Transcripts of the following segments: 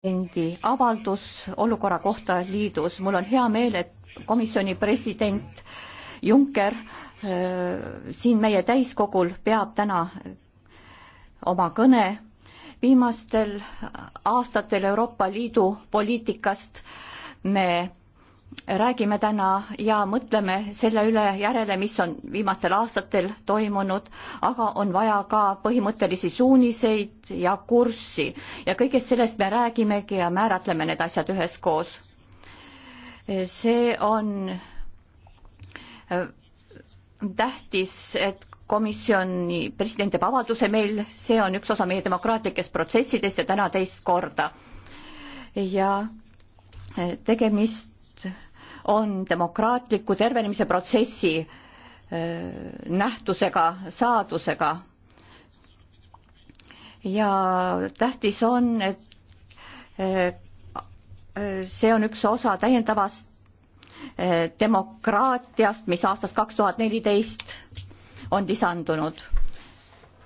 presidendi avaldus olukorra kohta liidus. mul on hea meel, et komisjoni president Juncker äh, siin meie täiskogul peab täna oma kõne. viimastel aastatel Euroopa Liidu poliitikast me räägime täna ja mõtleme selle üle järele, mis on viimastel aastatel toimunud, aga on vaja ka põhimõttelisi suuniseid ja kurssi ja kõigest sellest me räägimegi ja määratleme need asjad üheskoos. see on äh, tähtis, et komisjoni president teeb avalduse meil, see on üks osa meie demokraatlikest protsessidest ja täna teist korda. ja äh, tegemist on demokraatliku tervenemise protsessi äh, nähtusega, saadusega. ja tähtis on, et äh, see on üks osa täiendavast äh, demokraatiast, mis aastast kaks tuhat neliteist on lisandunud.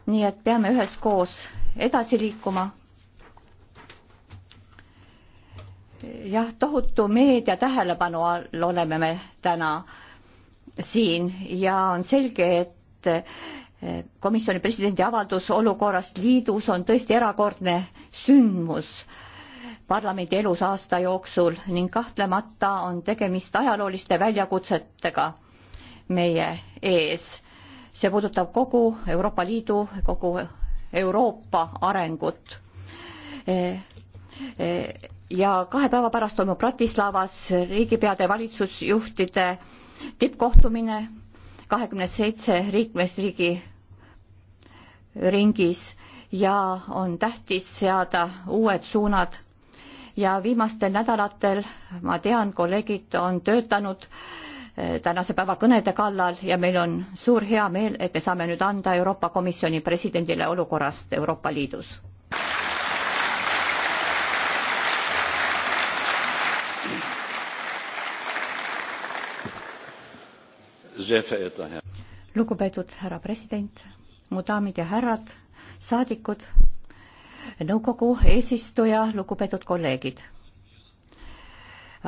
nii et peame üheskoos edasi liikuma jah, tohutu meedia tähelepanu all oleme me täna siin ja on selge, et eh, komisjoni presidendi avaldus olukorrast liidus on tõesti erakordne sündmus parlamendi elus aasta jooksul ning kahtlemata on tegemist ajalooliste väljakutsetega meie ees. see puudutab kogu Euroopa Liidu, kogu Euroopa arengut eh, eh, ja kahe päeva pärast toimub Bratislavas riigipeade valitsusjuhtide tippkohtumine kahekümne seitse liikmesriigi ringis ja on tähtis seada uued suunad. ja viimastel nädalatel ma tean, kolleegid on töötanud eh, tänase päeva kõnede kallal ja meil on suur heameel, et me saame nüüd anda Euroopa Komisjoni presidendile olukorrast Euroopa Liidus lugupeetud härra president, mu daamid ja härrad, saadikud, nõukogu eesistuja, lugupeetud kolleegid.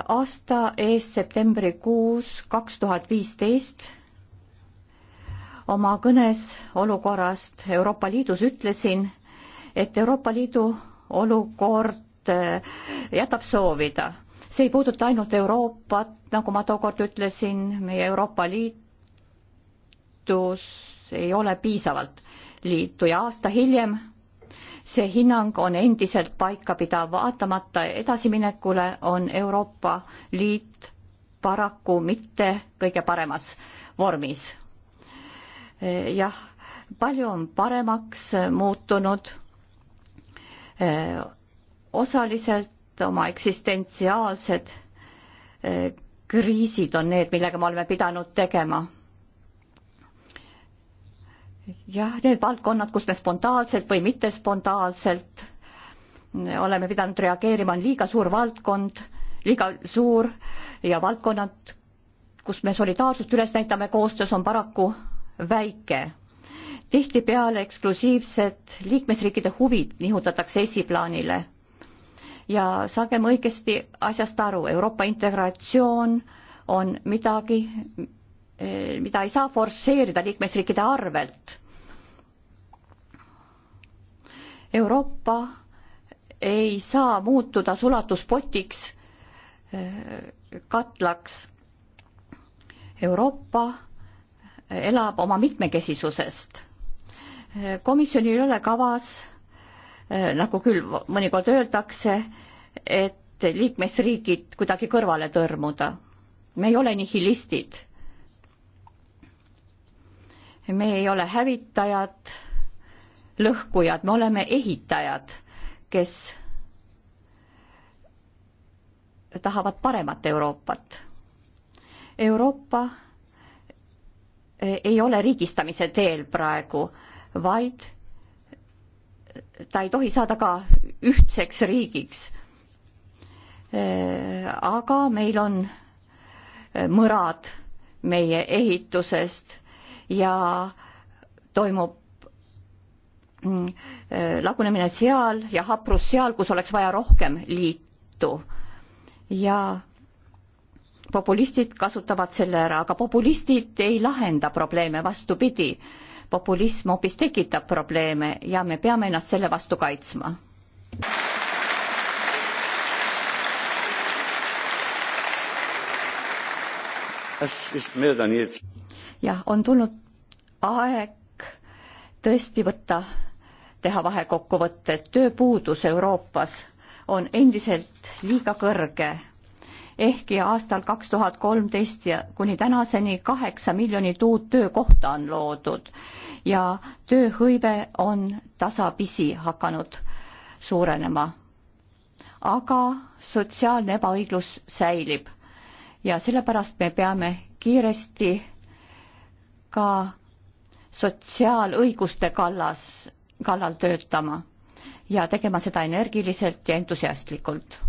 aasta eest septembrikuus kaks tuhat viisteist oma kõnes olukorrast Euroopa Liidus ütlesin, et Euroopa Liidu olukord eh, jätab soovida see ei puuduta ainult Euroopat, nagu ma tookord ütlesin, meie Euroopa Liitus ei ole piisavalt liitu ja aasta hiljem see hinnang on endiselt paikapidav, vaatamata edasiminekule on Euroopa Liit paraku mitte kõige paremas vormis. jah, palju on paremaks muutunud eh, osaliselt oma eksistentsiaalsed eh, kriisid on need, millega me oleme pidanud tegema. jah, need valdkonnad, kus me spontaanselt või mitte spontaanselt mm, oleme pidanud reageerima, on liiga suur valdkond, liiga suur ja valdkonnad, kus me solidaarsust üles näitame koostöös, on paraku väike. tihtipeale eksklusiivsed liikmesriikide huvid nihutatakse esiplaanile ja saagem õigesti asjast aru, Euroopa integratsioon on midagi, eh, mida ei saa forsseerida liikmesriikide arvelt. Euroopa ei saa muutuda ulatuspotiks, eh, katlaks. Euroopa eh, elab oma mitmekesisusest. komisjonil ei ole kavas Äh, nagu küll mõnikord öeldakse, et liikmesriigid kuidagi kõrvale tõrmuda. me ei ole nihilistid. me ei ole hävitajad, lõhkujad, me oleme ehitajad, kes tahavad paremat Euroopat. Euroopa äh, ei ole riigistamise teel praegu, vaid ta ei tohi saada ka ühtseks riigiks. aga meil on mõrad meie ehitusest ja toimub mm, lagunemine seal ja haprus seal, kus oleks vaja rohkem liitu. ja populistid kasutavad selle ära, aga populistid ei lahenda probleeme, vastupidi populism hoopis tekitab probleeme ja me peame ennast selle vastu kaitsma. jah, on tulnud aeg tõesti võtta, teha vahekokkuvõtted, tööpuudus Euroopas on endiselt liiga kõrge ehkki aastal kaks tuhat kolmteist ja kuni tänaseni kaheksa miljonit uut töökohta on loodud ja tööhõive on tasapisi hakanud suurenema. aga sotsiaalne ebaõiglus säilib ja sellepärast me peame kiiresti ka sotsiaalõiguste kallas, kallal töötama ja tegema seda energiliselt ja entusiastlikult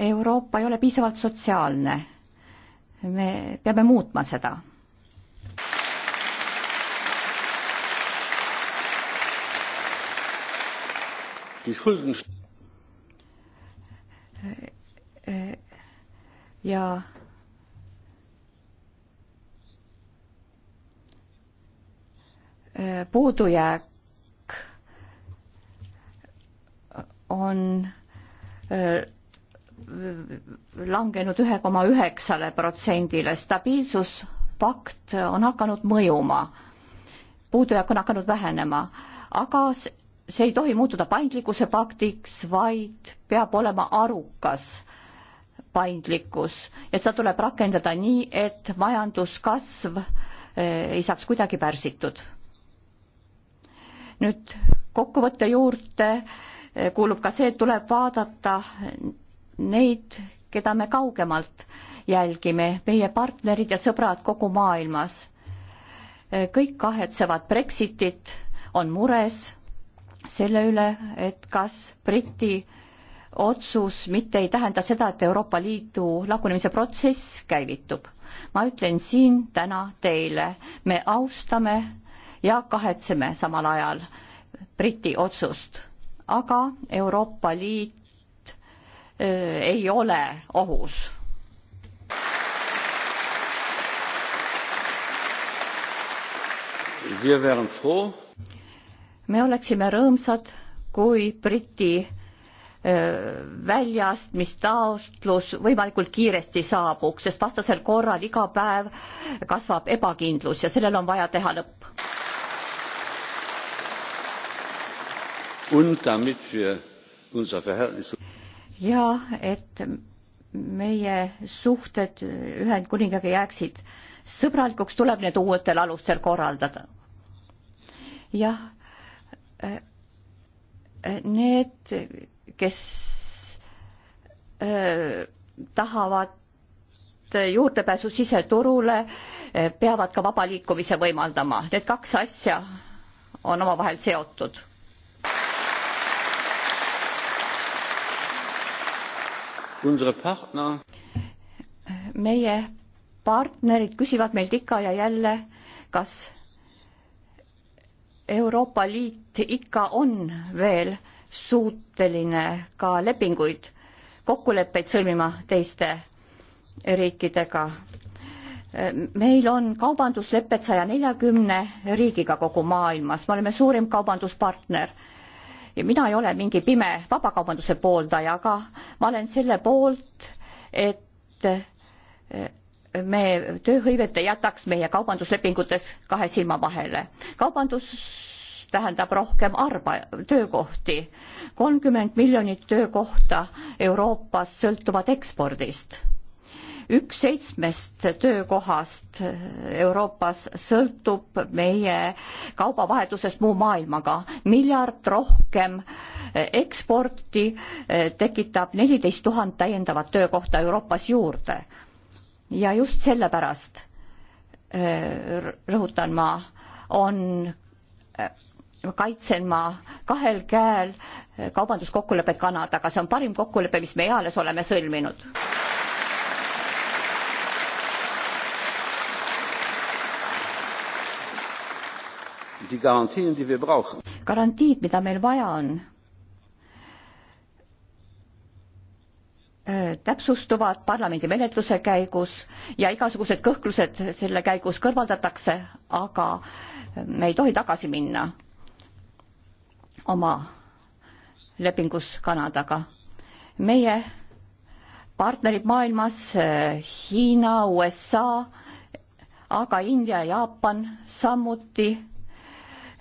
Euroopa ei ole piisavalt sotsiaalne. me peame muutma seda. ja puudujääk on langenud ühe koma üheksale protsendile, stabiilsuspakt on hakanud mõjuma, puudujääk on hakanud vähenema, aga see ei tohi muutuda paindlikkuse paktiks, vaid peab olema arukas paindlikkus ja seda tuleb rakendada nii, et majanduskasv eh, ei saaks kuidagi pärsitud. nüüd kokkuvõtte juurde eh, kuulub ka see, et tuleb vaadata neid, keda me kaugemalt jälgime, meie partnerid ja sõbrad kogu maailmas. kõik kahetsevad Brexitit, on mures selle üle, et kas Briti otsus mitte ei tähenda seda, et Euroopa Liidu lagunemise protsess käivitub. ma ütlen siin täna teile, me austame ja kahetseme samal ajal Briti otsust, aga Euroopa Liit Äh, ei ole ohus me oleksime rõõmsad, kui Briti äh, väljaastmistaotlus võimalikult kiiresti saabuks, sest vastasel korral iga päev kasvab ebakindlus ja sellel on vaja teha lõpp ja et meie suhted Ühendkuningaga jääksid sõbralikuks, tuleb need uuetel alustel korraldada. jah, äh, äh, need, kes äh, tahavad juurdepääsu siseturule, peavad ka vaba liikumise võimaldama. Need kaks asja on omavahel seotud meie partnerid küsivad meilt ikka ja jälle, kas Euroopa Liit ikka on veel suuteline ka lepinguid, kokkuleppeid sõlmima teiste riikidega. meil on kaubanduslepped saja neljakümne riigiga kogu maailmas, me oleme suurim kaubanduspartner ja mina ei ole mingi pime vabakaubanduse pooldaja, aga ma olen selle poolt, et eh, me tööhõivet ei jätaks meie kaubanduslepingutes kahe silma vahele. kaubandus tähendab rohkem arba, töökohti. kolmkümmend miljonit töökohta Euroopas sõltuvad ekspordist üks seitsmest töökohast Euroopas sõltub meie kaubavahetusest muu maailmaga. miljard rohkem eksporti eh, tekitab neliteist tuhat täiendavat töökohta Euroopas juurde. ja just sellepärast eh, rõhutan ma, on eh, kaitsen ma kahel käel kaubanduskokkulepet Kanadaga, see on parim kokkulepe, mis me eales oleme sõlminud. garantiid, mida meil vaja on, äh, täpsustuvad parlamendi menetluse käigus ja igasugused kõhklused selle käigus kõrvaldatakse, aga äh, me ei tohi tagasi minna oma lepingus Kanadaga. meie partnerid maailmas äh, Hiina, USA, aga India, Jaapan samuti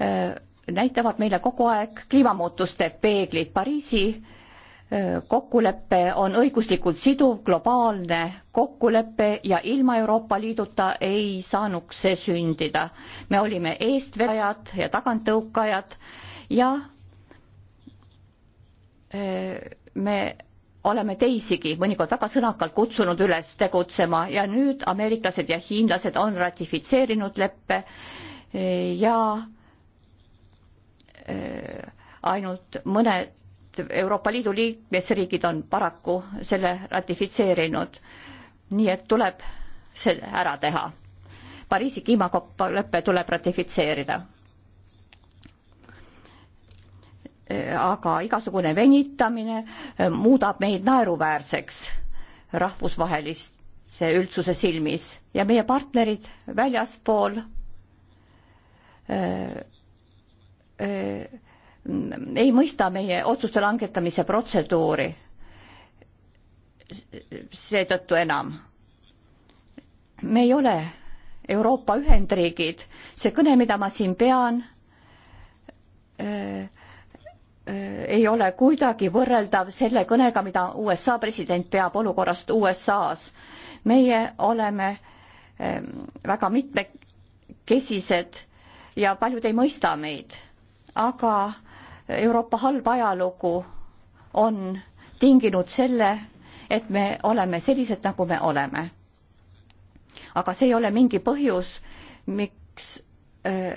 Äh, näitavad meile kogu aeg kliimamuutuste peeglit. Pariisi äh, kokkulepe on õiguslikult siduv globaalne kokkulepe ja ilma Euroopa Liiduta ei saanuks see sündida. me olime eestvedajad ja taganttõukajad ja äh, me oleme teisigi mõnikord väga sõnakalt kutsunud üles tegutsema ja nüüd ameeriklased ja hiinlased on ratifitseerinud leppe ja Äh, ainult mõned Euroopa Liidu liikmesriigid on paraku selle ratifitseerinud. nii et tuleb see ära teha. Pariisi kliimakokkulepe tuleb ratifitseerida. Äh, aga igasugune venitamine äh, muudab meid naeruväärseks rahvusvahelise üldsuse silmis ja meie partnerid väljaspool öö, Äh, ei mõista meie otsuste langetamise protseduuri seetõttu enam. me ei ole Euroopa Ühendriigid, see kõne, mida ma siin pean, äh, äh, ei ole kuidagi võrreldav selle kõnega, mida USA president peab olukorrast USA-s. meie oleme väga mitmekesised ja paljud ei mõista meid aga Euroopa halb ajalugu on tinginud selle, et me oleme sellised, nagu me oleme. aga see ei ole mingi põhjus, miks öö,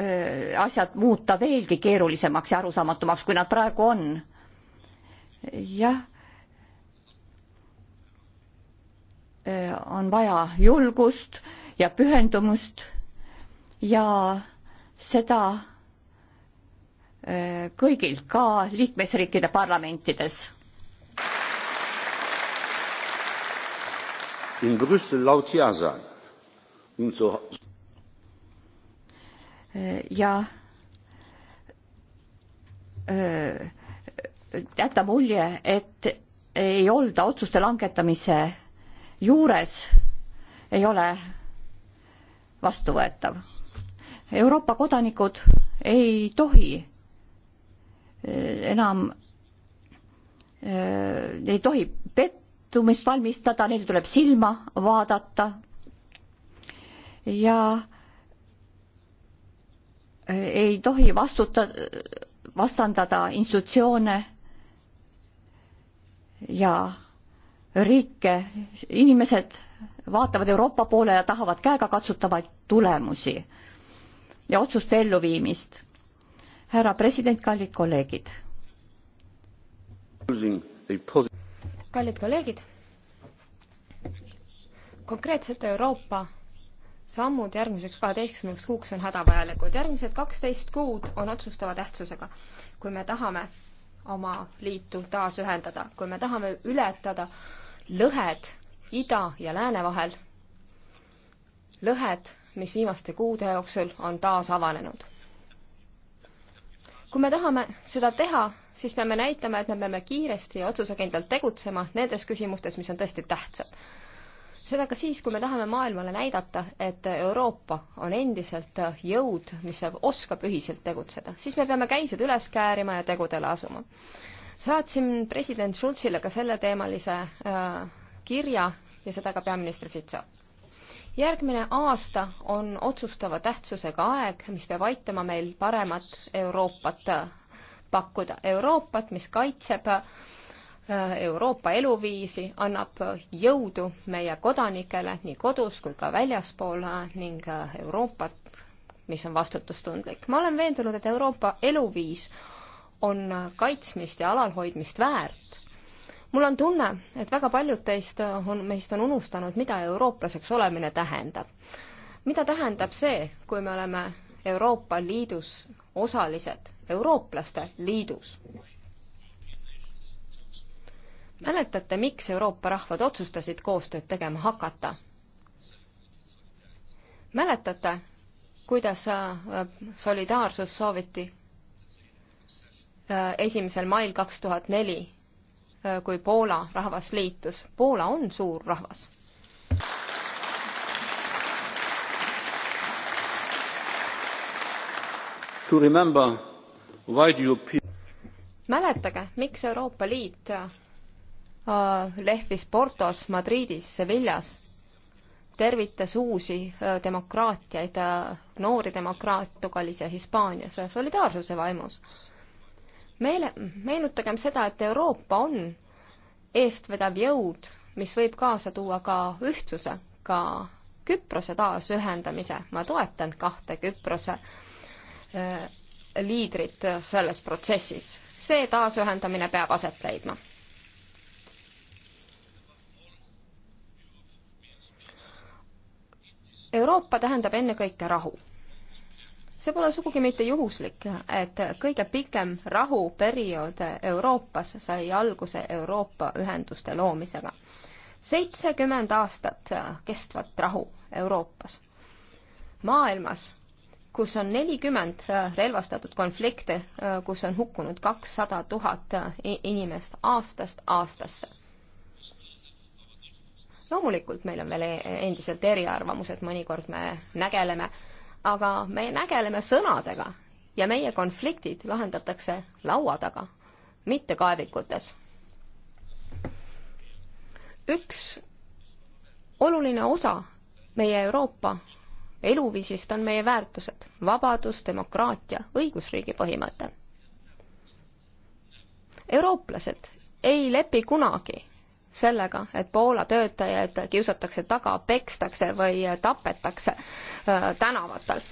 öö, asjad muuta veelgi keerulisemaks ja arusaamatumaks, kui nad praegu on. jah on vaja julgust ja pühendumust ja seda, Äh, kõigil, ka liikmesriikide parlamentides. In Brüssel laut ja sagen und so. Äh, ja äh, jätta mulje, et ei olda otsuste langetamise juures, ei ole vastuvõetav. Euroopa kodanikud ei tohi enam äh, ei tohi pettumist valmistada, neil tuleb silma vaadata. ja äh, ei tohi vastuta, vastandada institutsioone ja riike, inimesed vaatavad Euroopa poole ja tahavad käegakatsutavaid tulemusi ja otsuste elluviimist härra president, kallid kolleegid. kallid kolleegid, konkreetselt Euroopa sammud järgmiseks kaheteistkümneks kuuks on hädavajalikud. järgmised kaksteist kuud on otsustava tähtsusega, kui me tahame oma liitu taas ühendada, kui me tahame ületada lõhed ida ja lääne vahel, lõhed, mis viimaste kuude jooksul on taas avanenud kui me tahame seda teha, siis peame näitama, et me peame kiiresti ja otsusekindlalt tegutsema nendes küsimustes, mis on tõesti tähtsad. seda ka siis, kui me tahame maailmale näidata, et Euroopa on endiselt jõud, mis oskab ühiselt tegutseda, siis me peame käised üles käärima ja tegudele asuma. saatsin president Schulzile ka selleteemalise äh, kirja ja seda ka peaminister Fitso järgmine aasta on otsustava tähtsusega aeg, mis peab aitama meil paremat Euroopat pakkuda. Euroopat, mis kaitseb äh, Euroopa eluviisi, annab jõudu meie kodanikele nii kodus kui ka väljaspool äh, ning äh, Euroopat, mis on vastutustundlik. ma olen veendunud, et Euroopa eluviis on kaitsmist ja alalhoidmist väärt mul on tunne, et väga paljud teist on, meist on unustanud, mida eurooplaseks olemine tähendab. mida tähendab see, kui me oleme Euroopa Liidus osalised, eurooplaste liidus? mäletate, miks Euroopa rahvad otsustasid koostööd tegema hakata? mäletate, kuidas äh, solidaarsus sooviti äh, esimesel mail kaks tuhat neli Äh, kui Poola rahvas liitus. Poola on suur rahvas. You... mäletage, miks Euroopa Liit äh, lehvis Portos, Madridis, Sevillas, tervitas uusi äh, demokraatiaid, noori demokraat Tugalis ja Hispaanias solidaarsuse vaimus meele, meenutagem seda, et Euroopa on eestvedav jõud, mis võib kaasa tuua ka ühtsuse, ka Küprose taasühendamise, ma toetan kahte Küprose äh, liidrit selles protsessis. see taasühendamine peab aset leidma. Euroopa tähendab ennekõike rahu see pole sugugi mitte juhuslik, et kõige pikem rahuperiood Euroopas sai alguse Euroopa ühenduste loomisega. seitsekümmend aastat kestvat rahu Euroopas. maailmas, kus on nelikümmend relvastatud konflikte, kus on hukkunud kakssada tuhat inimest aastast aastasse loomulikult meil on veel e-, endiselt eriarvamused, mõnikord me nägeleme äh, aga me nägeleme sõnadega ja meie konfliktid lahendatakse laua taga, mitte kaevikutes. üks oluline osa meie Euroopa eluviisist on meie väärtused, vabadus, demokraatia, õigusriigi põhimõte. eurooplased ei lepi kunagi sellega, et Poola töötajaid kiusatakse taga, pekstakse või tapetakse äh, tänavatel.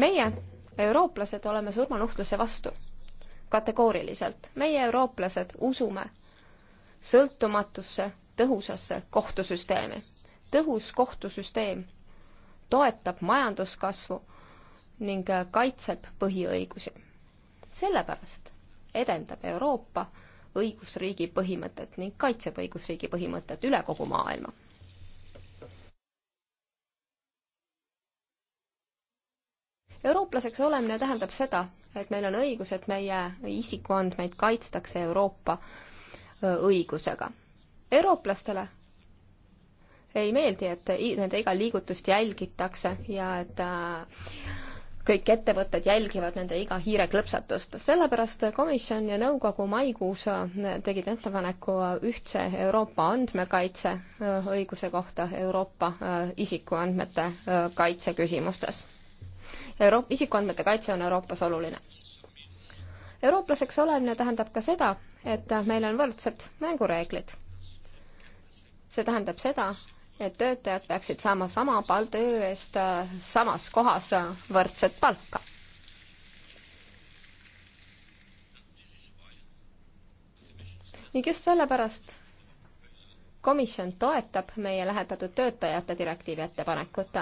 meie, eurooplased, oleme surmanuhtluse vastu kategooriliselt. meie, eurooplased, usume sõltumatusse tõhusasse kohtusüsteemi. tõhus kohtusüsteem toetab majanduskasvu ning kaitseb põhiõigusi. sellepärast edendab Euroopa õigusriigi põhimõtet ning kaitseb õigusriigi põhimõtet üle kogu maailma. eurooplaseks olemine tähendab seda, et meil on õigus, et meie isikuandmeid kaitstakse Euroopa õigusega eurooplastele ei meeldi, et nende iga liigutust jälgitakse ja et äh, kõik ettevõtted jälgivad nende iga hiireklõpsatust. sellepärast komisjon ja nõukogu maikuus äh, tegid ettepaneku ühtse Euroopa andmekaitse äh, õiguse kohta Euroopa isikuandmete kaitse küsimustes. Euroop-, isikuandmete kaitse on Euroopas oluline. eurooplaseks olemine tähendab ka seda, et meil on võrdsed mängureeglid see tähendab seda, et töötajad peaksid saama sama pal-, töö eest äh, samas kohas äh, võrdset palka. ning just sellepärast komisjon toetab meie lähetatud töötajate direktiivi ettepanekut.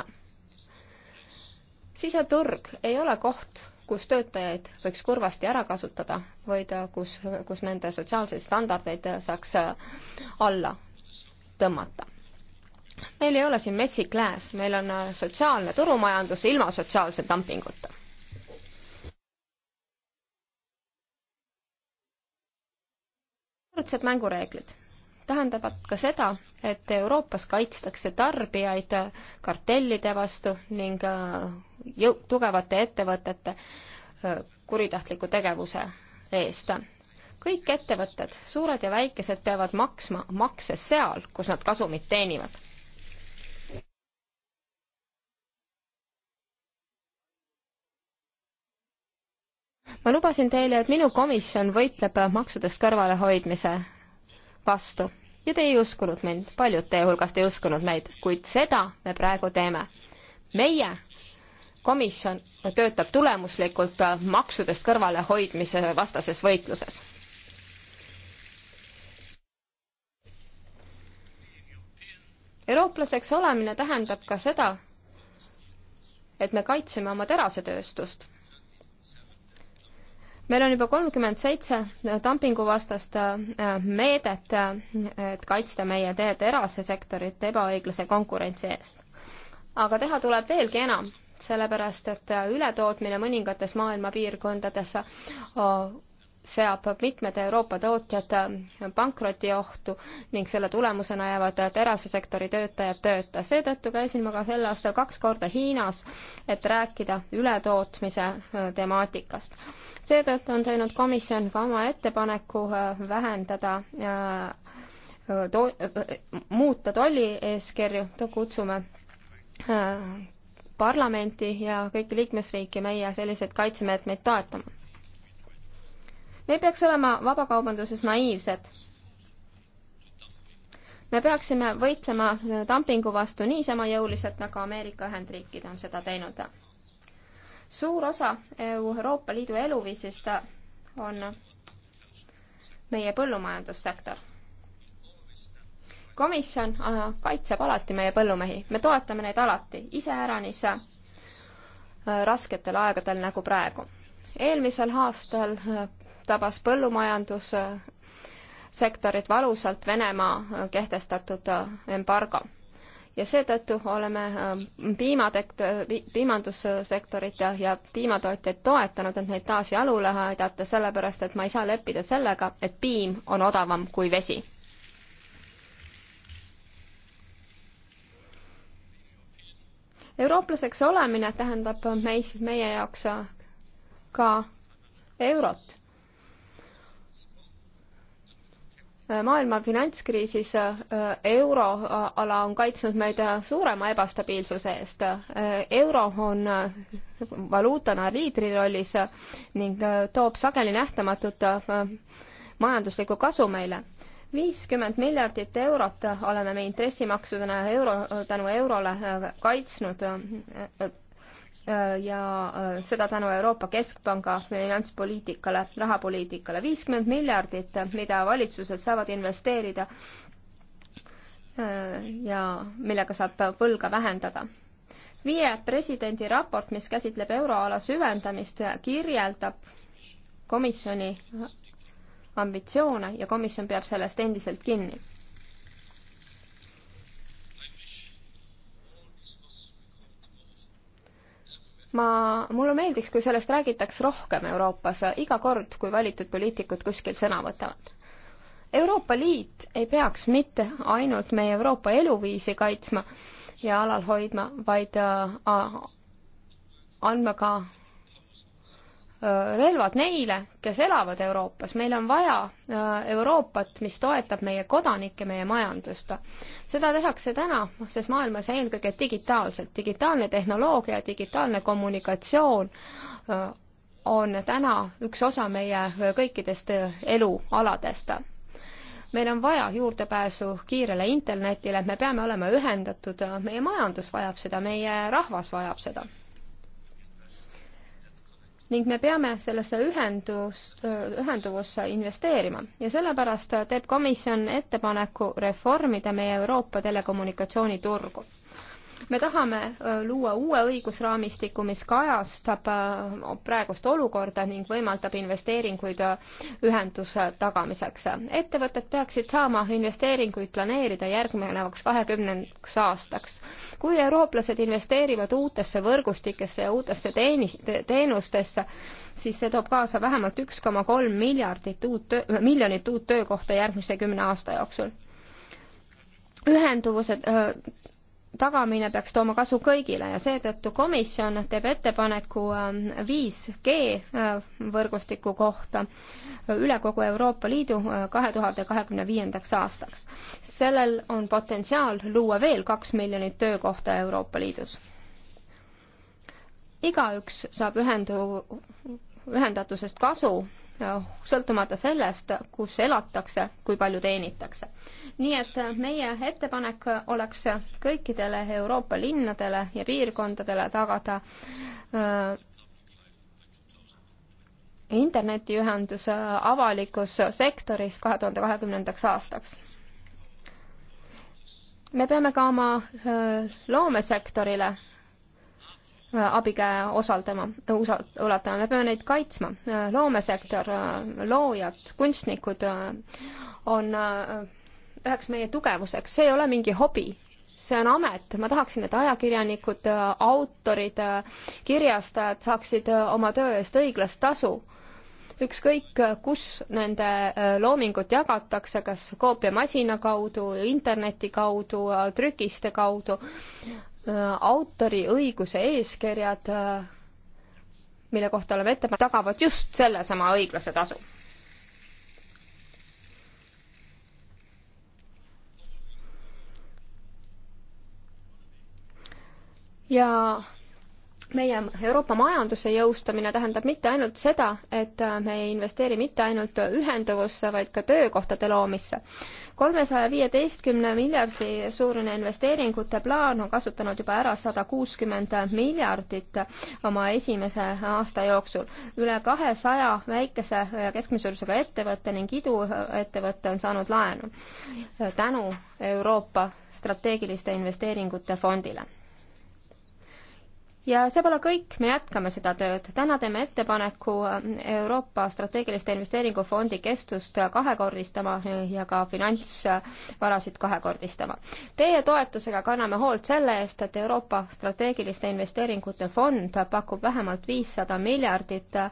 siseturg ei ole koht, kus töötajaid võiks kurvasti ära kasutada, vaid äh, kus, kus nende sotsiaalseid standardeid saaks alla tõmmata. meil ei ole siin metsik lääs, meil on äh, sotsiaalne turumajandus ilma sotsiaalse dumpinguta. võrdsed mängureeglid tähendavad ka seda, et Euroopas kaitstakse tarbijaid äh, kartellide vastu ning äh, jõu-, tugevate ettevõtete kuritahtliku tegevuse eest kõik ettevõtted, suured ja väikesed, peavad maksma makse seal, kus nad kasumit teenivad. ma lubasin teile, et minu komisjon võitleb maksudest kõrvalehoidmise vastu ja te ei uskunud mind, paljud teie hulgast ei uskunud meid, kuid seda me praegu teeme. meie komisjon töötab tulemuslikult maksudest kõrvalehoidmise vastases võitluses eurooplaseks olemine tähendab ka seda, et me kaitseme oma terasetööstust. meil on juba kolmkümmend seitse dumpinguvastast äh, meedet, äh, et kaitsta meie terasesektorit ebaõiglase konkurentsi eest. aga teha tuleb veelgi enam, sellepärast et ületootmine mõningates maailma piirkondades äh, seab mitmed Euroopa tootjad pankrotiohtu ning selle tulemusena jäävad terasesektori töötajad tööta. seetõttu käisin ma ka sel aastal kaks korda Hiinas, et rääkida ületootmise äh, temaatikast. seetõttu on teinud komisjon ka oma ettepaneku äh, vähendada äh, to-, muuta tollieeskirju, kutsume parlamenti ja kõiki liikmesriike meie selliseid kaitsemeetmeid toetama me ei peaks olema vabakaubanduses naiivsed. me peaksime võitlema dumpingu vastu niisama jõuliselt, nagu Ameerika Ühendriigid on seda teinud. suur osa e Euroopa Liidu eluviisist on meie põllumajandussektor. komisjon äh, kaitseb alati meie põllumehi, me toetame neid alati, iseäranis äh, rasketel aegadel nagu praegu. eelmisel aastal äh, tabas põllumajandussektorit valusalt Venemaa kehtestatud äh, embargo. ja seetõttu oleme äh, piimatekt-, piimandussektorit ja, ja piimatootjaid toetanud, et neid taas jalule aidata, sellepärast et ma ei saa leppida sellega, et piim on odavam kui vesi eurooplaseks olemine tähendab meis, meie jaoks äh, ka eurot. maailma finantskriisis äh, euroala on kaitsnud meid suurema ebastabiilsuse eest. Äh, euro on äh, valuutana liidrirollis ning toob sageli nähtamatut majanduslikku kasu meile. viiskümmend miljardit eurot oleme me intressimaksudena euro, tänu eurole kaitsnud Äh, ja äh, seda tänu Euroopa Keskpanga finantspoliitikale, rahapoliitikale. viiskümmend miljardit, mida valitsused saavad investeerida äh, ja millega saab võlga vähendada. viie presidendi raport, mis käsitleb euroala süvendamist, kirjeldab komisjoni ambitsioone ja komisjon peab sellest endiselt kinni ma, mulle meeldiks, kui sellest räägitaks rohkem Euroopas iga kord, kui valitud poliitikud kuskil sõna võtavad. Euroopa Liit ei peaks mitte ainult meie Euroopa eluviisi kaitsma ja alal hoidma, vaid äh, andma ka Äh, relvad neile, kes elavad Euroopas, meil on vaja äh, Euroopat, mis toetab meie kodanikke, meie majandust. seda tehakse täna, sest maailmas eelkõige digitaalselt, digitaalne tehnoloogia, digitaalne kommunikatsioon äh, on täna üks osa meie kõikidest elualadest meil on vaja juurdepääsu kiirele internetile, me peame olema ühendatud, meie majandus vajab seda, meie rahvas vajab seda ning me peame sellesse ühendus, ühenduvusse investeerima ja sellepärast teeb komisjon ettepaneku reformida meie Euroopa telekommunikatsiooniturgu me tahame äh, luua uue õigusraamistiku, mis kajastab äh, praegust olukorda ning võimaldab investeeringuid äh, ühenduse tagamiseks. ettevõtted peaksid saama investeeringuid planeerida järgnevaks kahekümnendaks aastaks. kui eurooplased investeerivad uutesse võrgustikesse ja uutesse teeni-, teenustesse, siis see toob kaasa vähemalt üks koma kolm miljardit uut töö, miljonit uut töökohta järgmise kümne aasta jooksul ühenduvused, tagamine peaks tooma kasu kõigile ja seetõttu komisjon teeb ettepaneku 5G ähm, äh, võrgustiku kohta üle kogu Euroopa Liidu äh, kahe tuhande kahekümne viiendaks aastaks. sellel on potentsiaal luua veel kaks miljonit töökohta Euroopa Liidus. igaüks saab ühendu, ühendatusest kasu Noh, sõltumata sellest, kus elatakse, kui palju teenitakse. nii et meie ettepanek oleks kõikidele Euroopa linnadele ja piirkondadele tagada äh, internetiühendus äh, avalikus sektoris kahe tuhande kahekümnendaks aastaks me peame ka oma äh, loomesektorile abikäe osaldama, ulatama, me peame neid kaitsma. loomesektor, loojad, kunstnikud äh, on äh, üheks meie tugevuseks, see ei ole mingi hobi, see on amet, ma tahaksin, et ajakirjanikud, autorid, kirjastajad saaksid äh, oma töö eest õiglast tasu ükskõik, kus nende loomingut jagatakse, kas koopiamasina kaudu, interneti kaudu, trükiste kaudu, Äh, autoriõiguse eeskirjad, äh, mille kohta oleme ette pannud, tagavad just sellesama õiglase tasu. ja meie Euroopa majanduse jõustamine tähendab mitte ainult seda, et me ei investeeri mitte ainult ühenduvusse, vaid ka töökohtade loomisse. kolmesaja viieteistkümne miljardi suurune investeeringute plaan on kasutanud juba ära sada kuuskümmend miljardit oma esimese aasta jooksul. üle kahesaja väikese ja keskmise suurusega ettevõtte ning iduettevõte on saanud laenu tänu Euroopa strateegiliste investeeringute fondile ja see pole kõik, me jätkame seda tööd. täna teeme ettepaneku äh, Euroopa strateegiliste investeeringufondi kestust kahekordistama äh, ja ka finantsvarasid kahekordistama. Teie toetusega kanname hoolt selle eest, et Euroopa strateegiliste investeeringute fond pakub vähemalt viissada miljardit äh,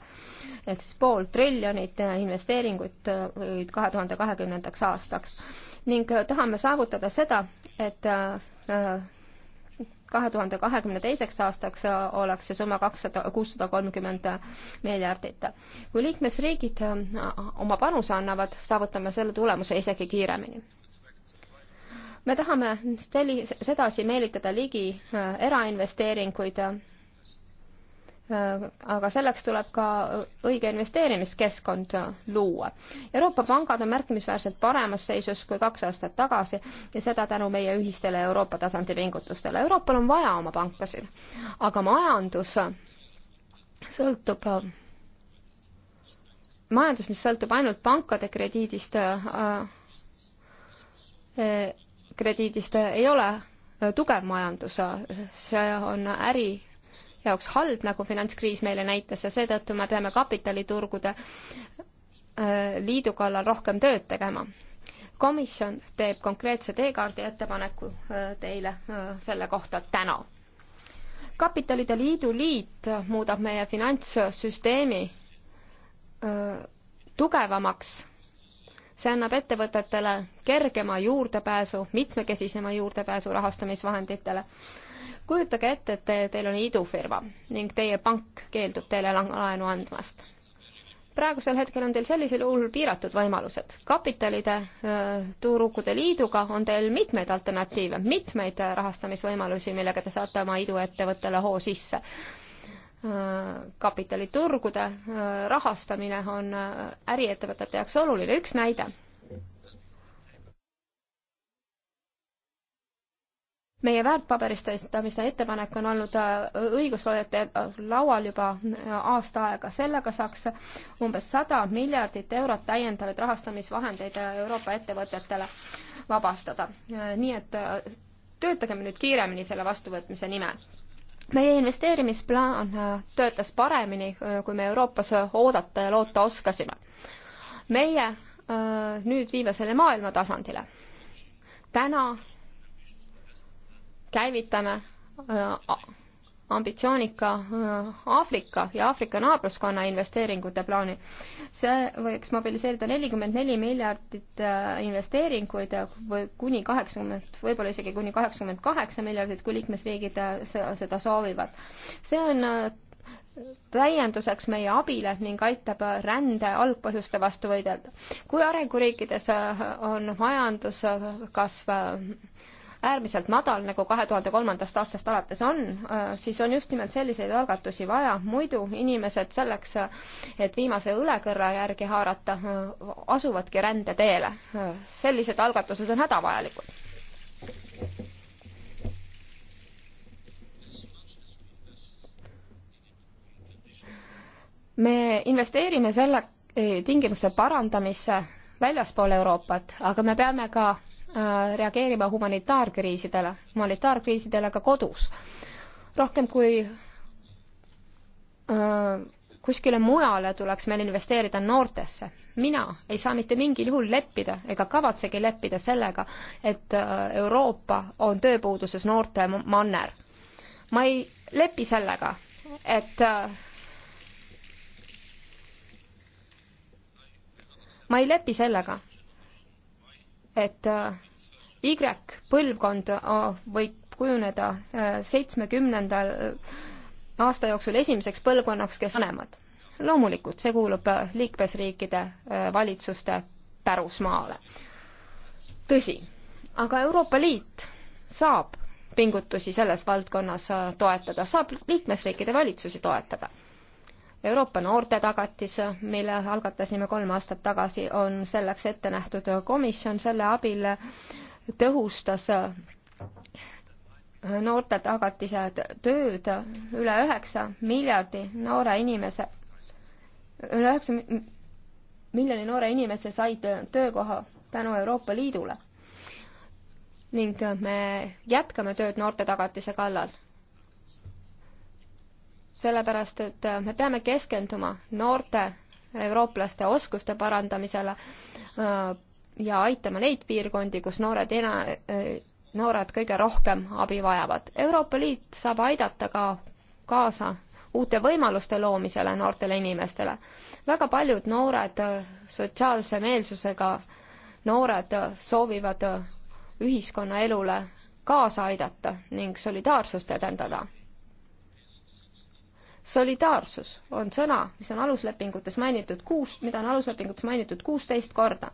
ehk siis pool triljonit investeeringut kahe tuhande kahekümnendaks aastaks ning tahame saavutada seda, et kahe tuhande kahekümne teiseks aastaks äh, oleks see summa kakssada, kuussada kolmkümmend miljardit. kui liikmesriigid äh, oma panuse annavad, saavutame selle tulemuse isegi kiiremini. me tahame selli-, sedasi meelitada ligi äh, erainvesteeringuid Äh, aga selleks tuleb ka õige investeerimiskeskkond luua. Euroopa pangad on märkimisväärselt paremas seisus kui kaks aastat tagasi ja seda tänu meie ühistele Euroopa tasandi pingutustele. Euroopal on vaja oma pankasid, aga majandus sõltub majandus, mis sõltub ainult pankade krediidist äh,, äh krediidist, ei ole tugev majandus, see on äri jaoks halb, nagu finantskriis meile näitas ja seetõttu me peame kapitaliturgude äh, liidu kallal rohkem tööd tegema. komisjon teeb konkreetse teekaardi ettepaneku äh, teile äh, selle kohta täna. kapitalide liidu liit muudab meie finantssüsteemi tugevamaks see annab ettevõtetele kergema juurdepääsu, mitmekesisema juurdepääsu rahastamisvahenditele kujutage ette, et te, teil on idufirma ning teie pank keeldub teile laenu andmast. praegusel hetkel on teil sellisel juhul piiratud võimalused. kapitalide Tuurukude Liiduga on teil mitmeid alternatiive, mitmeid rahastamisvõimalusi, millega te saate oma iduettevõttele hoo sisse kapitaliturgude rahastamine on äriettevõtete jaoks oluline. üks näide. meie väärtpaberistamise ettepanek on olnud äh, õigusloojate äh, laual juba äh, aasta aega, sellega saaks umbes sada miljardit eurot täiendavaid rahastamisvahendeid Euroopa ettevõtetele vabastada. nii et töötagem nüüd kiiremini selle vastuvõtmise nimel meie investeerimisplaan töötas paremini, kui me Euroopas oodata ja loota oskasime. meie nüüd viime selle maailma tasandile. täna käivitame äh, ambitsioonika äh, Aafrika ja Aafrika naabruskonna investeeringute plaani. see võiks mobiliseerida nelikümmend neli miljardit äh, investeeringuid või kuni kaheksakümmend, võib-olla isegi kuni kaheksakümmend kaheksa miljardit, kui liikmesriigid seda soovivad. see on täienduseks meie abile ning aitab rände algpõhjuste vastu võidelda. kui arenguriikides on majanduskasv äärmiselt madal, nagu kahe tuhande kolmandast aastast alates on, äh, siis on just nimelt selliseid algatusi vaja, muidu inimesed selleks, äh, et viimase õlekõrra järgi haarata, äh, asuvadki rändeteele. sellised algatused on hädavajalikud. me investeerime selle tingimuste parandamisse väljaspool Euroopat, aga me peame ka äh, reageerima humanitaarkriisidele, humanitaarkriisidele ka kodus. rohkem kui äh, kuskile mujale tuleks meil investeerida noortesse. mina ei saa mitte mingil juhul leppida ega kavatsegi leppida sellega, et äh, Euroopa on tööpuuduses noorte manner. ma ei lepi sellega, et ma ei lepi sellega, et äh, Y põlvkond äh, võib kujuneda äh, seitsmekümnendal aasta jooksul esimeseks põlvkonnaks, kes vanemad. loomulikult, see kuulub liikmesriikide valitsuste pärusmaale. tõsi, aga Euroopa Liit saab pingutusi selles valdkonnas toetada, saab liikmesriikide valitsusi toetada Euroopa noortetagatis, mille algatasime kolm aastat tagasi, on selleks ette nähtud komisjon, selle abil tõhustas noorte tagatise tööd üle üheksa miljardi noore inimese, üle üheksa miljoni noore inimese sai töökoha tänu Euroopa Liidule. ning me jätkame tööd noorte tagatise kallal sellepärast et äh, me peame keskenduma noorte eurooplaste oskuste parandamisele äh, ja aitama neid piirkondi, kus noored ena-, äh, noored kõige rohkem abi vajavad. Euroopa Liit saab aidata ka kaasa uute võimaluste loomisele noortele inimestele. väga paljud noored, sotsiaalse meelsusega noored soovivad ühiskonnaelule kaasa aidata ning solidaarsust edendada solidaarsus on sõna, mis on aluslepingutes mainitud kuus, mida on aluslepingutes mainitud kuusteist korda.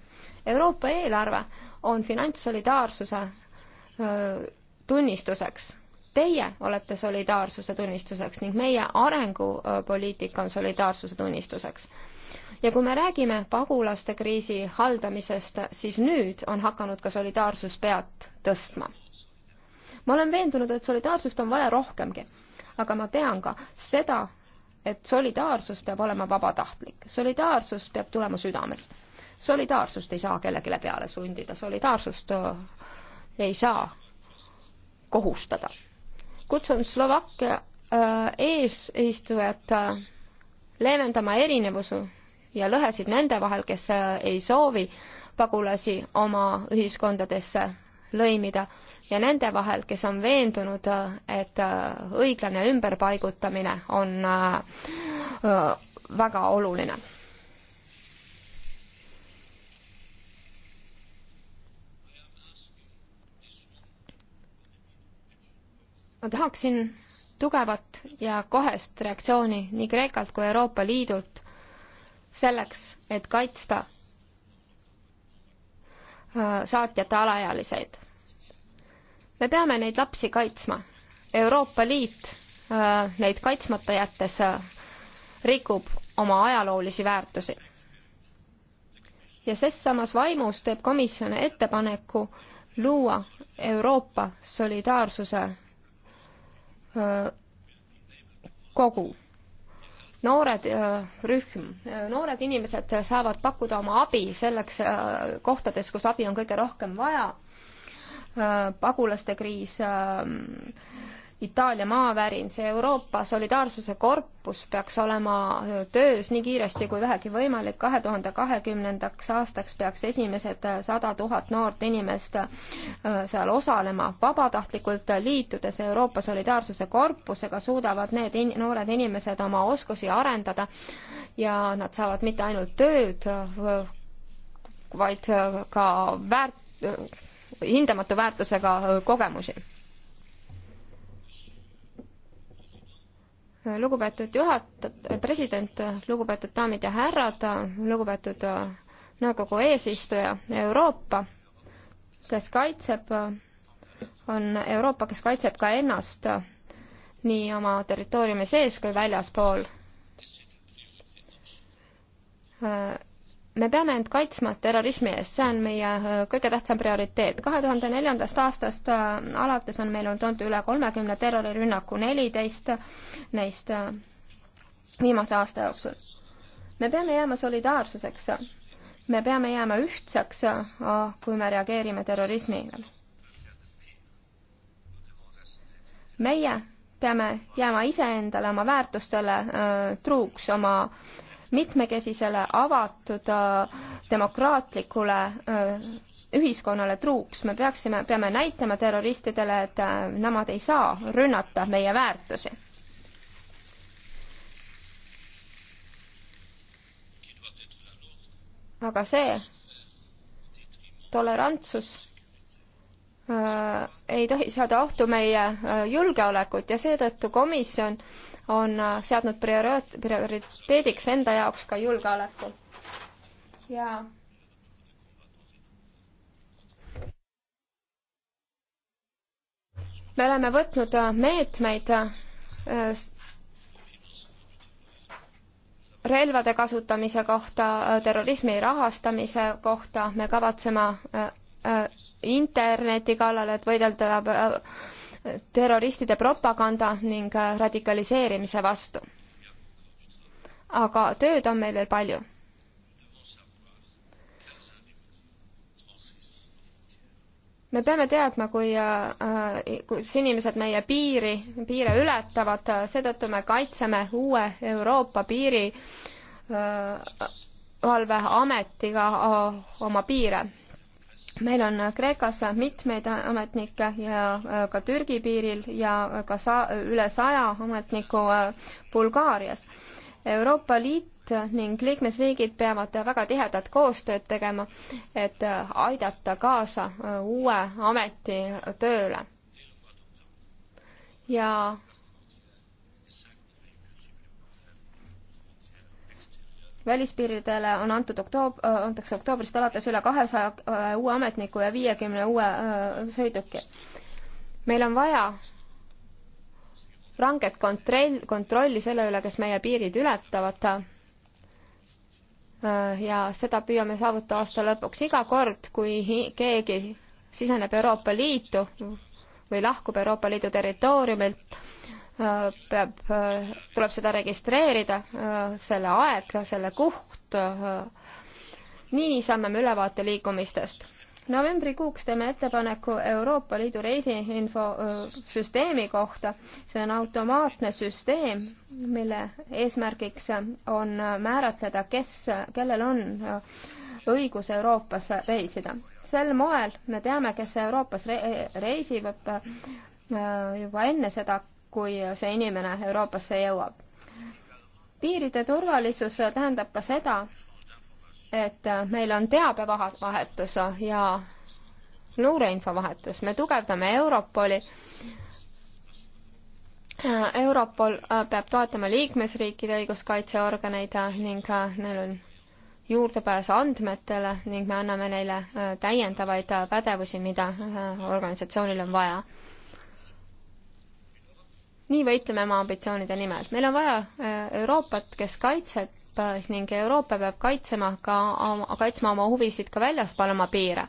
Euroopa eelarve on finantssolidaarsuse tunnistuseks. Teie olete solidaarsuse tunnistuseks ning meie arengupoliitika on solidaarsuse tunnistuseks. ja kui me räägime pagulaste kriisi haldamisest, siis nüüd on hakanud ka solidaarsus pead tõstma. ma olen veendunud, et solidaarsust on vaja rohkemgi aga ma tean ka seda, et solidaarsus peab olema vabatahtlik, solidaarsus peab tulema südamest. solidaarsust ei saa kellelegi peale sundida, solidaarsust äh, ei saa kohustada. kutsun Slovakkia äh, eesistujat äh, leevendama erinevusi ja lõhesid nende vahel, kes ei soovi pagulasi oma ühiskondadesse lõimida ja nende vahel, kes on veendunud, et äh, õiglane ümberpaigutamine on äh, äh, väga oluline. ma tahaksin tugevat ja kohest reaktsiooni nii Kreekalt kui Euroopa Liidult selleks, et kaitsta saatjate alaealiseid me peame neid lapsi kaitsma. Euroopa Liit äh, neid kaitsmata jättes äh, rikub oma ajaloolisi väärtusi. ja ses samas vaimus teeb komisjon ettepaneku luua Euroopa solidaarsuse äh, kogu. noored rühm, noored inimesed saavad pakkuda oma abi selleks kohtades, kus abi on kõige rohkem vaja Äh, pagulaste kriis, äh, Itaalia maavärin, see Euroopa solidaarsuse korpus peaks olema äh, töös nii kiiresti kui vähegi võimalik. kahe tuhande kahekümnendaks aastaks peaks esimesed sada tuhat noort inimest seal osalema. vabatahtlikult liitudes Euroopa solidaarsuse korpusega suudavad need in noored inimesed oma oskusi arendada ja nad saavad mitte ainult tööd, vaid ka väärt-, hindamatu väärtusega kogemusi. lugupeetud juhataja, president, lugupeetud daamid ja härrad, lugupeetud nõukogu eesistuja, Euroopa, kes kaitseb, on Euroopa, kes kaitseb ka ennast nii oma territooriumi sees kui väljaspool me peame end kaitsma terrorismi eest, see on meie äh, kõige tähtsam prioriteet. kahe tuhande neljandast aastast äh, alates on meil olnud üle kolmekümne terrorirünnaku, neliteist neist äh, viimase aasta jooksul. me peame jääma solidaarsuseks, me peame jääma ühtseks, kui me reageerime terrorismile. meie peame jääma iseendale, oma väärtustele truuks, oma mitmekesisele, avatud, äh, demokraatlikule äh, ühiskonnale truuks. me peaksime, peame näitama terroristidele, et äh, nemad ei saa rünnata meie väärtusi. aga see tolerantsus äh, ei tohi seada ohtu meie äh, julgeolekut ja seetõttu komisjon äh, on äh, seadnud prioriteediks enda jaoks ka julgeoleku. ja me oleme võtnud äh, meetmeid äh, relvade kasutamise kohta, terrorismi rahastamise kohta, me kavatseme interneti kallal, et võidelda terroristide propaganda ning radikaliseerimise vastu. aga tööd on meil veel palju. me peame teadma, kui, äh, kus inimesed meie piiri, piire ületavad, seetõttu me kaitseme uue Euroopa piiri valveametiga äh, oma piire meil on Kreekas mitmeid ametnikke ja äh, ka Türgi piiril ja ka sa-, üle saja ametniku äh, Bulgaarias. Euroopa Liit ning liikmesriigid peavad väga tihedat koostööd tegema, et äh, aidata kaasa uue ameti tööle. ja välispiiridele on antud oktoob-, antakse oktoobrist alates üle kahesaja äh, uue ametniku ja viiekümne uue äh, sõiduki. meil on vaja ranget kontroll, kontrolli selle üle, kes meie piirid ületavad äh, ja seda püüame saavutada aasta lõpuks. iga kord, kui keegi siseneb Euroopa Liitu või lahkub Euroopa Liidu territooriumilt, peab, tuleb seda registreerida, selle aeg, selle koht. nii saame me ülevaate liikumistest. novembrikuuks teeme ettepaneku Euroopa Liidu reisiinfosüsteemi kohta. see on automaatne süsteem, mille eesmärgiks on määratleda, kes, kellel on õigus Euroopas reisida. sel moel me teame, kes Euroopas re reisib juba enne seda, kui see inimene Euroopasse jõuab. piiride turvalisus tähendab ka seda, et meil on teabevahetus ja luureinfovahetus, me tugevdame Europoli. Europol peab toetama liikmesriikide õiguskaitseorganeid ning neil on juurdepääs andmetele ning me anname neile täiendavaid pädevusi, mida äh, organisatsioonil on vaja nii võitleme oma ambitsioonide nimel. meil on vaja äh, Euroopat, kes kaitseb äh, ning Euroopa peab kaitsema ka, kaitsma oma huvisid ka väljaspool oma piire.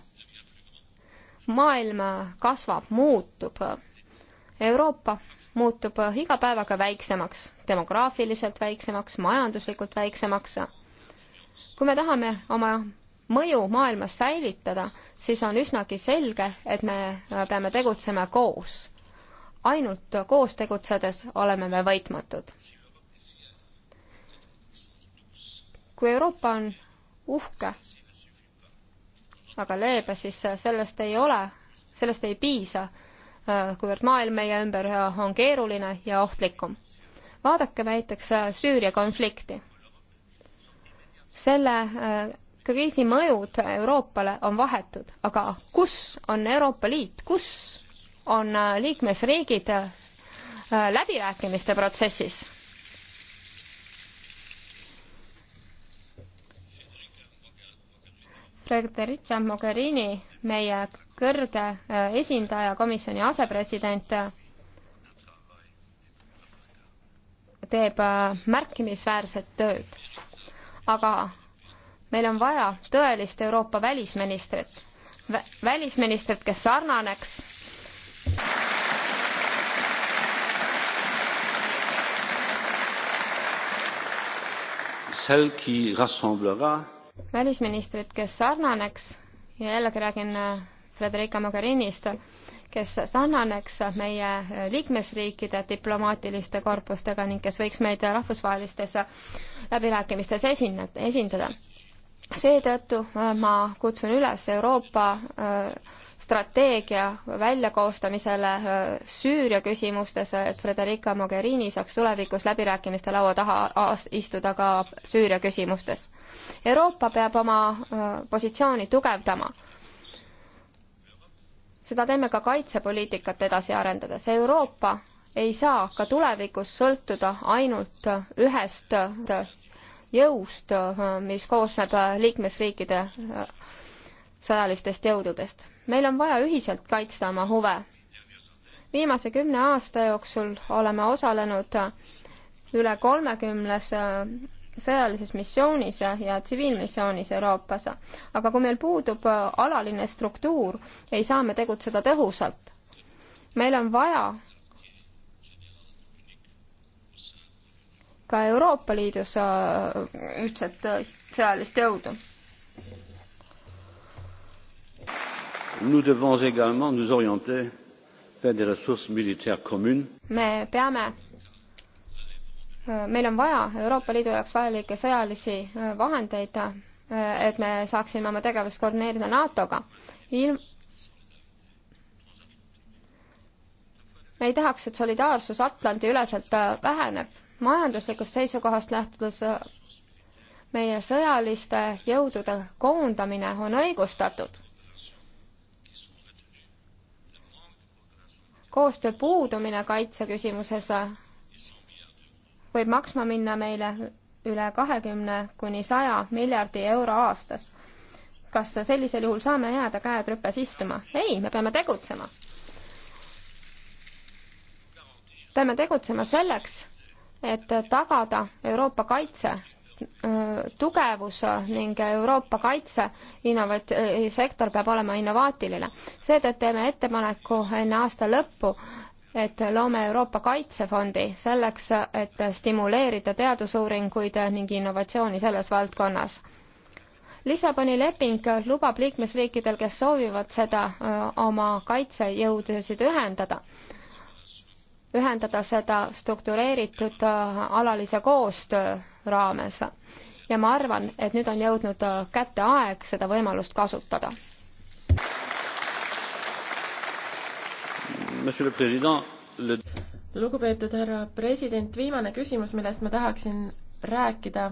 maailm kasvab, muutub. Euroopa muutub äh, iga päevaga väiksemaks, demograafiliselt väiksemaks, majanduslikult väiksemaks. kui me tahame oma mõju maailmas säilitada, siis on üsnagi selge, et me peame tegutsema koos ainult koos tegutsedes oleme me võitmatud. kui Euroopa on uhke, aga leebe, siis sellest ei ole, sellest ei piisa, kuivõrd maailm meie ümber on keeruline ja ohtlikum. vaadake näiteks Süüria konflikti. selle äh, kriisi mõjud Euroopale on vahetud, aga kus on Euroopa Liit, kus on äh, liikmesriigid äh, läbirääkimiste protsessis. Frederica Mogherini, meie kõrge äh, esindaja, komisjoni asepresident, teeb märkimisväärset tööd. aga meil on vaja tõelist Euroopa välisministrit, välisministrit, kes sarnaneks välisministrit, kes sarnaneks ja jällegi räägin äh, Frederica Mogherinist, kes sarnaneks meie äh, liikmesriikide diplomaatiliste korpustega ning kes võiks meid rahvusvahelistes äh, läbirääkimistes esineda, esindada. seetõttu ma kutsun üles Euroopa äh, strateegia väljakoostamisele äh, Süüria küsimustes, et Frederica Mogherini saaks tulevikus läbirääkimiste laua taha istuda ka Süüria küsimustes. Euroopa peab oma äh, positsiooni tugevdama. seda teeme ka kaitsepoliitikat edasi arendades. Euroopa ei saa ka tulevikus sõltuda ainult ühest äh, jõust, mis koosneb liikmesriikide sõjalistest jõududest. meil on vaja ühiselt kaitsta oma huve. viimase kümne aasta jooksul oleme osalenud üle kolmekümnes äh, sõjalises missioonis ja, ja tsiviilmissioonis Euroopas. aga kui meil puudub äh, alaline struktuur, ei saa me tegutseda tõhusalt. meil on vaja ka Euroopa Liidus äh, ühtset sõjalist jõudu nous devons également nous orienter vers des ressources militaires communes. me peame äh, meil on vaja Euroopa Liidu jaoks vajalikke sõjalisi äh, vahendeid, äh, et me saaksime oma tegevust koordineerida NATO-ga. ilm-, me ei tahaks, et solidaarsus Atlandi-üleselt väheneb. majanduslikust seisukohast lähtudes meie sõjaliste jõudude koondamine on õigustatud. koostöö puudumine kaitseküsimuses võib maksma minna meile üle kahekümne kuni saja miljardi euro aastas. kas sellisel juhul saame jääda käed rüpes istuma? ei, me peame tegutsema. peame tegutsema selleks, et tagada Euroopa kaitse Äh, tugevus ning Euroopa kaitse innovat-, äh, sektor peab olema innovaatiline. seetõttu teeme ettepaneku enne aasta lõppu, et loome Euroopa Kaitsefondi selleks, et stimuleerida teadusuuringuid ning innovatsiooni selles valdkonnas. Lissaboni leping lubab liikmesriikidel, kes soovivad seda, äh, oma kaitsejõudusid ühendada ühendada seda struktureeritud alalise koostöö raames. ja ma arvan, et nüüd on jõudnud äh, kätte aeg seda võimalust kasutada. lugupeetud härra president, viimane küsimus, millest ma tahaksin rääkida,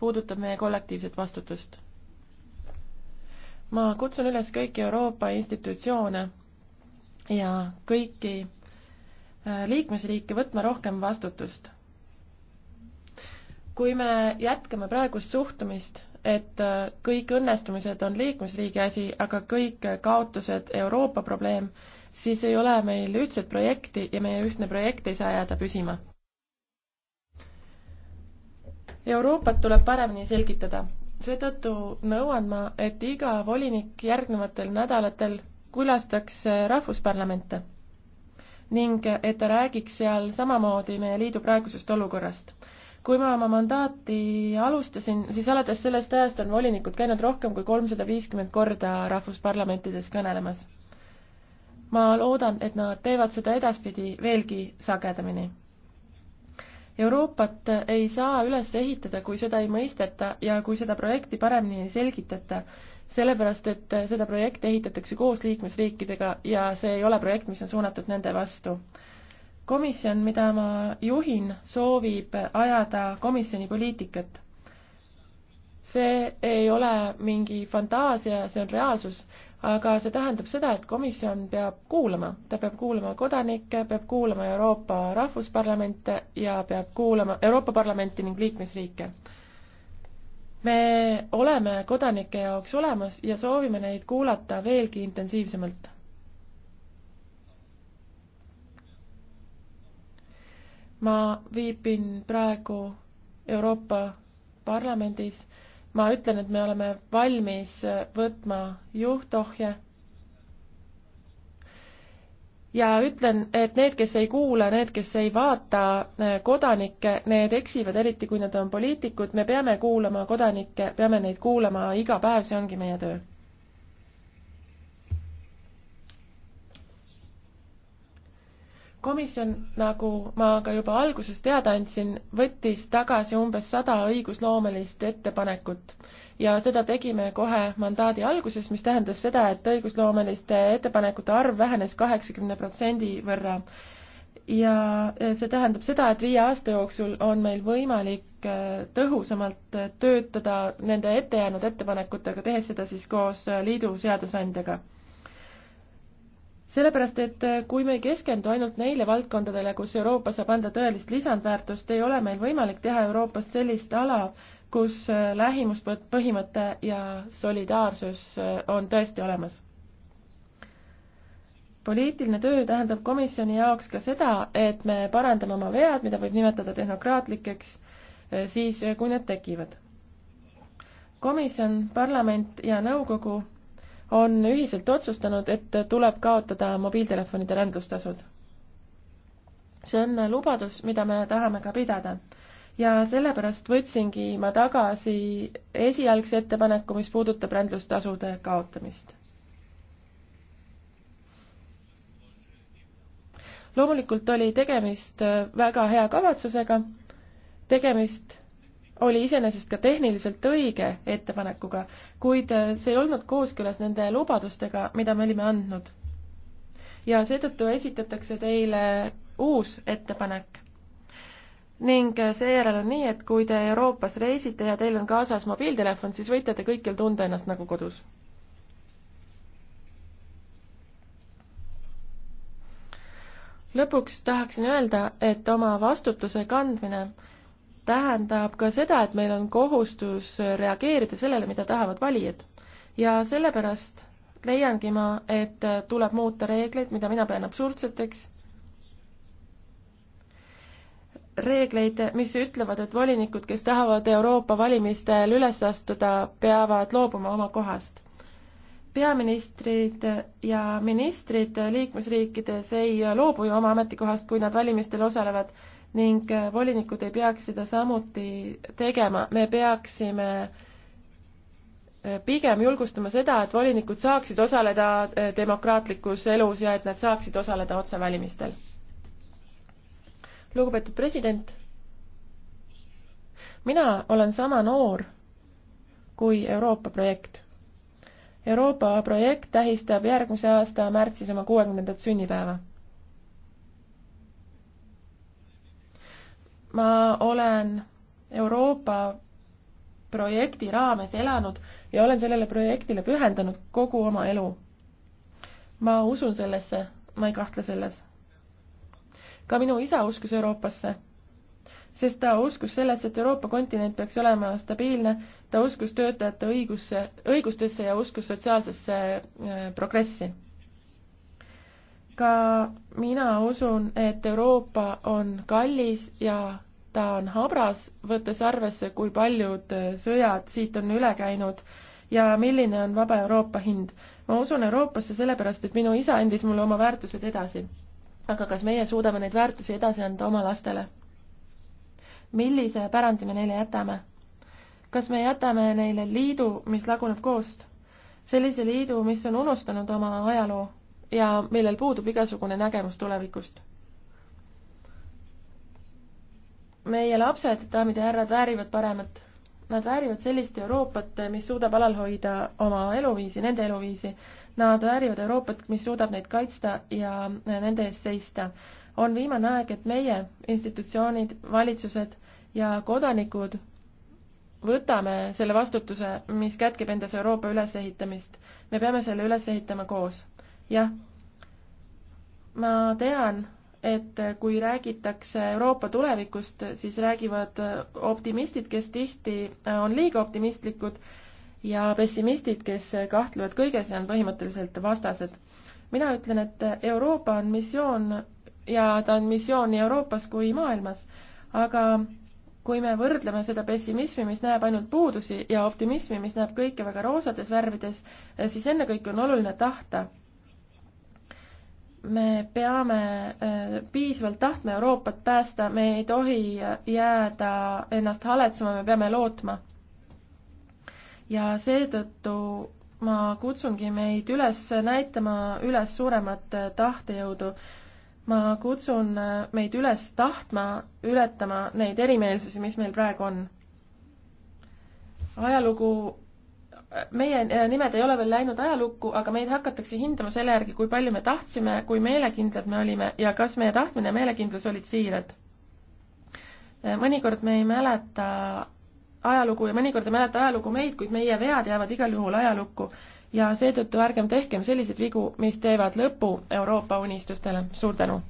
puudutab meie kollektiivset vastutust. ma kutsun üles kõiki Euroopa institutsioone ja kõiki äh, liikmesriike võtma rohkem vastutust kui me jätkame praegust suhtumist, et äh, kõik õnnestumised on liikmesriigi asi, aga kõik kaotused Euroopa probleem, siis ei ole meil ühtset projekti ja meie ühtne projekt ei saa jääda püsima. Euroopat tuleb paremini selgitada. seetõttu nõuan ma, et iga volinik järgnevatel nädalatel külastaks äh, rahvusparlamente ning äh, et ta räägiks seal samamoodi meie liidu praegusest olukorrast kui ma oma mandaati alustasin, siis alates sellest ajast on volinikud käinud rohkem kui kolmsada viiskümmend korda rahvusparlamentides kõnelemas. ma loodan, et nad teevad seda edaspidi veelgi sagedamini. Euroopat ei saa üles ehitada, kui seda ei mõisteta ja kui seda projekti paremini ei selgitata, sellepärast et seda projekti ehitatakse koos liikmesriikidega ja see ei ole projekt, mis on suunatud nende vastu komisjon, mida ma juhin, soovib ajada komisjoni poliitikat. see ei ole mingi fantaasia, see on reaalsus, aga see tähendab seda, et komisjon peab kuulama, ta peab kuulama kodanikke, peab kuulama Euroopa rahvusparlamente ja peab kuulama Euroopa Parlamenti ning liikmesriike. me oleme kodanike jaoks olemas ja soovime neid kuulata veelgi intensiivsemalt ma viibin praegu Euroopa Parlamendis. ma ütlen, et me oleme valmis võtma juhtohje. ja ütlen, et need, kes ei kuula, need, kes ei vaata kodanikke, need eksivad, eriti kui nad on poliitikud, me peame kuulama kodanikke, peame neid kuulama iga päev, see ongi meie töö komisjon, nagu ma ka juba alguses teada andsin, võttis tagasi umbes sada õigusloomelist ettepanekut ja seda tegime kohe mandaadi alguses, mis tähendas seda, et õigusloomeliste ettepanekute arv vähenes kaheksakümne protsendi võrra. ja e, see tähendab seda, et viie aasta jooksul on meil võimalik e, tõhusamalt töötada nende ettejäänud ettepanekutega, tehes seda siis koos e, liidu seadusandjaga sellepärast, et äh, kui me ei keskendu ainult neile valdkondadele, kus Euroopa saab anda tõelist lisandväärtust, ei ole meil võimalik teha Euroopast sellist ala, kus äh, lähimuspõhimõte ja solidaarsus äh, on tõesti olemas poliitiline töö tähendab komisjoni jaoks ka seda, et me parandame oma vead, mida võib nimetada tehnokraatlikeks, siis kui need tekivad. komisjon, parlament ja nõukogu on ühiselt otsustanud, et tuleb kaotada mobiiltelefonide rändlustasud. see on lubadus, mida me tahame ka pidada. ja sellepärast võtsingi ma tagasi esialgse ettepaneku, mis puudutab rändlustasude kaotamist loomulikult oli tegemist väga hea kavatsusega, tegemist oli iseenesest ka tehniliselt õige ettepanekuga, kuid äh, see ei olnud kooskõlas nende lubadustega, mida me olime andnud. ja seetõttu esitatakse teile uus ettepanek. ning äh, seejärel on nii, et kui te Euroopas reisite ja teil on kaasas mobiiltelefon, siis võite te kõikjal tunda ennast nagu kodus. lõpuks tahaksin öelda, et oma vastutuse kandmine tähendab ka seda, et meil on kohustus reageerida sellele, mida tahavad valijad. ja sellepärast leiangi ma, et tuleb muuta reegleid, mida mina pean absurdseteks, reegleid, mis ütlevad, et volinikud, kes tahavad Euroopa valimistel üles astuda, peavad loobuma oma kohast. peaministrid ja ministrid liikmesriikides ei loobu ju oma ametikohast, kui nad valimistel osalevad ning äh, volinikud ei peaks seda samuti tegema, me peaksime äh, pigem julgustama seda, et volinikud saaksid osaleda äh, demokraatlikus elus ja et nad saaksid osaleda otsevalimistel. lugupeetud president, mina olen sama noor kui Euroopa projekt. Euroopa projekt tähistab järgmise aasta märtsis oma kuuekümnendat sünnipäeva ma olen Euroopa projekti raames elanud ja olen sellele projektile pühendanud kogu oma elu. ma usun sellesse, ma ei kahtle selles. ka minu isa uskus Euroopasse, sest ta uskus sellesse, et Euroopa kontinent peaks olema stabiilne, ta uskus töötajate õigusse, õigustesse ja uskus sotsiaalsesse äh, progressi ka mina usun, et Euroopa on kallis ja ta on habras, võttes arvesse, kui paljud äh, sõjad siit on üle käinud ja milline on vaba Euroopa hind. ma usun Euroopasse sellepärast, et minu isa andis mulle oma väärtused edasi. aga kas meie suudame neid väärtusi edasi anda oma lastele? millise pärandi me neile jätame? kas me jätame neile liidu, mis laguneb koost? sellise liidu, mis on unustanud oma ajaloo ja millel puudub igasugune nägemus tulevikust. meie lapsed, daamid ja härrad, väärivad paremat. Nad väärivad sellist Euroopat, mis suudab alal hoida oma eluviisi, nende eluviisi. Nad väärivad Euroopat, mis suudab neid kaitsta ja nende eest seista. on viimane aeg, et meie institutsioonid, valitsused ja kodanikud võtame selle vastutuse, mis kätkeb endas Euroopa ülesehitamist. me peame selle üles ehitama koos jah, ma tean, et kui räägitakse Euroopa tulevikust, siis räägivad optimistid, kes tihti on liiga optimistlikud, ja pessimistid, kes kahtlevad kõiges ja on põhimõtteliselt vastased. mina ütlen, et Euroopa on missioon ja ta on missioon nii Euroopas kui maailmas, aga kui me võrdleme seda pessimismi, mis näeb ainult puudusi, ja optimismi, mis näeb kõike väga roosates värvides, siis ennekõike on oluline tahta me peame äh, piisavalt tahtma Euroopat päästa, me ei tohi jääda ennast haletsema, me peame lootma. ja seetõttu ma kutsungi meid üles näitama üles suuremat äh, tahtejõudu. ma kutsun äh, meid üles tahtma ületama neid erimeelsusi, mis meil praegu on. ajalugu meie äh, nimed ei ole veel läinud ajalukku, aga meid hakatakse hindama selle järgi, kui palju me tahtsime, kui meelekindlad me olime ja kas meie tahtmine ja meelekindlus olid siirad. Äh, mõnikord me ei mäleta ajalugu ja mõnikord ei mäleta ajalugu meid, kuid meie vead jäävad igal juhul ajalukku ja seetõttu ärgem tehkem selliseid vigu, mis teevad lõpu Euroopa unistustele. suur tänu!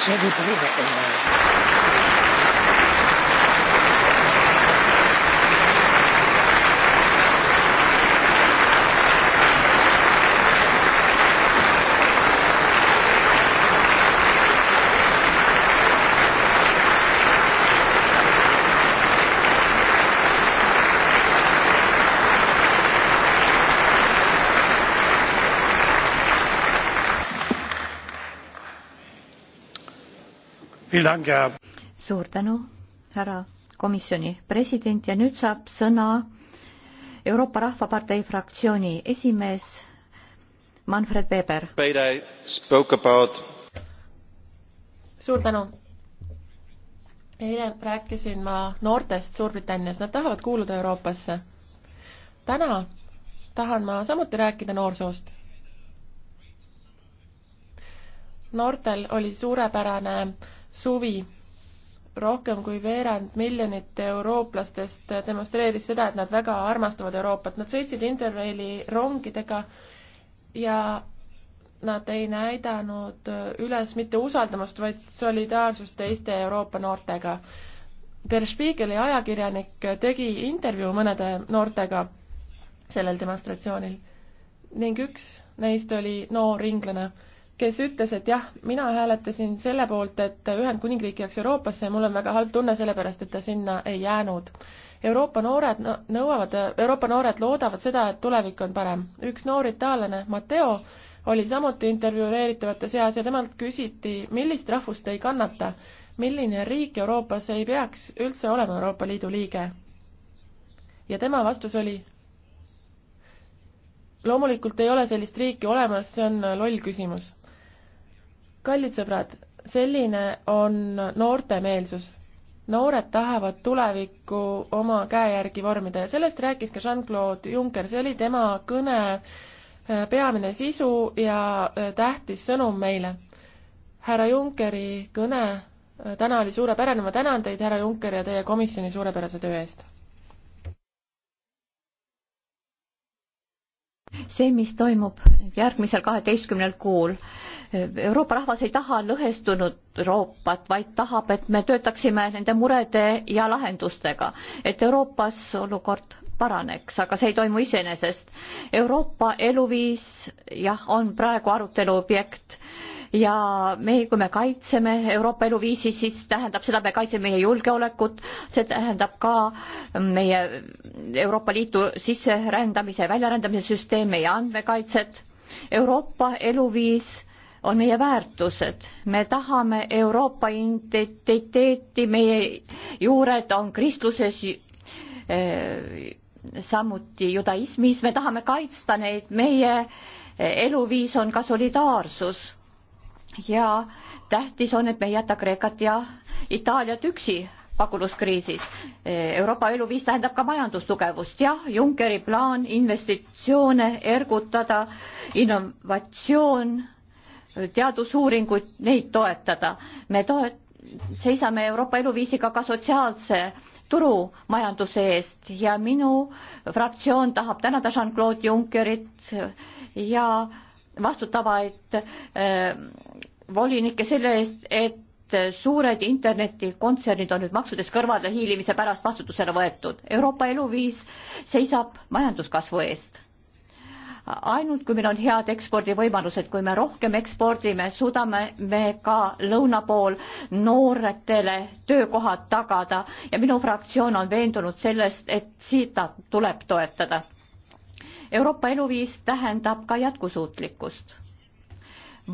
see võib olla oluline. suur tänu, härra komisjoni president ja nüüd saab sõna Euroopa Rahvapartei fraktsiooni esimees Manfred Weber. suur tänu. eile rääkisin ma noortest Suurbritannias, nad tahavad kuuluda Euroopasse. täna tahan ma samuti rääkida noorsoost noortel oli suurepärane suvi. rohkem kui veerand miljonit eurooplastest demonstreeris seda, et nad väga armastavad Euroopat. Nad sõitsid Interraili rongidega ja nad ei näidanud üles mitte usaldamust, vaid solidaarsust teiste Euroopa noortega. Der Spiegeli ajakirjanik tegi intervjuu mõnede noortega sellel demonstratsioonil ning üks neist oli noor inglane kes ütles, et jah, mina hääletasin selle poolt, et Ühendkuningriik jääks Euroopasse ja mul on väga halb tunne selle pärast, et ta sinna ei jäänud. Euroopa noored nõuavad, Euroopa noored loodavad seda, et tulevik on parem. üks noor itaallane, Matteo, oli samuti intervjueeritavate seas ja temalt küsiti, millist rahvust ei kannata, milline riik Euroopas ei peaks üldse olema Euroopa Liidu liige. ja tema vastus oli, loomulikult ei ole sellist riiki olemas, see on loll küsimus kallid sõbrad, selline on noorte meelsus. noored tahavad tulevikku oma käe järgi vormida ja sellest rääkis ka Jean-Claude Juncker, see oli tema kõne äh, peamine sisu ja äh, tähtis sõnum meile. härra Junckeri kõne äh, täna oli suurepärane, ma tänan teid, härra Juncker, ja teie komisjoni suurepärase töö eest! see, mis toimub järgmisel kaheteistkümnel kuul. Euroopa rahvas ei taha lõhestunud Euroopat, vaid tahab, et me töötaksime nende murede ja lahendustega, et Euroopas olukord paraneks, aga see ei toimu iseenesest. Euroopa eluviis jah, on praegu arutelu objekt ja meie, kui me kaitseme Euroopa eluviisi, siis tähendab seda, me kaitseme meie julgeolekut, see tähendab ka meie Euroopa Liitu sisserändamise ja väljarändamise süsteemi, meie andmekaitset. Euroopa eluviis on meie väärtused, me tahame Euroopa identiteeti, meie juured on kristluses eh, samuti judaismis, me tahame kaitsta neid, meie eluviis on ka solidaarsus ja tähtis on, et me ei jäta Kreekat ja Itaaliat üksi paguluskriisis. Euroopa elu viis tähendab ka majandustugevust, jah, Junckeri plaan investitsioone ergutada, innovatsioon, teadusuuringuid, neid toetada. me toe-, seisame Euroopa eluviisiga ka sotsiaalse turumajanduse eest ja minu fraktsioon tahab tänada Jean-Claude Junckerit ja vastutavaid äh, volinikke selle eest, et suured internetikontsernid on nüüd maksudest kõrvale hiilimise pärast vastutusele võetud. Euroopa eluviis seisab majanduskasvu eest. ainult kui meil on head ekspordivõimalused, kui me rohkem ekspordime, suudame me ka lõuna pool nooretele töökohad tagada ja minu fraktsioon on veendunud sellest, et seda tuleb toetada Euroopa eluviis tähendab ka jätkusuutlikkust.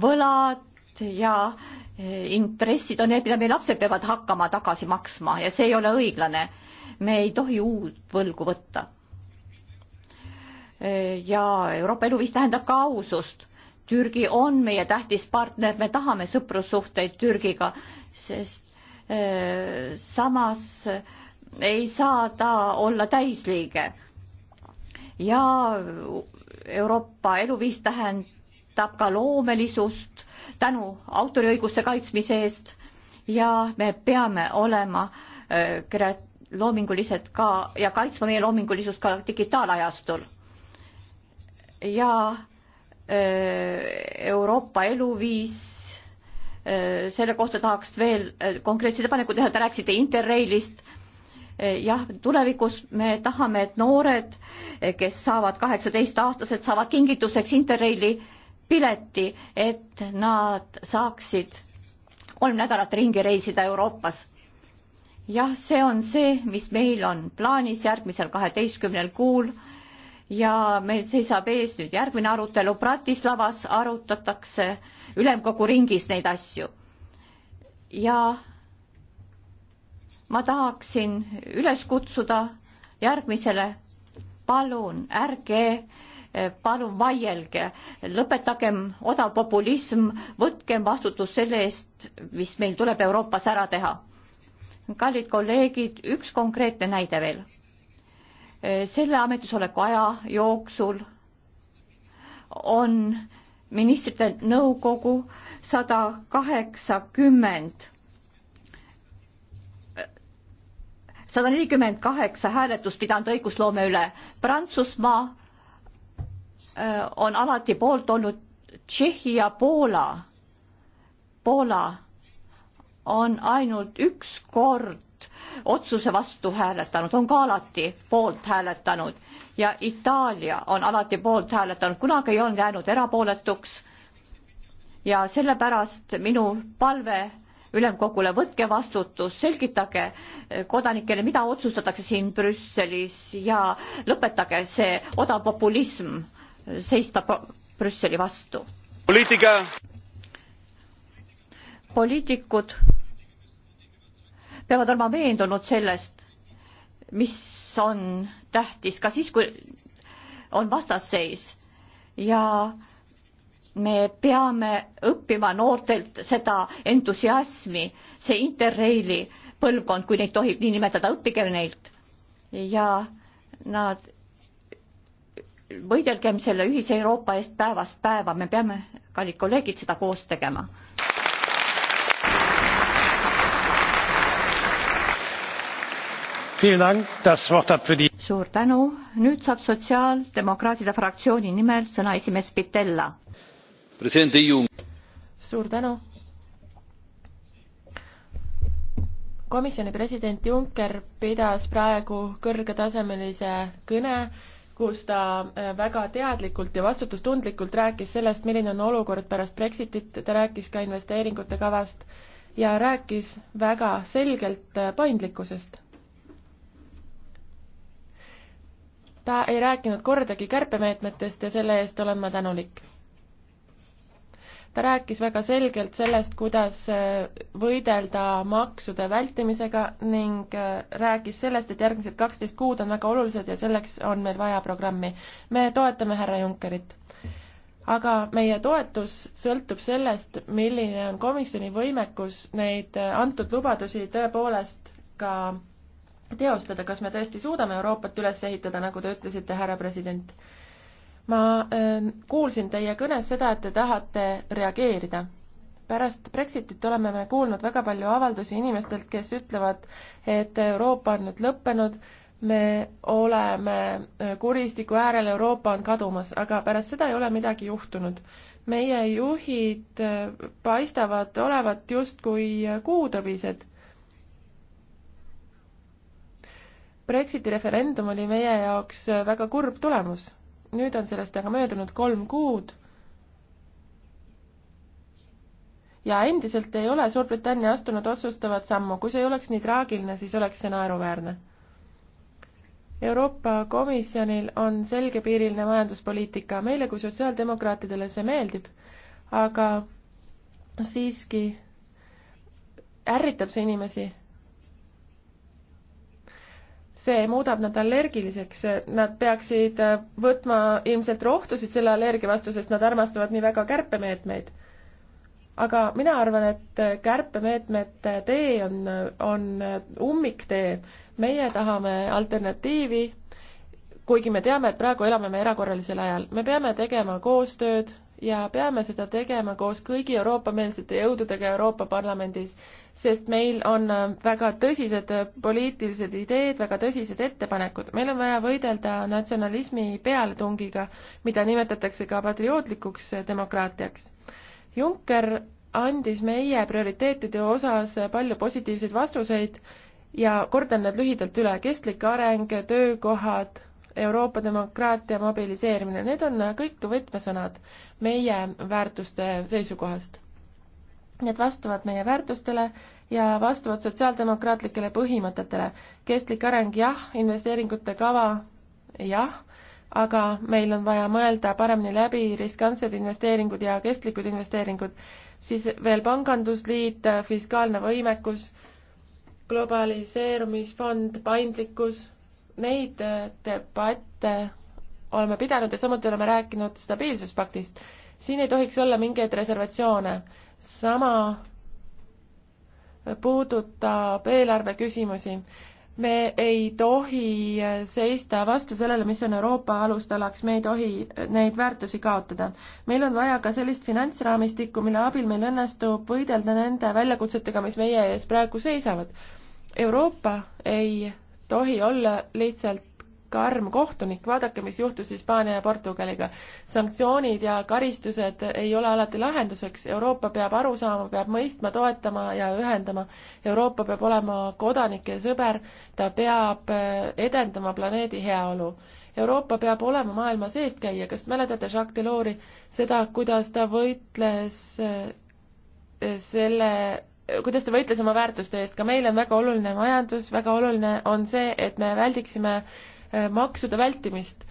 võlad ja eh, intressid on need, mida meie lapsed peavad hakkama tagasi maksma ja see ei ole õiglane. me ei tohi uut võlgu võtta. Eh, ja Euroopa eluviis tähendab ka ausust. Türgi on meie tähtis partner, me tahame sõprussuhteid Türgiga, sest eh, samas ei saa ta olla täisliige ja Euroopa eluviis tähendab ka loomelisust tänu autoriõiguste kaitsmise eest ja me peame olema äh, loomingulised ka ja kaitsma meie loomingulisust ka digitaalajastul. ja äh, Euroopa eluviis äh, selle kohta tahaks veel konkreetseid ettepanekuid teha, te rääkisite Interrailist jah, tulevikus me tahame, et noored, kes saavad kaheksateist-aastased, saavad kingituseks Interraili pileti, et nad saaksid kolm nädalat ringi reisida Euroopas. jah, see on see, mis meil on plaanis järgmisel kaheteistkümnel kuul ja meil seisab ees nüüd järgmine arutelu Bratislavas, arutatakse ülemkogu ringis neid asju. ja ma tahaksin üles kutsuda järgmisele, palun ärge eh, palun vaielge, lõpetagem odav populism, võtkem vastutus selle eest, mis meil tuleb Euroopas ära teha. kallid kolleegid, üks konkreetne näide veel. Eh, selle ametisoleku aja jooksul on ministrite nõukogu sada kaheksakümmend sada nelikümmend kaheksa hääletust pidanud õigusloome üle. Prantsusmaa äh, on alati poolt olnud Tšehhi ja Poola. Poola on ainult üks kord otsuse vastu hääletanud, on ka alati poolt hääletanud ja Itaalia on alati poolt hääletanud, kunagi ei olnud jäänud erapooletuks. ja sellepärast minu palve ülemkogule, võtke vastutus, selgitage eh, kodanikele, mida otsustatakse siin Brüsselis ja lõpetage see odav populism seista Brüsseli vastu. poliitika. poliitikud peavad olema veendunud sellest, mis on tähtis ka siis, kui on vastasseis ja äh, me peame õppima noortelt seda entusiasmi, see Interraili põlvkond, kui neid tohib nii nimetada, õppige neilt ja nad võidelgem selle ühise Euroopa eest päevast päeva, me peame, kallid kolleegid, seda koos tegema. suur tänu, nüüd saab sotsiaaldemokraatide fraktsiooni nimel sõna esimees Pitella suur tänu. komisjoni president Juncker pidas praegu kõrgetasemelise kõne kus ta äh, väga teadlikult ja vastutustundlikult rääkis sellest, milline on olukord pärast Brexitit, ta rääkis ka investeeringute kavast ja rääkis väga selgelt äh, paindlikkusest. ta ei rääkinud kordagi kärpemeetmetest ja selle eest olen ma tänulik ta rääkis väga selgelt sellest, kuidas äh, võidelda maksude vältimisega ning äh, rääkis sellest, et järgmised kaksteist kuud on väga olulised ja selleks on meil vaja programmi. me toetame härra Junckerit. aga meie toetus sõltub sellest, milline on komisjoni võimekus neid äh, antud lubadusi tõepoolest ka teostada, kas me tõesti suudame Euroopat üles ehitada, nagu te ütlesite, härra president ma äh, kuulsin teie kõnes seda, et te tahate reageerida. pärast Brexitit oleme me kuulnud väga palju avaldusi inimestelt, kes ütlevad, et Euroopa on nüüd lõppenud, me oleme äh, kuristiku äärel, Euroopa on kadumas, aga pärast seda ei ole midagi juhtunud. meie juhid äh, paistavad olevat justkui kuutõbised Brexiti referendum oli meie jaoks väga kurb tulemus nüüd on sellest aga möödunud kolm kuud ja endiselt ei ole Suurbritannia astunud otsustavat sammu. kui see ei oleks nii traagiline, siis oleks see naeruväärne. Euroopa Komisjonil on selgepiiriline majanduspoliitika, meile kui sotsiaaldemokraatidele see meeldib, aga siiski ärritab see inimesi see muudab nad allergiliseks, nad peaksid äh, võtma ilmselt rohtusid selle allergia vastu, sest nad armastavad nii väga kärpemeetmeid. aga mina arvan, et äh, kärpemeetmete tee on, on äh, ummiktee. meie tahame alternatiivi, kuigi me teame, et praegu elame me erakorralisel ajal. me peame tegema koostööd ja peame seda tegema koos kõigi Euroopa-meelsete jõududega Euroopa Parlamendis, sest meil on äh, väga tõsised äh, poliitilised ideed, väga tõsised ettepanekud. meil on vaja võidelda natsionalismi pealetungiga, mida nimetatakse ka patriootlikuks äh, demokraatiaks. Juncker andis meie prioriteetide osas palju positiivseid vastuseid ja kordan need lühidalt üle. kestlik areng, töökohad, Euroopa demokraatia mobiliseerimine, need on kõik võtmesõnad meie väärtuste seisukohast. Need vastavad meie väärtustele ja vastavad sotsiaaldemokraatlikele põhimõtetele. kestlik areng jah, investeeringute kava jah, aga meil on vaja mõelda paremini läbi riskantsed investeeringud ja kestlikud investeeringud, siis veel pangandusliit, fiskaalne võimekus, globaliseerumisfond, paindlikkus neid äh, debatte oleme pidanud ja samuti oleme rääkinud stabiilsuspaktist. siin ei tohiks olla mingeid reservatsioone. sama puudutab eelarve küsimusi. me ei tohi seista vastu sellele, mis on Euroopa alustalaks, me ei tohi neid väärtusi kaotada. meil on vaja ka sellist finantsraamistikku, mille abil meil õnnestub võidelda nende väljakutsetega, mis meie ees praegu seisavad. Euroopa ei tohi olla lihtsalt karm kohtunik, vaadake, mis juhtus Hispaania ja Portugaliga. sanktsioonid ja karistused ei ole alati lahenduseks, Euroopa peab aru saama, peab mõistma, toetama ja ühendama. Euroopa peab olema kodanike sõber, ta peab eh, edendama planeedi heaolu. Euroopa peab olema maailmas eestkäija, kas mäletate Jacques Delors'i, seda, kuidas ta võitles eh, selle kuidas ta võitles oma väärtuste eest, ka meil on väga oluline majandus, väga oluline on see, et me väldiksime äh, maksude vältimist.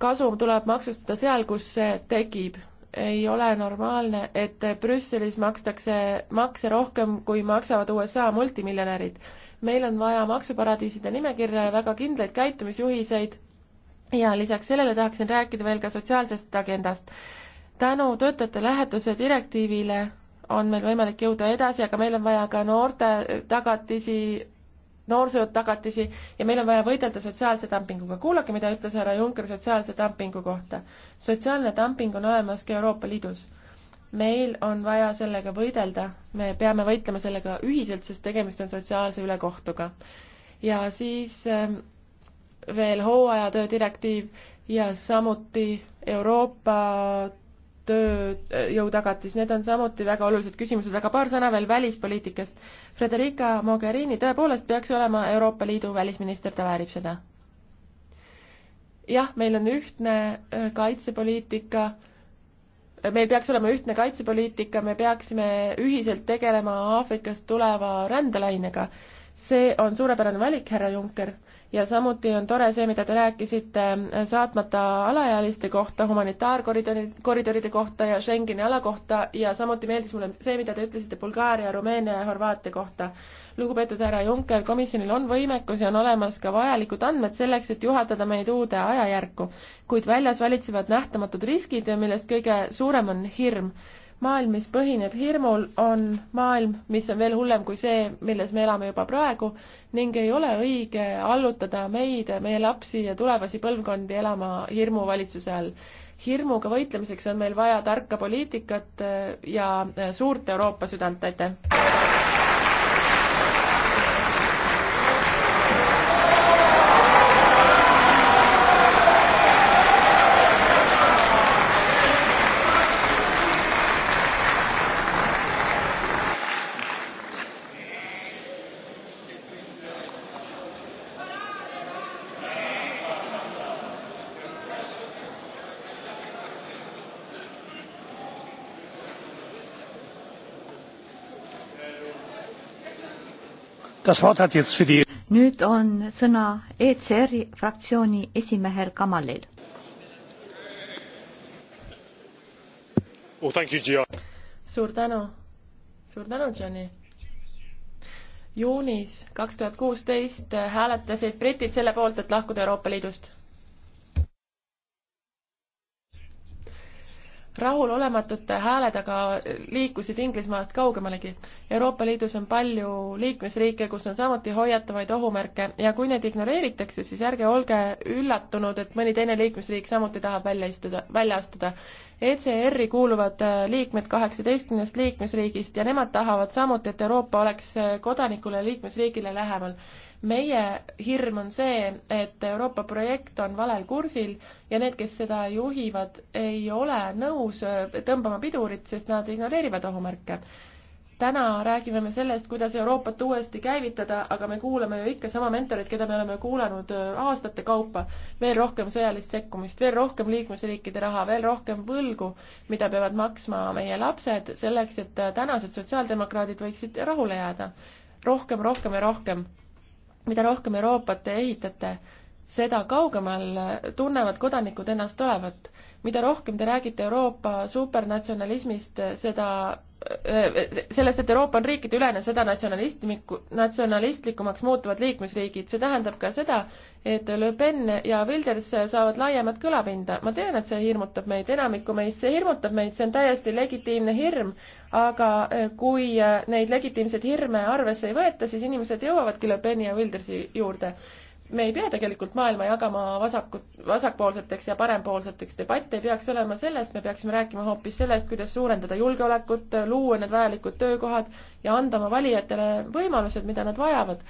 kasum tuleb maksustada seal, kus see tekib. ei ole normaalne, et Brüsselis makstakse makse rohkem, kui maksavad USA multimiljonärid. meil on vaja maksuparadiiside nimekirja ja väga kindlaid käitumisjuhiseid ja lisaks sellele tahaksin rääkida veel ka sotsiaalsest agendast. tänu töötajate lähetuse direktiivile on meil võimalik jõuda edasi, aga meil on vaja ka noorte tagatisi, noorsootagatisi ja meil on vaja võidelda sotsiaalse dumpinguga. kuulake, mida ütles härra Juncker sotsiaalse dumpingu kohta. sotsiaalne dumping on olemas ka Euroopa Liidus. meil on vaja sellega võidelda, me peame võitlema sellega ühiselt, sest tegemist on sotsiaalse ülekohtuga. ja siis ähm, veel hooajatöö direktiiv ja samuti Euroopa tööjõutagatis, need on samuti väga olulised küsimused, aga paar sõna veel välispoliitikast. Frederica Mogherini tõepoolest peaks olema Euroopa Liidu välisminister, ta väärib seda. jah, meil on ühtne äh, kaitsepoliitika, meil peaks olema ühtne kaitsepoliitika, me peaksime ühiselt tegelema Aafrikast tuleva rändelainega. see on suurepärane valik, härra Juncker ja samuti on tore see, mida te rääkisite äh, saatmata alaealiste kohta, humanitaarkoridoride kohta ja Schengeni ala kohta ja samuti meeldis mulle see, mida te ütlesite Bulgaaria, Rumeenia ja Horvaatia kohta. lugupeetud härra Juncker, komisjonil on võimekus ja on olemas ka vajalikud andmed selleks, et juhatada meid uude ajajärku, kuid väljas valitsevad nähtamatud riskid, millest kõige suurem on hirm maailm, mis põhineb hirmul, on maailm, mis on veel hullem kui see, milles me elame juba praegu ning ei ole õige allutada meid, meie lapsi ja tulevasi põlvkondi elama hirmuvalitsuse all. hirmuga võitlemiseks on meil vaja tarka poliitikat äh, ja äh, suurt Euroopa südant, aitäh! nüüd on sõna ECR-i fraktsiooni esimehel Kamalil oh,. suur tänu, suur tänu, Gianni juunis kaks tuhat kuusteist hääletasid britid selle poolt, et lahkuda Euroopa Liidust. rahulolematute hääledega liikusid Inglismaast kaugemalegi. Euroopa Liidus on palju liikmesriike, kus on samuti hoiatavaid ohumärke ja kui neid ignoreeritakse, siis ärge olge üllatunud, et mõni teine liikmesriik samuti tahab välja istuda, välja astuda. ECR-i kuuluvad äh, liikmed kaheksateistkümnest liikmesriigist ja nemad tahavad samuti, et Euroopa oleks äh, kodanikule ja liikmesriigile lähemal. meie hirm on see, et Euroopa projekt on valel kursil ja need, kes seda juhivad, ei ole nõus äh, tõmbama pidurit, sest nad ignoreerivad ohumärke täna räägime me sellest, kuidas Euroopat uuesti käivitada, aga me kuulame ju ikka sama mentorit, keda me oleme kuulanud äh, aastate kaupa. veel rohkem sõjalist sekkumist, veel rohkem liikmesriikide raha, veel rohkem võlgu, mida peavad maksma meie lapsed selleks, et äh, tänased sotsiaaldemokraadid võiksid rahule jääda. rohkem, rohkem ja rohkem. mida rohkem Euroopat te ehitate, seda kaugemal äh, tunnevad kodanikud ennast olevat mida rohkem te räägite Euroopa supernatsionalismist, seda sellest, et Euroopa on riikide ülene, seda natsionalistlikku, natsionalistlikumaks muutuvad liikmesriigid, see tähendab ka seda, et Le Pen ja Wilders saavad laiemat kõlapinda. ma tean, et see hirmutab meid, enamikku meist, see hirmutab meid, see on täiesti legitiimne hirm, aga eh, kui eh, neid legitiimseid hirme arvesse ei võeta, siis inimesed jõuavadki Le Peni ja Wildersi juurde me ei pea tegelikult maailma jagama vasakut, vasakpoolseteks ja parempoolseteks, debatt ei peaks olema sellest, me peaksime rääkima hoopis sellest, kuidas suurendada julgeolekut, luua need vajalikud töökohad ja anda oma valijatele võimalused, mida nad vajavad.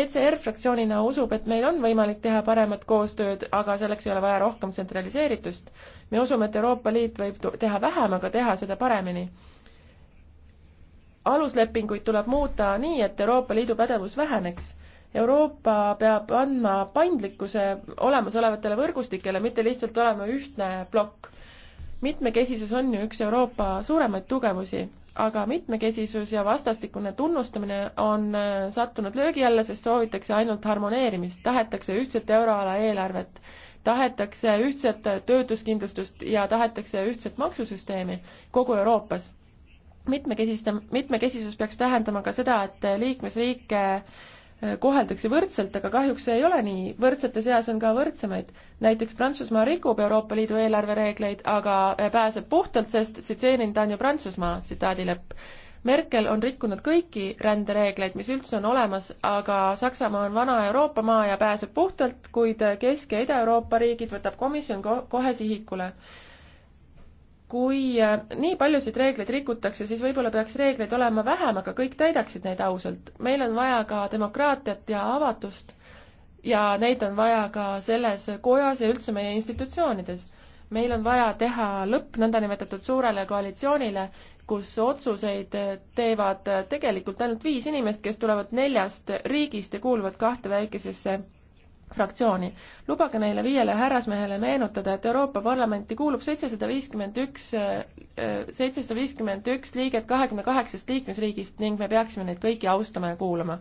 ECR fraktsioonina usub, et meil on võimalik teha paremat koostööd, aga selleks ei ole vaja rohkem tsentraliseeritust. me usume, et Euroopa Liit võib teha vähem, aga teha seda paremini aluslepinguid tuleb muuta nii, et Euroopa Liidu pädevus väheneks Euroopa peab andma paindlikkuse olemasolevatele võrgustikele, mitte lihtsalt olema ühtne plokk. mitmekesisus on ju üks Euroopa suuremaid tugevusi, aga mitmekesisus ja vastastikune tunnustamine on äh, sattunud löögi alla, sest soovitakse ainult harmoneerimist, tahetakse ühtset euroala eelarvet tahetakse ühtset töötuskindlustust ja tahetakse ühtset maksusüsteemi kogu Euroopas. mitmekesista-, mitmekesisus peaks tähendama ka seda, et liikmesriike koheldakse võrdselt, aga kahjuks see ei ole nii, võrdsete seas on ka võrdsemaid. näiteks Prantsusmaa rikub Euroopa Liidu eelarvereegleid, aga äh, pääseb puhtalt, sest tsiteerin, ta on ju Prantsusmaa, tsitaadi lõpp. Merkel on rikkunud kõiki rändereegleid, mis üldse on olemas, aga Saksamaa on vana Euroopa maa ja pääseb puhtalt, kuid Kesk- ja Ida-Euroopa riigid võtab komisjon ko kohe sihikule kui äh, nii paljusid reegleid rikutakse, siis võib-olla peaks reegleid olema vähem, aga kõik täidaksid neid ausalt. meil on vaja ka demokraatiat ja avatust ja neid on vaja ka selles kojas ja üldse meie institutsioonides. meil on vaja teha lõpp nõndanimetatud suurele koalitsioonile, kus otsuseid teevad tegelikult ainult viis inimest, kes tulevad neljast riigist ja kuuluvad kahte väikesesse fraktsiooni. lubage neile viiele härrasmehele meenutada, et Euroopa Parlamenti kuulub seitsesada viiskümmend üks, äh, seitsesada viiskümmend üks liiget kahekümne kaheksast liikmesriigist ning me peaksime neid kõiki austama ja kuulama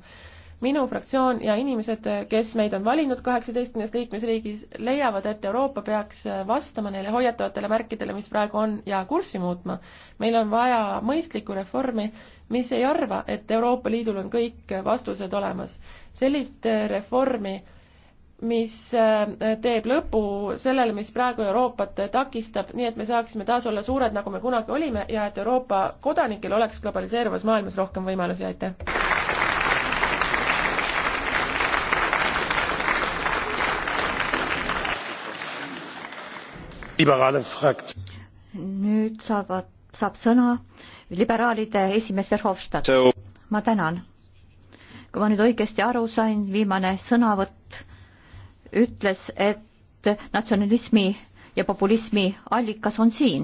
minu fraktsioon ja inimesed, kes meid on valinud kaheksateistkümnes liikmesriigis, leiavad, et Euroopa peaks vastama neile hoiatavatele märkidele, mis praegu on, ja kurssi muutma. meil on vaja mõistlikku reformi, mis ei arva, et Euroopa Liidul on kõik vastused olemas. sellist reformi mis äh, teeb lõpu sellele, mis praegu Euroopat takistab, nii et me saaksime taas olla suured, nagu me kunagi olime ja et Euroopa kodanikel oleks globaliseeruvas maailmas rohkem võimalusi, aitäh! liberaale fraktsioon. nüüd saavad, saab sõna liberaalide esimees Verhofstadt. ma tänan. kui ma nüüd õigesti aru sain, viimane sõnavõtt ütles, et natsionalismi ja populismi allikas on siin.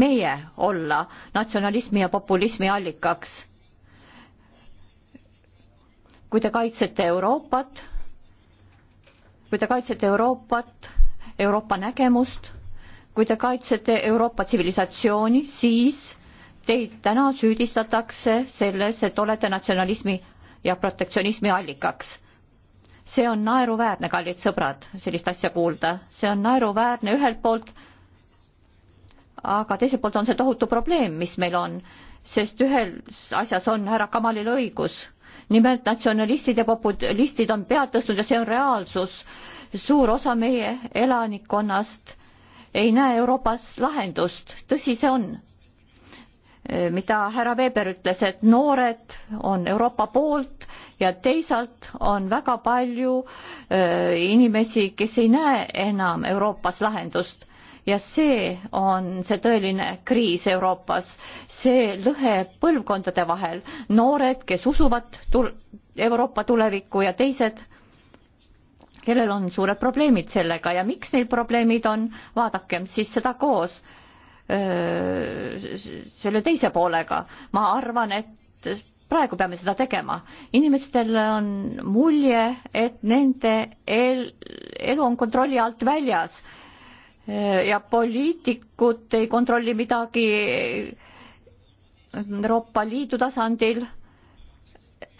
meie olla natsionalismi ja populismi allikaks. kui te kaitsete Euroopat, kui te kaitsete Euroopat, Euroopa nägemust, kui te kaitsete Euroopa tsivilisatsiooni, siis teid täna süüdistatakse selles, et olete natsionalismi ja protektsionismi allikaks see on naeruväärne, kallid sõbrad, sellist asja kuulda, see on naeruväärne ühelt poolt, aga teiselt poolt on see tohutu probleem, mis meil on, sest ühes asjas on härra Kamalil õigus. nimelt natsionalistid ja populistid on pead tõstnud ja see on reaalsus. suur osa meie elanikkonnast ei näe Euroopas lahendust, tõsi see on Eh, mida härra Weber ütles, et noored on Euroopa poolt ja teisalt on väga palju eh, inimesi, kes ei näe enam Euroopas lahendust ja see on see tõeline kriis Euroopas, see lõhe põlvkondade vahel, noored, kes usuvad tul-, Euroopa tulevikku ja teised, kellel on suured probleemid sellega ja miks neil probleemid on, vaadakem siis seda koos selle teise poolega. ma arvan, et praegu peame seda tegema. inimestel on mulje, et nende el, elu on kontrolli alt väljas ja poliitikud ei kontrolli midagi Euroopa Liidu tasandil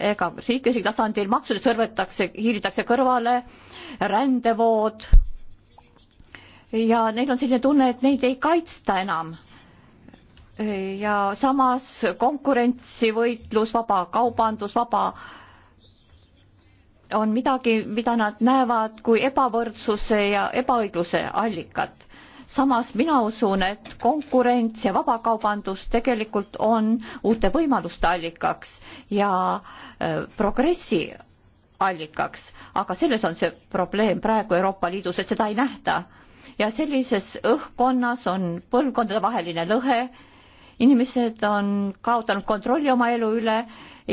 ega riiklik tasandil, maksudest sõrvetakse, hiilitakse kõrvale, rändevood ja neil on selline tunne, et neid ei kaitsta enam. ja samas konkurentsivõitlus, vaba kaubandus, vaba on midagi, mida nad näevad kui ebavõrdsuse ja ebaõigluse allikat. samas mina usun, et konkurents ja vabakaubandus tegelikult on uute võimaluste allikaks ja äh, progressi allikaks, aga selles on see probleem praegu Euroopa Liidus, et seda ei nähta ja sellises õhkkonnas on põlvkondadevaheline lõhe, inimesed on kaotanud kontrolli oma elu üle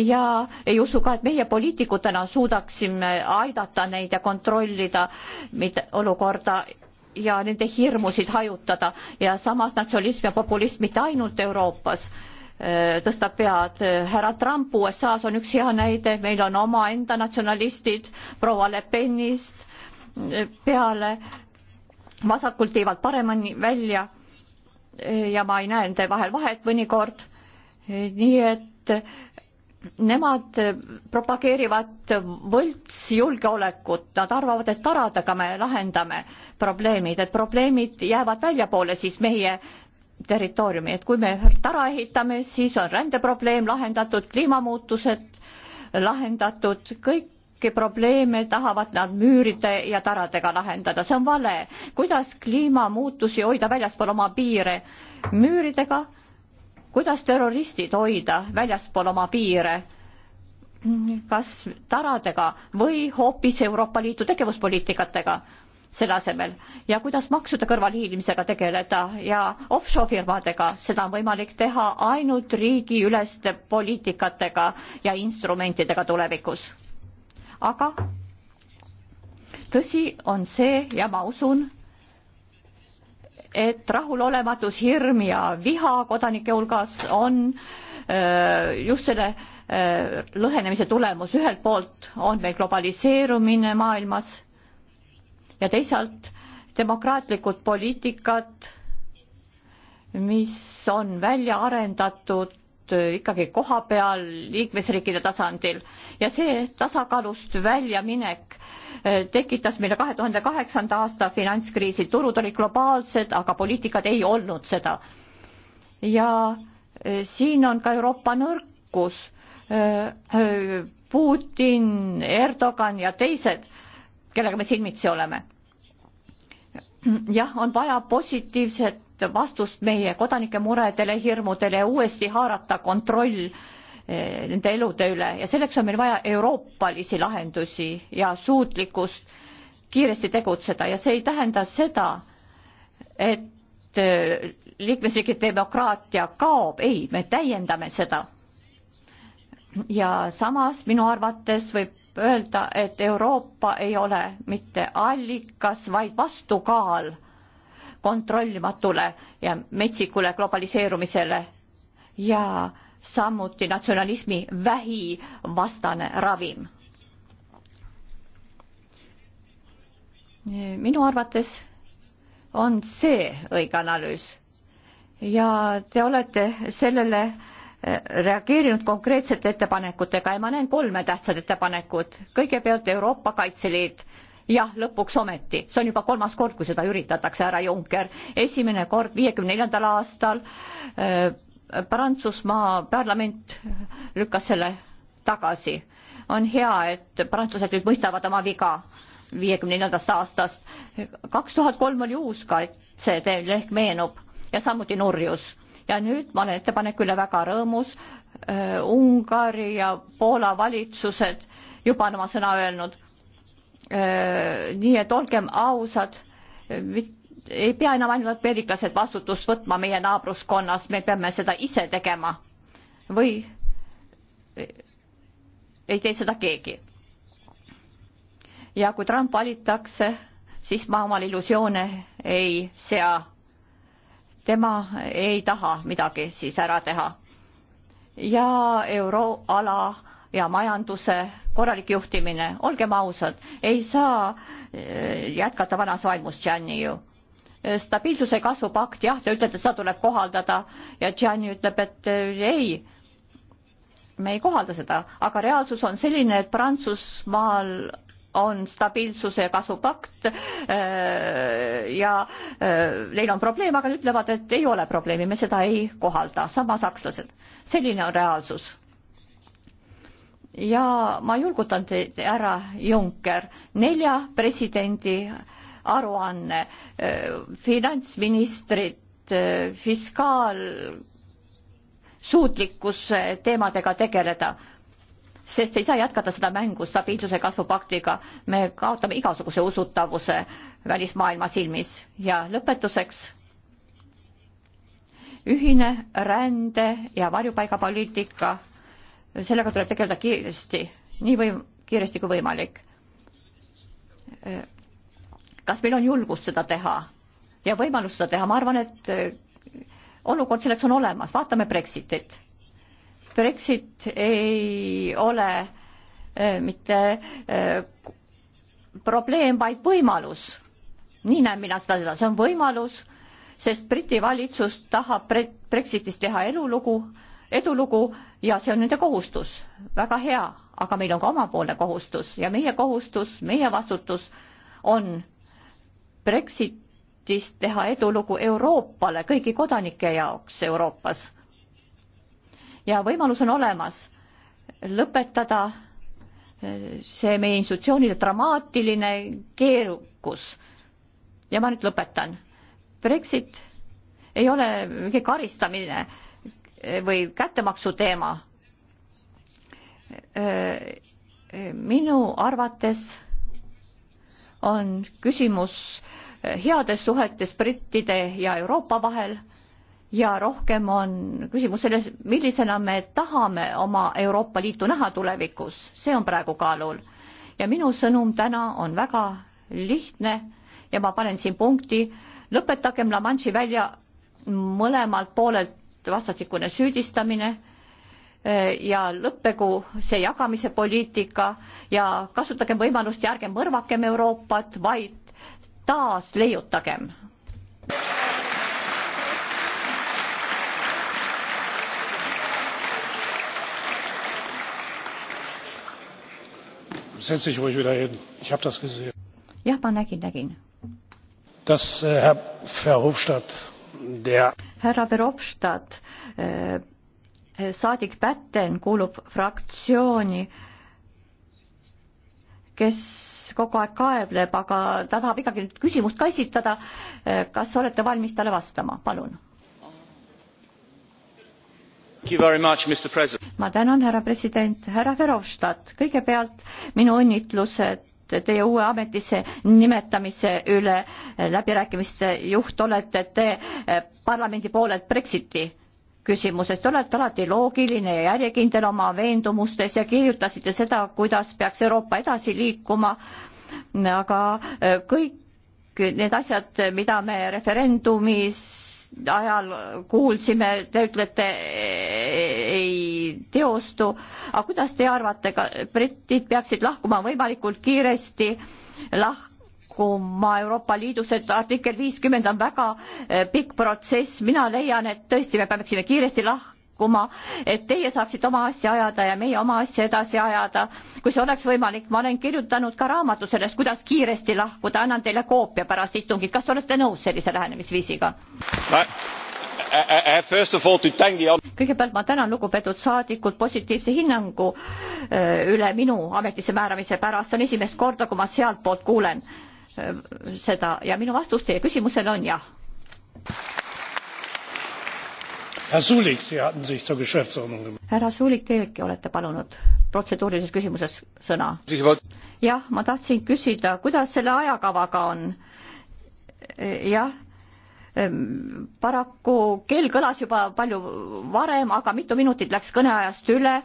ja ei usu ka, et meie poliitikutena suudaksime aidata neid ja kontrollida olukorda ja nende hirmusid hajutada ja samas natsionalism ja populism mitte ainult Euroopas äh, tõstab pead. härra Trump USA-s on üks hea näide, meil on omaenda natsionalistid proua Le Penist äh, peale vasakult tiivad paremini välja ja ma ei näe nende vahel vahet mõnikord. nii et nemad propageerivad võltsjulgeolekut, nad arvavad, et taradega me lahendame probleemid, et probleemid jäävad väljapoole siis meie territooriumi, et kui me tara ehitame, siis on rändeprobleem lahendatud, kliimamuutused lahendatud, kõik kõiki probleeme tahavad nad müüride ja taradega lahendada, see on vale. kuidas kliimamuutusi hoida väljaspool oma piire? müüridega, kuidas terroristid hoida väljaspool oma piire? kas taradega või hoopis Euroopa Liidu tegevuspoliitikatega selle asemel ja kuidas maksude kõrvalhiilimisega tegeleda ja offshore firmadega, seda on võimalik teha ainult riigiüleste poliitikatega ja instrumentidega tulevikus aga tõsi on see ja ma usun, et rahulolematus, hirm ja viha kodanike hulgas on äh, just selle äh, lõhenemise tulemus, ühelt poolt on meil globaliseerumine maailmas ja teisalt demokraatlikud poliitikad, mis on välja arendatud äh, ikkagi koha peal liikmesriikide tasandil ja see tasakaalust väljaminek äh, tekitas meile kahe tuhande kaheksanda aasta finantskriisi, turud olid globaalsed, aga poliitikad ei olnud seda. ja äh, siin on ka Euroopa nõrkus. Äh, Putin, Erdogan ja teised, kellega me silmitsi oleme. jah, on vaja positiivset vastust meie kodanike muredele, hirmudele ja uuesti haarata kontroll äh, Eh, nende elude üle ja selleks on meil vaja euroopalisi lahendusi ja suutlikkust kiiresti tegutseda ja see ei tähenda seda, et eh, liikmesriigi demokraatia kaob, ei, me täiendame seda. ja samas minu arvates võib öelda, et Euroopa ei ole mitte allikas, vaid vastukaal kontrollimatule ja metsikule globaliseerumisele ja äh, samuti natsionalismi vähivastane ravim. minu arvates on see õige analüüs ja te olete sellele eh, reageerinud konkreetsete ettepanekutega ja ma näen kolme tähtsat ettepanekut. kõigepealt Euroopa Kaitseliit jah, lõpuks ometi, see on juba kolmas kord, kui seda üritatakse, härra Juncker. esimene kord viiekümne neljandal aastal eh, Prantsusmaa parlament lükkas selle tagasi. on hea, et prantslased nüüd mõistavad oma viga viiekümne neljandast aastast. kaks tuhat kolm oli uus ka, et see teil ehk meenub ja samuti nurjus. ja nüüd ma olen ettepaneku üle väga rõõmus. Äh, Ungari ja Poola valitsused juba on oma sõna öelnud. Äh, nii et olgem ausad, mitte ei pea enam ainult ameeriklased vastutust võtma meie naabruskonnas, me peame seda ise tegema või ei tee seda keegi. ja kui Trump valitakse, siis ma omal illusioone ei sea. tema ei taha midagi siis ära teha. ja euroala ja majanduse korralik juhtimine, olgem ausad, ei saa eh, jätkata vanas vaimus, Gianni ju Äh, stabiilsuse kasvupakt, jah, te ütlete, seda tuleb kohaldada ja Gianni ütleb, et äh, ei, me ei kohalda seda, aga reaalsus on selline, et Prantsusmaal on stabiilsuse äh, ja kasvupakt ja neil on probleem, aga nad ütlevad, et ei ole probleemi, me seda ei kohalda, sama sakslased. selline on reaalsus. ja ma julgutan teid, härra Juncker, nelja presidendi äh, aruanne. Eh, finantsministrid, eh, fiskaalsuutlikkuse teemadega tegeleda, sest ei saa jätkata seda mängu stabiilsuse kasvupaktiga, me kaotame igasuguse usutavuse välismaailma silmis ja lõpetuseks ühine rände ja varjupaigapoliitika, sellega tuleb tegeleda kiiresti, nii või kiiresti kui võimalik eh, kas meil on julgust seda teha ja võimalus seda teha, ma arvan, et äh, olukord selleks on olemas, vaatame Brexitit. Brexit ei ole äh, mitte äh, probleem, vaid võimalus. nii näen mina seda, seda, see on võimalus, sest Briti valitsus tahab bre Brexitis teha elulugu, edulugu ja see on nende kohustus, väga hea, aga meil on ka omapoolne kohustus ja meie kohustus, meie vastutus on Brexitist teha edulugu Euroopale, kõigi kodanike jaoks Euroopas. ja võimalus on olemas lõpetada eh, see meie institutsioonide dramaatiline keerukus. ja ma nüüd lõpetan. Brexit ei ole mingi karistamine eh, või kättemaksu teema. Eh, minu arvates on küsimus eh, heades suhetes brittide ja Euroopa vahel ja rohkem on küsimus selles, millisena me tahame oma Euroopa Liitu näha tulevikus, see on praegu kaalul. ja minu sõnum täna on väga lihtne ja ma panen siin punkti, lõpetagem La Manche'i välja mõlemalt poolelt vastastikune süüdistamine ja lõppegu see jagamise poliitika ja kasutagem võimalust ja ärgem mõrvakem Euroopat, vaid taas leiutagem. jah, ma nägin, nägin. Äh, härra Verhofstadt äh, saadik Pätten kuulub fraktsiooni, kes kogu aeg kaebleb, aga ta tahab ikkagi nüüd küsimust ka esitada. kas olete valmis talle vastama, palun? ma tänan, härra president, härra Verhofstadt, kõigepealt minu õnnitlused teie uue ametisse nimetamise üle läbirääkimiste juht olete te eh, parlamendi poolelt Brexiti küsimusest, te olete alati loogiline ja järjekindel oma veendumustes ja kirjutasite seda, kuidas peaks Euroopa edasi liikuma, aga äh, kõik need asjad, mida me referendumis ajal kuulsime, te ütlete, äh, ei teostu, aga kuidas te arvate, ka britid peaksid lahkuma võimalikult kiiresti lah-, liikuma Euroopa Liidus, et artikkel viiskümmend on väga eh, pikk protsess, mina leian, et tõesti, me peaksime kiiresti lahkuma, et teie saaksite oma asja ajada ja meie oma asja edasi ajada, kui see oleks võimalik. ma olen kirjutanud ka raamatu sellest, kuidas kiiresti lahkuda, annan teile koopia pärast istungit, kas olete nõus sellise lähenemisviisiga? kõigepealt ma tänan lugupeetud saadikud positiivse hinnangu eh, üle minu ametisse määramise pärast, see on esimest korda, kui ma sealtpoolt kuulen seda ja minu vastus teie küsimusele on jah. härra Suulik, teiegi olete palunud protseduurilises küsimuses sõna. jah, ma tahtsin küsida, kuidas selle ajakavaga on? jah Ehm, paraku kell kõlas juba palju varem, aga mitu minutit läks kõneajast üle.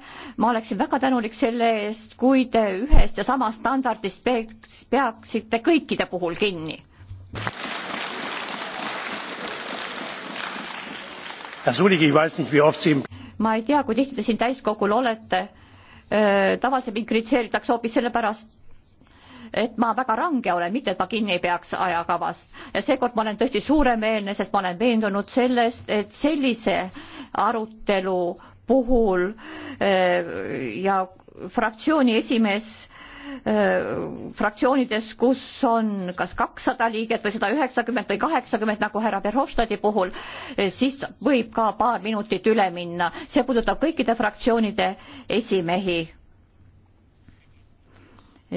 ma oleksin väga tänulik selle eest, kui te ühest ja samast standardist peaks, peaksite kõikide puhul kinni. ma ei tea, kui tihti te siin täiskogul olete. Ehm, tavaliselt mind kritiseeritakse hoopis sellepärast, et ma väga range olen, mitte et ma kinni ei peaks ajakavast. ja seekord ma olen tõesti suuremeelne, sest ma olen veendunud sellest, et sellise arutelu puhul eh, ja fraktsiooni esimees eh, fraktsioonides, kus on kas kakssada liiget või sada üheksakümmend või kaheksakümmend, nagu härra Verhofstadti puhul, eh, siis võib ka paar minutit üle minna. see puudutab kõikide fraktsioonide esimehi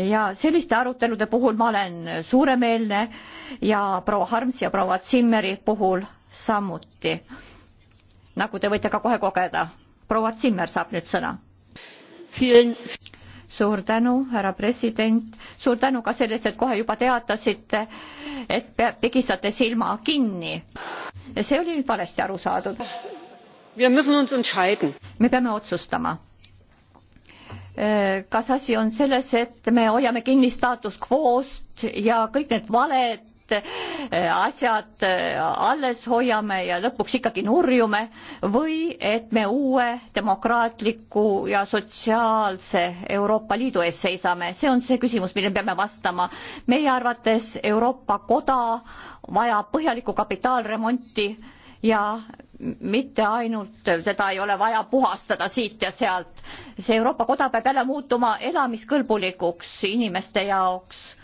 ja selliste arutelude puhul ma olen suuremeelne ja proua Harms ja proua Zimmeri puhul samuti. nagu te võite ka kohe kogeda. proua Zimmer saab nüüd sõna. suur tänu, härra president, suur tänu ka selle eest, et kohe juba teatasite, et pigistate silma kinni. see oli nüüd valesti aru saadud. me peame otsustama Äh, kas asi on selles, et me hoiame kinni staatus quo'st ja kõik need valed äh, asjad äh, alles hoiame ja lõpuks ikkagi nurjume või et me uue demokraatliku ja sotsiaalse Euroopa Liidu ees seisame, see on see küsimus, millele peame vastama. meie arvates Euroopa koda vajab põhjalikku kapitaalremonti ja mitte ainult seda ei ole vaja puhastada siit ja sealt. see Euroopa koda peab jälle muutuma elamiskõlbulikuks inimeste jaoks.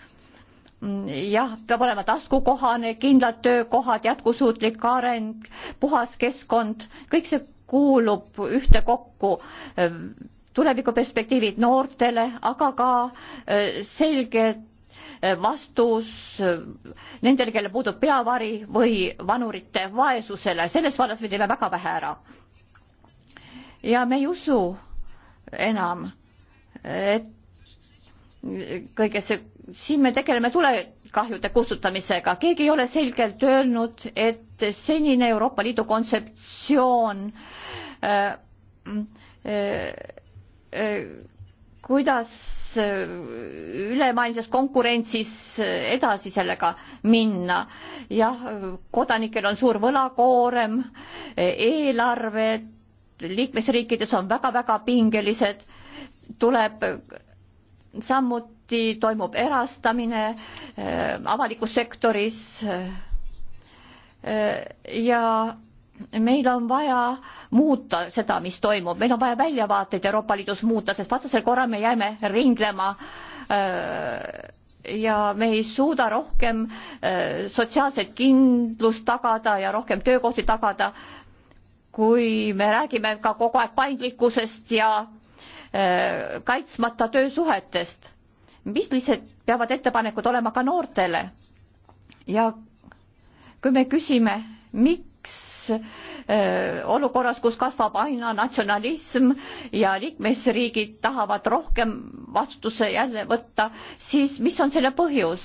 jah, peab olema taskukohane, kindlad töökohad, jätkusuutlik areng, puhas keskkond, kõik see kuulub ühtekokku eh, tulevikuperspektiivid noortele, aga ka eh, selged vastus nendele, kellel puudub peavari või vanurite vaesusele, selles vallas me teeme väga vähe ära. ja me ei usu enam, et kõigesse, siin me tegeleme tulekahjude kustutamisega, keegi ei ole selgelt öelnud, et senine Euroopa Liidu kontseptsioon äh, äh, äh, kuidas äh, ülemaailmses konkurentsis äh, edasi sellega minna. jah, kodanikel on suur võlakoorem, äh, eelarved liikmesriikides on väga-väga pingelised, tuleb samuti toimub erastamine avalikus sektoris ja meil on vaja muuta seda, mis toimub, meil on vaja väljavaateid Euroopa Liidus muuta, sest vastasel korral me jääme ringlema äh, ja me ei suuda rohkem äh, sotsiaalset kindlust tagada ja rohkem töökohti tagada, kui me räägime ka kogu aeg paindlikkusest ja äh, kaitsmata töösuhetest. millised peavad ettepanekud olema ka noortele? ja kui me küsime, miks Äh, olukorras, kus kasvab aina natsionalism ja liikmesriigid tahavad rohkem vastutuse jälle võtta, siis mis on selle põhjus?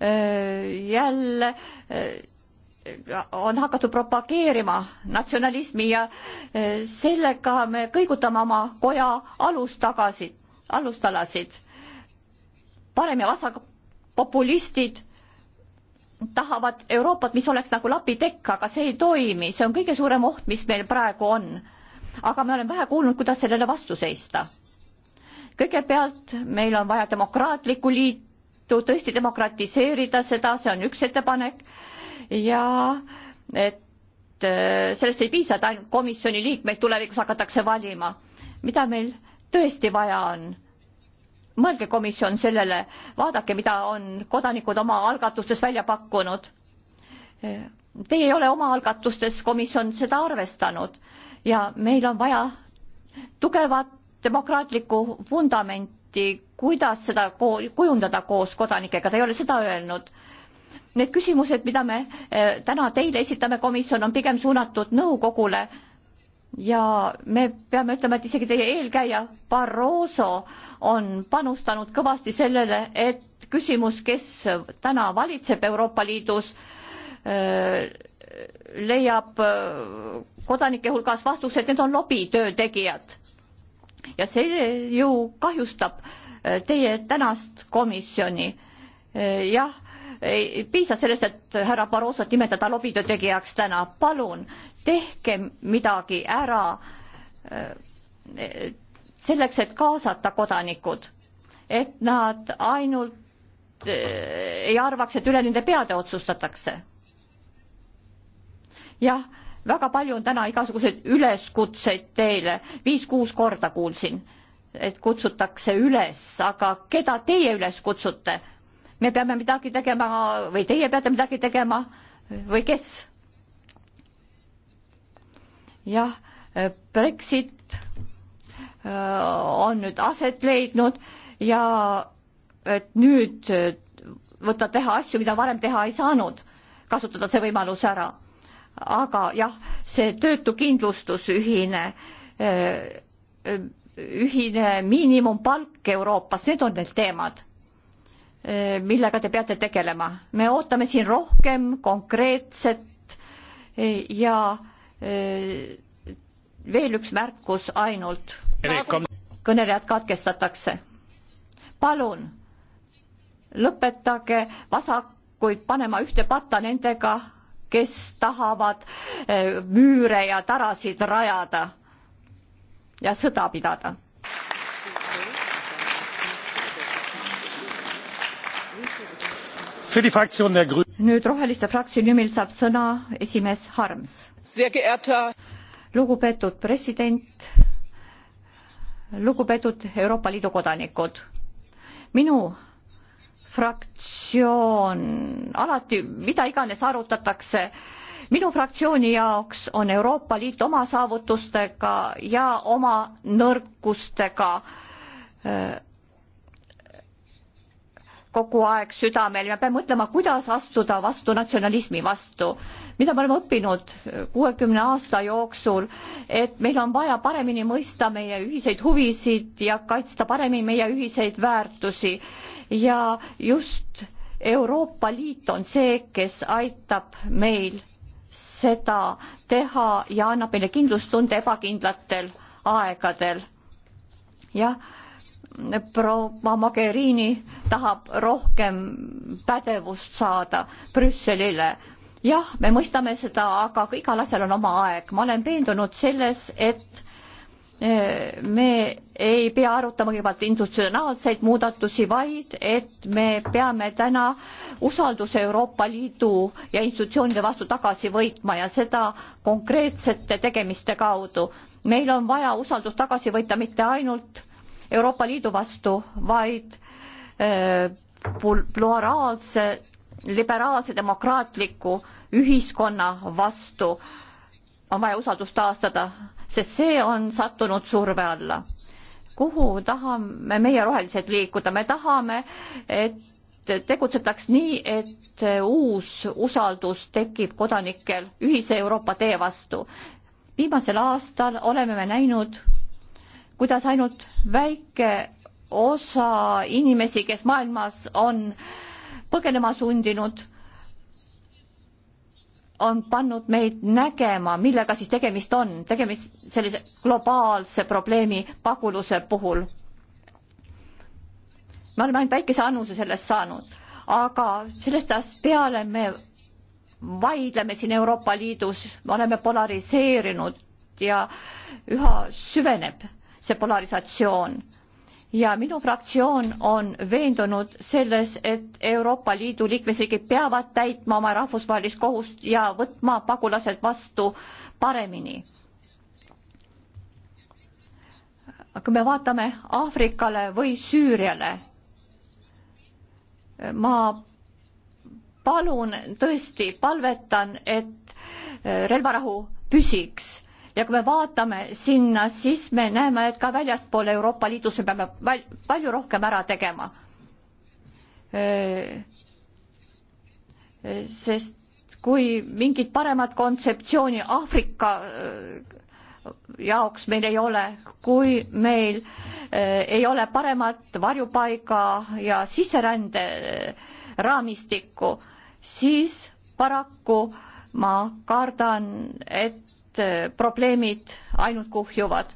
Äh, jälle äh, on hakatud propageerima natsionalismi ja sellega me kõigutame oma koja alustagasid, alustalasid parem ja vasak populistid tahavad Euroopat, mis oleks nagu lapitekk, aga see ei toimi, see on kõige suurem oht, mis meil praegu on. aga me oleme vähe kuulnud, kuidas sellele vastu seista. kõigepealt meil on vaja demokraatlikku liitu, tõesti demokratiseerida seda, see on üks ettepanek ja et äh, sellest ei piisa, et ainult komisjoni liikmeid tulevikus hakatakse valima. mida meil tõesti vaja on? mõelge, komisjon, sellele, vaadake, mida on kodanikud oma algatustes välja pakkunud. Teie ei ole oma algatustes, komisjon, seda arvestanud ja meil on vaja tugevat demokraatlikku vundamenti, kuidas seda ko kujundada koos kodanikega, ta ei ole seda öelnud. Need küsimused, mida me eh, täna teile esitame, komisjon, on pigem suunatud nõukogule ja me peame ütlema, et isegi teie eelkäija Barroso äh, on panustanud kõvasti sellele, et küsimus, kes täna valitseb Euroopa Liidus, äh, leiab äh, kodanike hulgas vastuse, et need on lobitöö tegijad. ja see ju kahjustab äh, teie tänast komisjoni. jah, ei piisa sellest, et härra Barrosot nimetada lobitöö tegijaks täna, palun tehke midagi ära selleks, et kaasata kodanikud, et nad ainult eh, ei arvaks, et üle nende peade otsustatakse. jah, väga palju on täna igasuguseid üleskutseid teile, viis-kuus korda kuulsin, et kutsutakse üles, aga keda teie üles kutsute? me peame midagi tegema või teie peate midagi tegema või kes? jah, eh, Brexit Äh, on nüüd aset leidnud ja et nüüd äh, võtta teha asju, mida varem teha ei saanud, kasutada see võimalus ära. aga jah, see töötukindlustus ühine, äh, ühine miinimumpalk Euroopas, need on need teemad, millega te peate tegelema. me ootame siin rohkem konkreetset ja veel üks märkus ainult. kõnelejad katkestatakse. palun lõpetage vasakuid panema ühte patta nendega, kes tahavad eh, müüre ja tarasid rajada ja sõda pidada. nüüd Roheliste fraktsiooni nimel saab sõna esimees Harms lugupeetud president, lugupeetud Euroopa Liidu kodanikud. minu fraktsioon alati, mida iganes arutatakse, minu fraktsiooni jaoks on Euroopa Liit oma saavutustega ja oma nõrkustega öö, kogu aeg südamel ja me peame mõtlema, kuidas astuda vastu natsionalismi vastu, mida me oleme õppinud kuuekümne aasta jooksul, et meil on vaja paremini mõista meie ühiseid huvisid ja kaitsta paremini meie ühiseid väärtusi ja just Euroopa Liit on see, kes aitab meil seda teha ja annab meile kindlustunde ebakindlatel aegadel. jah proua Mogherini tahab rohkem pädevust saada Brüsselile. jah, me mõistame seda, aga igal asjal on oma aeg, ma olen veendunud selles, et eh, me ei pea arutama kõigepealt institutsionaalseid muudatusi, vaid et me peame täna usalduse Euroopa Liidu ja institutsioonide vastu tagasi võitma ja seda konkreetsete tegemiste kaudu. meil on vaja usaldust tagasi võita mitte ainult Euroopa Liidu vastu, vaid eh, pluraalse, liberaalse, demokraatliku ühiskonna vastu on vaja usaldust taastada, sest see on sattunud surve alla. kuhu tahame meie rohelised liikuda, me tahame, et tegutsetaks nii, et uus usaldus tekib kodanikel ühise Euroopa tee vastu. viimasel aastal oleme me näinud kuidas ainult väike osa inimesi, kes maailmas on põgenema sundinud, on pannud meid nägema, millega siis tegemist on, tegemist sellise globaalse probleemi paguluse puhul. me oleme ainult väikese annuse sellest saanud, aga sellest ajast peale me vaidleme siin Euroopa Liidus, me oleme polariseerinud ja üha süveneb see polarisatsioon. ja minu fraktsioon on veendunud selles, et Euroopa Liidu liikmesriigid peavad täitma oma rahvusvahelist kohust ja võtma pagulased vastu paremini. kui me vaatame Aafrikale või Süüriale, ma palun tõesti, palvetan, et relvarahu püsiks ja kui me vaatame sinna, siis me näeme, et ka väljaspool Euroopa Liidus me peame palju rohkem ära tegema. sest kui mingit paremat kontseptsiooni Aafrika jaoks meil ei ole, kui meil ei ole paremat varjupaiga ja sisserände raamistikku, siis paraku ma kardan, et Eh, probleemid ainult kuhjuvad.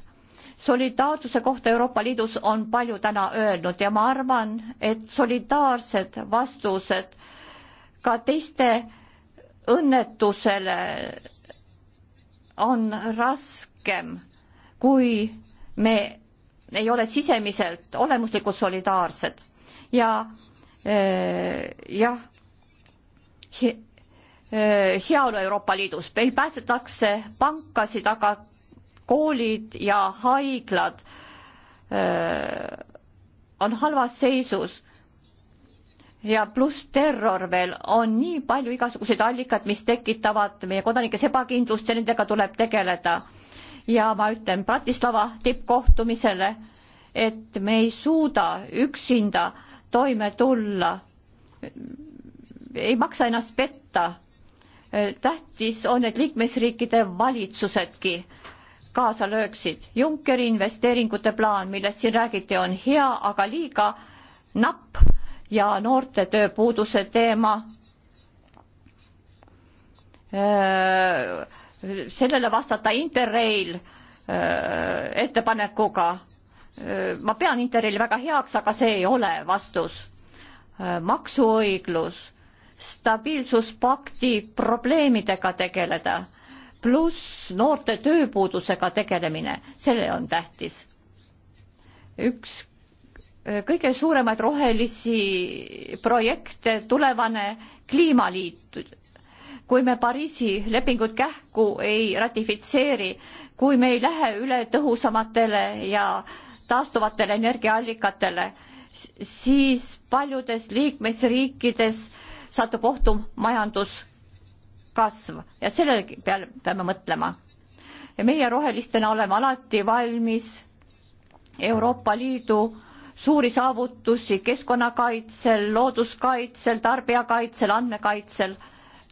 solidaarsuse kohta Euroopa Liidus on palju täna öelnud ja ma arvan, et solidaarsed vastused ka teiste õnnetusele on raskem, kui me ei ole sisemiselt olemuslikult solidaarsed ja eh, jah, Eh, heaolu Euroopa Liidus, meil päästetakse pankasid, aga koolid ja haiglad eh, on halvas seisus. ja pluss terror veel, on nii palju igasuguseid allikaid, mis tekitavad meie kodanikes ebakindlust ja nendega tuleb tegeleda. ja ma ütlen Bratislava tippkohtumisele, et me ei suuda üksinda toime tulla. ei maksa ennast petta Äh, tähtis on, et liikmesriikide valitsusedki kaasa lööksid. Junckeri investeeringute plaan, millest siin räägiti, on hea, aga liiga napp ja noorte tööpuuduse teema. Äh, sellele vastata Interrail äh, ettepanekuga. ma pean Interraili väga heaks, aga see ei ole vastus. maksuõiglus stabiilsuspakti probleemidega tegeleda, pluss noorte tööpuudusega tegelemine, see on tähtis. üks äh, kõige suuremaid rohelisi projekte, tulevane kliimaliit. kui me Pariisi lepingut kähku ei ratifitseeri, kui me ei lähe üle tõhusamatele ja taastuvatele energiaallikatele, siis paljudes liikmesriikides äh, satub ohtu majanduskasv ja selle peale peame mõtlema. ja meie rohelistena oleme alati valmis Euroopa Liidu suuri saavutusi keskkonnakaitsel, looduskaitsel, tarbijakaitsel, andmekaitsel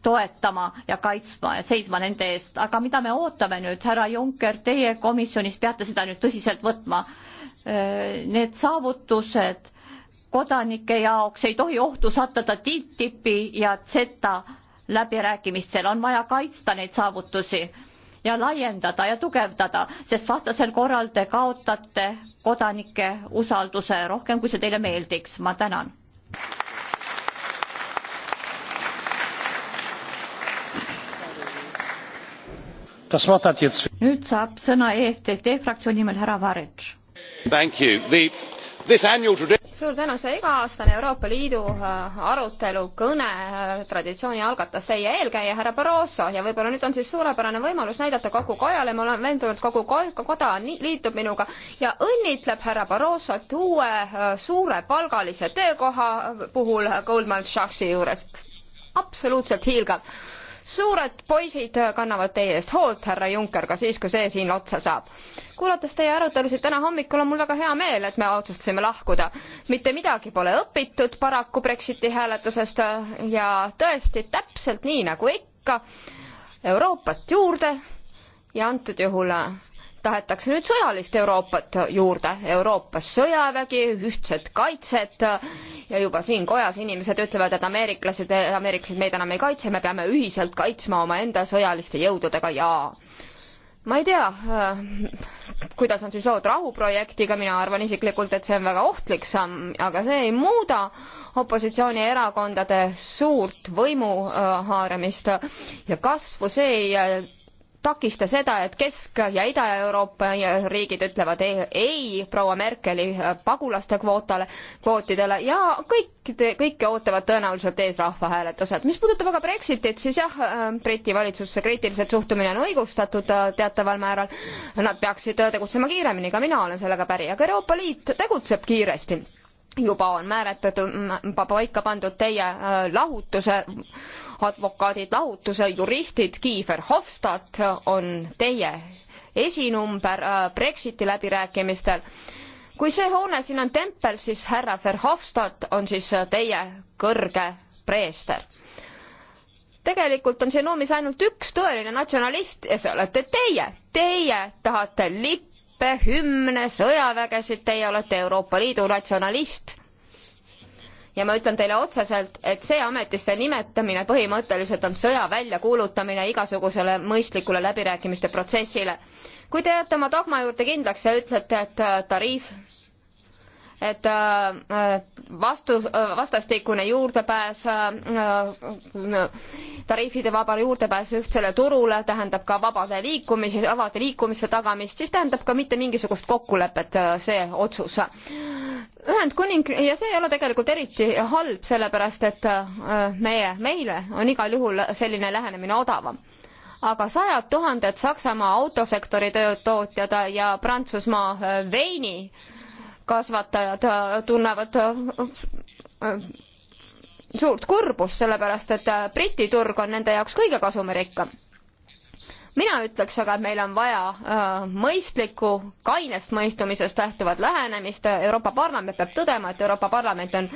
toetama ja kaitsma ja seisma nende eest, aga mida me ootame nüüd, härra Juncker, teie komisjonis peate seda nüüd tõsiselt võtma. Need saavutused kodanike jaoks ei tohi ohtu sattuda TTIP-i ja Z-ta läbirääkimistel, on vaja kaitsta neid saavutusi ja laiendada ja tugevdada, sest vastasel korral te kaotate kodanike usalduse rohkem, kui see teile meeldiks. ma tänan. nüüd saab sõna EFTT fraktsiooni nimel härra Varetš. The suur tänu, see iga-aastane Euroopa Liidu äh, arutelu kõne äh, traditsiooni algatas teie eelkäija härra Barroso ja võib-olla nüüd on siis suurepärane võimalus näidata kogu kojale, ma olen veendunud, kogu koda liitub minuga ja õnnitleb härra Barrosot uue äh, suurepalgalise töökoha puhul Goldman Sachsi juures. absoluutselt hiilgav. suured poisid kannavad teie eest hoolt, härra Juncker, ka siis, kui see siin otsa saab kuulates teie arutelusid täna hommikul on mul väga hea meel, et me otsustasime lahkuda. mitte midagi pole õpitud paraku Brexiti hääletusest ja tõesti täpselt nii nagu ikka, Euroopat juurde ja antud juhul tahetakse nüüd sõjalist Euroopat juurde, Euroopas sõjavägi, ühtset kaitset ja juba siin kojas inimesed ütlevad, et ameeriklased, ameeriklased meid enam ei kaitse, me peame ühiselt kaitsma omaenda sõjaliste jõududega ja ma ei tea, äh, kuidas on siis lood rahuprojektiga, mina arvan isiklikult, et see on väga ohtlik samm, aga see ei muuda opositsioonierakondade suurt võimuhaaramist ja kasvu, see ei äh, takista seda, et Kesk- ja Ida-Euroopa riigid ütlevad ei, ei proua Merkeli äh, pagulaste kvootale, kvootidele ja kõik, kõike ootavad tõenäoliselt ees rahvahääletused. mis puudutab aga Brexitit, siis jah, äh, Briti valitsusse kriitiliselt suhtumine on õigustatud äh, teataval määral. Nad peaksid tegutsema kiiremini, ka mina olen sellega päri, aga Euroopa Liit tegutseb kiiresti juba on määratletud, paika pandud teie äh, lahutuse advokaadid, lahutuse juristid, Kiefer Hofstadt on teie esinumber äh, Brexiti läbirääkimistel. kui see hoone siin on tempel, siis härra Verhofstadt on siis äh, teie kõrge preester. tegelikult on siin ruumis ainult üks tõeline natsionalist ja see olete teie. Teie tahate lippu kappe, hümne, sõjavägesid, teie olete Euroopa Liidu natsionalist. ja ma ütlen teile otseselt, et see ametisse nimetamine põhimõtteliselt on sõja väljakuulutamine igasugusele mõistlikule läbirääkimiste protsessile. kui te jääte oma dogma juurde kindlaks ja ütlete, et tariif et äh, vastu, äh, vastastikune juurdepääs, äh, tariifide vaba juurdepääs ühtsele turule tähendab ka vabade liikumise, vabade liikumise tagamist, siis tähendab ka mitte mingisugust kokkulepet see otsus. Ühendkuning ja see ei ole tegelikult eriti halb, sellepärast et meie, meile on igal juhul selline lähenemine odavam aga sajad tuhanded Saksamaa autosektori töötootjad ja Prantsusmaa veini äh, kasvatajad äh, tunnevad äh, suurt kurbust, sellepärast et äh, Briti turg on nende jaoks kõige kasumirikkam. mina ütleks aga, et meil on vaja äh, mõistlikku, kainest mõistumisest lähtuvat lähenemist, Euroopa Parlament peab tõdema, et Euroopa Parlament on,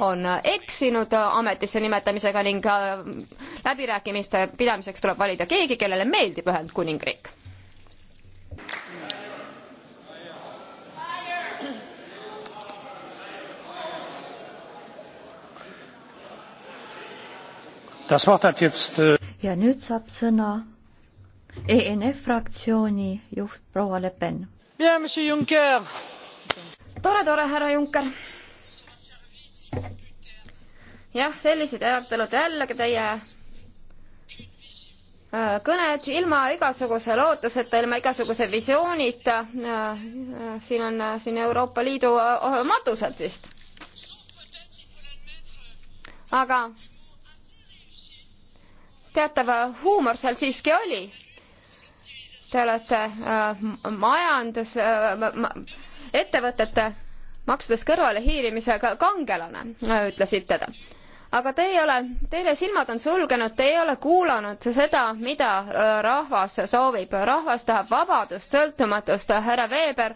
on eksinud ametisse nimetamisega ning äh, läbirääkimiste pidamiseks tuleb valida keegi, kellele meeldib Ühendkuningriik Äh, ja nüüd saab sõna ENF fraktsiooni juht proua Le Pen. tore, tore, härra Juncker. jah, sellised arutelud jällegi teie äh, kõned ilma igasuguse lootuseta, ilma igasuguse visioonita. Äh, siin on siin Euroopa Liidu matused vist. aga teatav huumor seal siiski oli. Te olete äh, majandus äh, ma,, ettevõtete maksudest kõrvalehiilimisega kangelane äh,, ütlesite te aga te ei ole, teile silmad on sulgenud, te ei ole kuulanud seda, mida äh, rahvas soovib. rahvas tahab vabadust, sõltumatust, härra Weber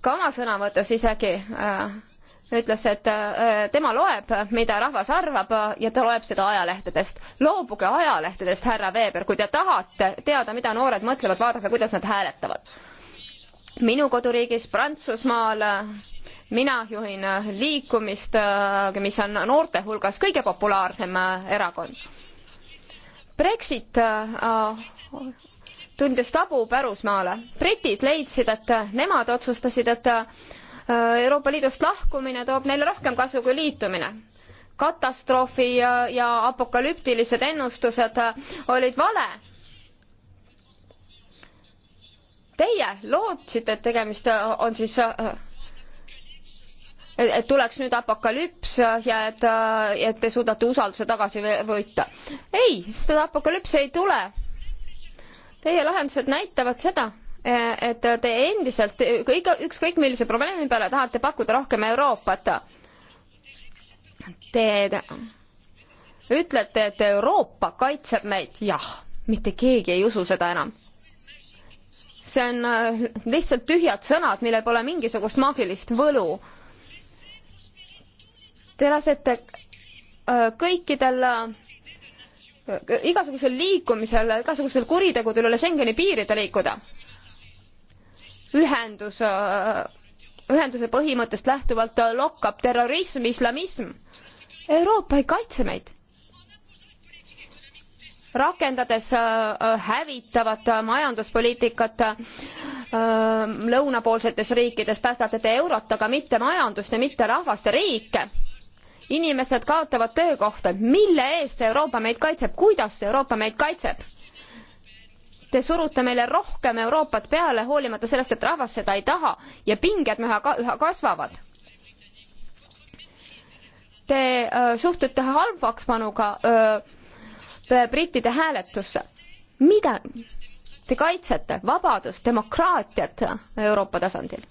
ka oma sõnavõtus isegi äh, ütles, et äh, tema loeb, mida rahvas arvab ja ta loeb seda ajalehtedest. loobuge ajalehtedest, härra Veeber, kui te tahate teada, mida noored mõtlevad, vaadake, kuidas nad hääletavad. minu koduriigis Prantsusmaal mina juhin liikumist, äh, mis on noorte hulgas kõige populaarsem äh, erakond. Brexit tundis tabu pärusmaale. britid leidsid, et nemad otsustasid, et Äh, Euroopa Liidust lahkumine toob neile rohkem kasu kui liitumine katastroofi ja, ja apokalüptilised ennustused äh, olid vale. Teie lootsite, et tegemist äh, on siis, et tuleks nüüd apokalüps ja et, et te suudate usalduse tagasi võita. ei, seda apokalüpsi ei tule. Teie lahendused näitavad seda Eh, et te endiselt kõik, ükskõik millise probleemi peale tahate pakkuda rohkem Euroopat. Te ütlete, et Euroopa kaitseb meid, jah, mitte keegi ei usu seda enam. see on äh, lihtsalt tühjad sõnad, millel pole mingisugust maagilist võlu. Te lasete äh, kõikidel äh, igasugusel liikumisel, igasugusel kuritegudel üle Schengeni piiride liikuda ühendus, äh, ühenduse põhimõttest lähtuvalt äh, lokkab terrorism, islamism. Euroopa ei kaitse meid. rakendades äh, hävitavat majanduspoliitikat lõunapoolsetes riikides päästate te eurot, aga mitte majandust ja mitte rahvast ja riike inimesed kaotavad töökohta mille eest see euroopa meid kaitseb kuidas see euroopa meid kaitseb Te surute meile rohkem Euroopat peale, hoolimata sellest, et rahvas seda ei taha ja pinged üha, üha kasvavad. Te öö, suhtute halvakspanuga brittide hääletusse. mida te kaitsete? vabadust, demokraatiat Euroopa tasandil?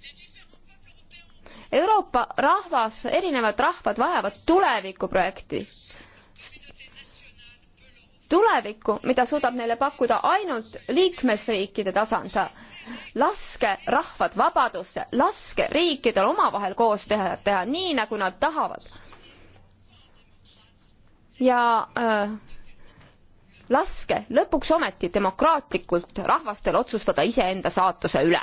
Euroopa rahvas, erinevad rahvad vajavad tulevikuprojekti tulevikku, mida suudab neile pakkuda ainult liikmesriikide tasand. laske rahvad vabadusse, laske riikidel omavahel koos teha, teha nii, nagu nad tahavad. ja äh, laske lõpuks ometi demokraatlikult rahvastel otsustada iseenda saatuse üle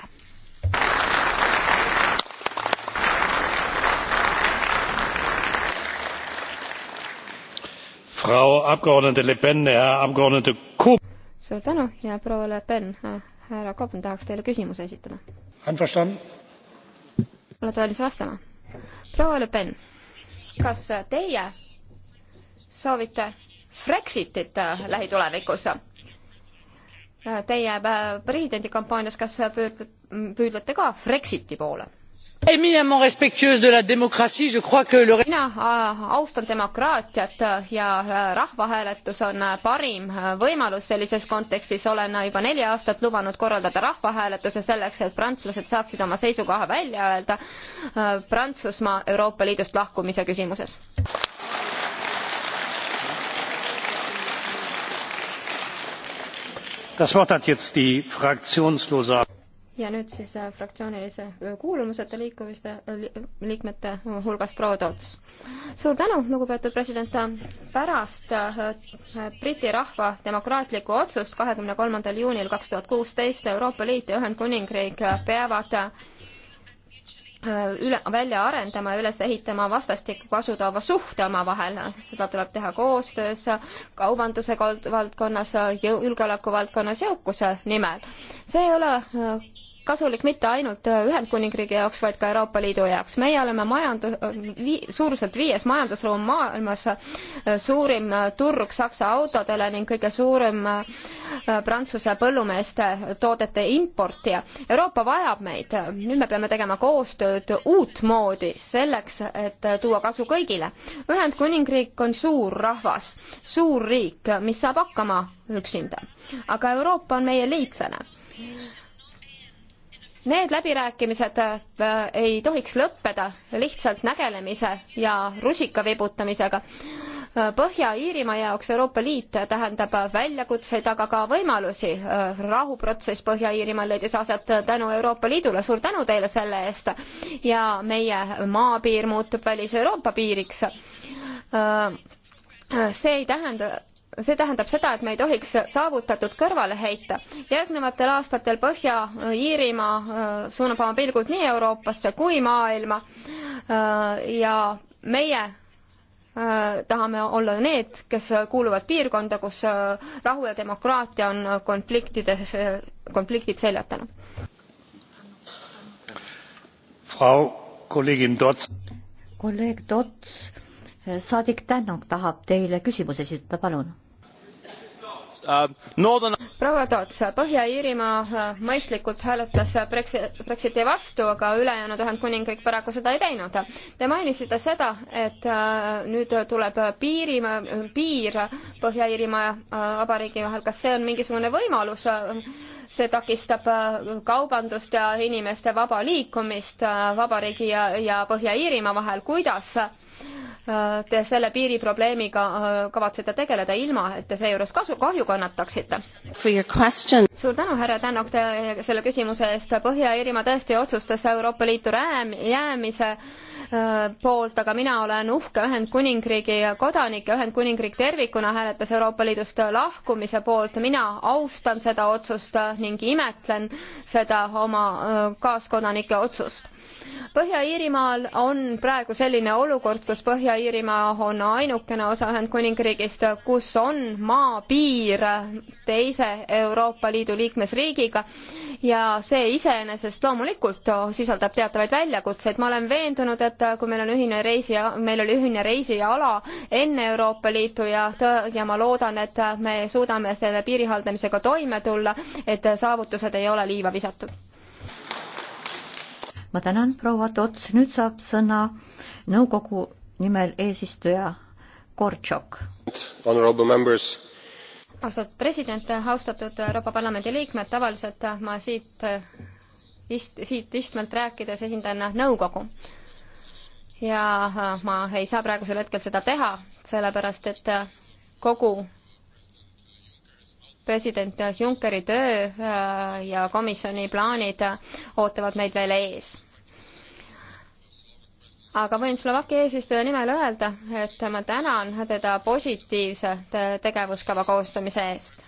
Frau Abgeordnete Le Pen, Herr Abgeordnete Kuhn. suur tänu ja proua Le Pen, äh, härra Koppen tahaks teile küsimuse esitada. olete valmis vastama? proua Le Pen, kas teie soovite Frexitit äh, lähitulevikus? Äh, teie presidendikampaanias, kas püüdlete ka Frexiti poole? mina äh, austan demokraatiat äh, ja äh, rahvahääletus on parim võimalus sellises kontekstis. olen juba neli aastat lubanud korraldada rahvahääletuse selleks, et prantslased saaksid oma seisukoha välja öelda Prantsusmaa Euroopa Liidust lahkumise küsimuses. das wort hat jetzt die fraktionslose ja nüüd siis äh, fraktsioonilise äh, kuulumuseta liikumiste äh, li,, liikmete hulgas proua Toots. suur tänu, lugupeetud president, pärast Briti rahva demokraatlikku otsust kahekümne kolmandal juunil kaks tuhat kuusteist Euroopa Liit ja Ühendkuningriik peavad Äh, üle, välja arendama ja üles ehitama vastastikku kasutava suhte omavahel, seda tuleb teha koostöös kaubanduse valdkonnas, julgeoleku valdkonnas jõukuse nimel. see ei ole äh, kasulik mitte ainult Ühendkuningriigi jaoks, vaid ka Euroopa Liidu jaoks. meie oleme majandus vii,, suuruselt viies majandusruum maailmas, suurim turg Saksa autodele ning kõige suurem äh, Prantsuse põllumeeste toodete importija. Euroopa vajab meid, nüüd me peame tegema koostööd uutmoodi, selleks et tuua kasu kõigile. Ühendkuningriik on suur rahvas, suur riik, mis saab hakkama üksinda. aga Euroopa on meie liitlane Need läbirääkimised äh, ei tohiks lõppeda lihtsalt nägelemise ja rusika vibutamisega. Äh, Põhja-Iirimaa jaoks Euroopa Liit tähendab väljakutseid, aga ka võimalusi. Äh, rahuprotsess Põhja-Iirimaal leidis aset tänu Euroopa Liidule, suur tänu teile selle eest. ja meie maapiir muutub Välis-Euroopa piiriks. see ei tähenda see tähendab seda, et me ei tohiks saavutatud kõrvale heita. järgnevatel aastatel Põhja-Iirimaa äh, suunab oma pilgud nii Euroopasse kui maailma äh, ja meie äh, tahame olla need, kes kuuluvad piirkonda, kus rahu ja demokraatia on konfliktides, konfliktid seljatanud. kolleeg Tots, saadik Tänak tahab teile küsimuse esitada, palun Äh, Northern... proua Toots, Põhja-Iirimaa äh, mõistlikult hääletas äh, Brexiti vastu, aga ülejäänud Ühendkuningriik paraku seda ei teinud. Te mainisite seda, et nüüd tuleb piiri, piir Põhja-Iirimaa ja Vabariigi vahel, kas see on mingisugune võimalus? see takistab äh, kaubandust ja inimeste vaba liikumist äh, vabariigi ja, ja Põhja-Iirimaa vahel. kuidas äh, te selle piiriprobleemiga kavatsete tegeleda, ilma et te seejuures kasu, kahju kannataksite? suur tänu, härra Tänak, te selle küsimuse eest. Põhja-Iirimaa tõesti otsustas Euroopa Liitu rääm-, jäämise poolt, aga mina olen uhke Ühendkuningriigi kodanik ja Ühendkuningriik tervikuna hääletas Euroopa Liidust lahkumise poolt. mina austan seda otsust ning imetlen seda oma kaaskodanike otsust. Põhja-Iirimaal on praegu selline olukord, kus Põhja-Iirimaa on ainukene osa Ühendkuningriigist, kus on maapiir teise Euroopa Liidu liikmesriigiga ja see iseenesest loomulikult sisaldab teatavaid väljakutseid. ma olen veendunud, et kui meil on ühine reisi, meil oli ühine reisiala enne Euroopa Liitu ja, ja ma loodan, et me suudame selle piiri haldamisega toime tulla, et saavutused ei ole liiva visatud. ma tänan, proua Tots, nüüd saab sõna nõukogu nimel eesistuja Kortšok. Honorable members austatud president, austatud Euroopa Parlamendi liikmed, tavaliselt ma siit ist-, siit istmelt rääkides esindan nõukogu. ja äh, ma ei saa praegusel hetkel seda teha, sellepärast et äh, kogu president Junckeri töö äh, ja komisjoni plaanid ootavad meid veel ees aga võin Slovakkia eesistuja nimel öelda, et ma tänan teda positiivse tegevuskava koostamise eest.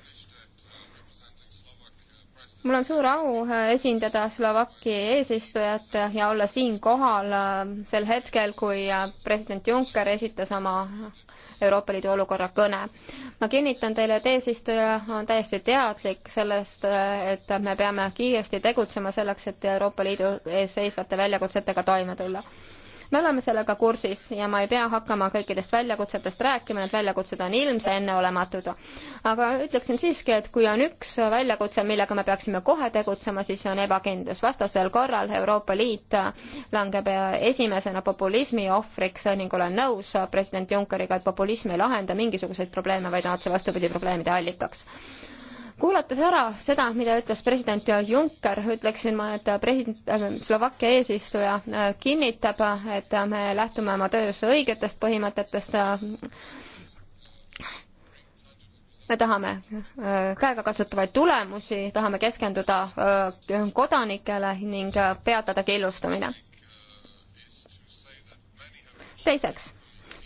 mul on suur au äh, esindada Slovakkia eesistujat ja olla siin kohal äh, sel hetkel, kui äh, president Juncker esitas oma Euroopa Liidu olukorra kõne. ma kinnitan teile, et eesistuja on täiesti teadlik sellest, et me peame kiiresti tegutsema selleks, et Euroopa Liidu ees seisvate väljakutsetega toime tulla me oleme sellega kursis ja ma ei pea hakkama kõikidest väljakutsetest rääkima, need väljakutsed on ilmse enneolematud. aga ütleksin siiski, et kui on üks väljakutse, millega me peaksime kohe tegutsema, siis see on ebakindlus. vastasel korral Euroopa Liit langeb esimesena populismi ohvriks ning olen nõus president Junckeriga, et populism ei lahenda mingisuguseid probleeme, vaid on otse vastupidi probleemide allikaks kuulates ära seda, mida ütles president Juncker, ütleksin ma, et president äh,, Slovakkia eesistuja äh, kinnitab, et äh, me lähtume oma töös õigetest põhimõtetest äh, me tahame äh, käegakatsutavaid tulemusi, tahame keskenduda äh, kodanikele ning äh, peatada killustamine. teiseks,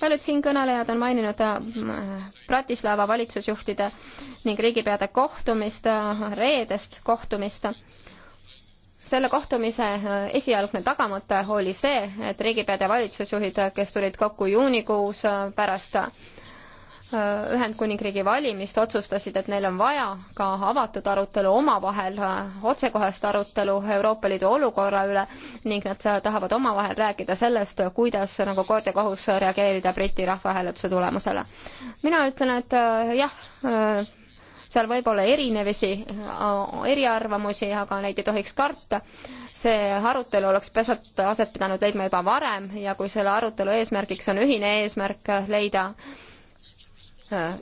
paljud siinkõnelejad on maininud äh, Bratislava valitsusjuhtide ning riigipeade kohtumist, äh, reedest kohtumist selle kohtumise äh, esialgne tagamõte oli see, et riigipead ja valitsusjuhid, kes tulid kokku juunikuus pärast Äh, Ühendkuningriigi valimist otsustasid, et neil on vaja ka avatud arutelu omavahel, äh, otsekohest arutelu Euroopa Liidu olukorra üle ning nad tahavad omavahel rääkida sellest, kuidas nagu kord ja kohus reageerida Briti rahvahääletuse tulemusele. mina ütlen, et äh, jah, seal võib olla erinevusi, eriarvamusi, aga neid ei tohiks karta. see arutelu oleks pesalt aset pidanud leidma juba varem ja kui selle arutelu eesmärgiks on ühine eesmärk leida Äh,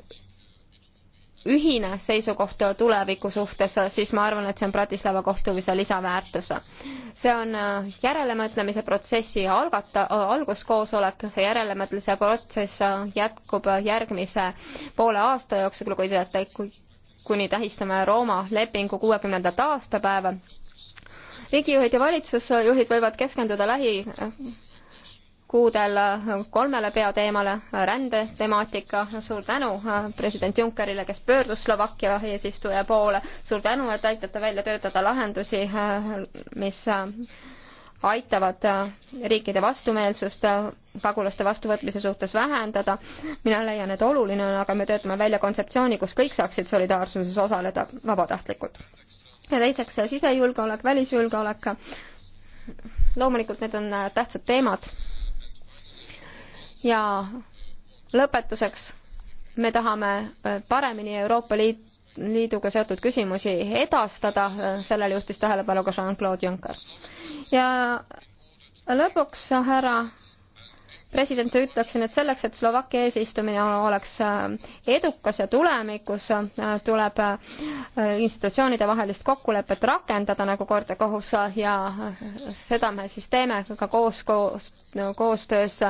ühine seisukoht tuleviku suhtes, siis ma arvan, et see on Bratislava kohtumise lisaväärtus. see on äh, järelemõtlemise protsessi algata-, alguskoosolek, see järelemõtlemise protsess äh, jätkub järgmise poole aasta jooksul, kui te, kui kuni tähistame Rooma lepingu kuuekümnendat aastapäeva. riigijuhid ja valitsusjuhid võivad keskenduda lähi kuudel kolmele peateemale rändetemaatika, suur tänu äh, president Junckerile, kes pöördus Slovakkia eesistuja poole, suur tänu, et aitate välja töötada lahendusi, äh, mis äh, aitavad riikide vastumeelsust pagulaste vastuvõtmise suhtes vähendada. mina leian, et oluline on, aga me töötame välja kontseptsiooni, kus kõik saaksid solidaarsuses osaleda vabatahtlikult. ja teiseks sisejulgeolek, välisjulgeolek. loomulikult need on tähtsad teemad ja lõpetuseks me tahame äh, paremini Euroopa Liit, Liiduga seotud küsimusi edastada, äh, sellele juhtis tähelepanu ka Jean-Claude Juncker. ja lõpuks, härra president, ütleksin, et selleks, et Slovakkia eesistumine oleks äh, edukas ja tulemikus, tuleb institutsioonide vahelist kokkulepet rakendada nagu kord ja kohus ja seda me siis teeme ka koos, koos, koostöös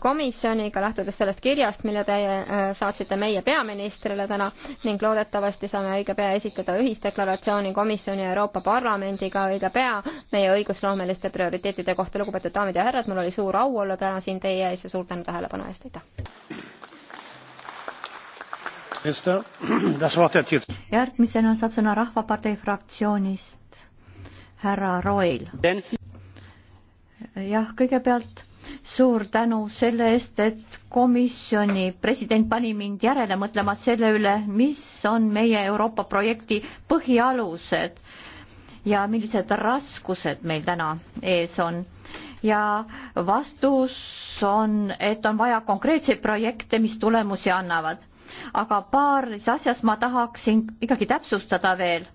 komisjoniga, lähtudes sellest kirjast, mille te äh, saatsite meie peaministrile täna ning loodetavasti saame õige pea esitada ühisdeklaratsiooni komisjoni ja Euroopa Parlamendiga õige pea meie õigusloomeliste prioriteetide kohta. lugupeetud daamid ja härrad, mul oli suur au olla täna siin teie ees ja suur tänu tähelepanu eest, aitäh! järgmisena saab sõna Rahvapartei fraktsioonist härra Roil. jah, kõigepealt suur tänu selle eest, et komisjoni president pani mind järele mõtlema selle üle, mis on meie Euroopa projekti põhialused ja millised raskused meil täna ees on. ja vastus on, et on vaja konkreetseid projekte, mis tulemusi annavad. aga paaris asjas ma tahaksin ikkagi täpsustada veel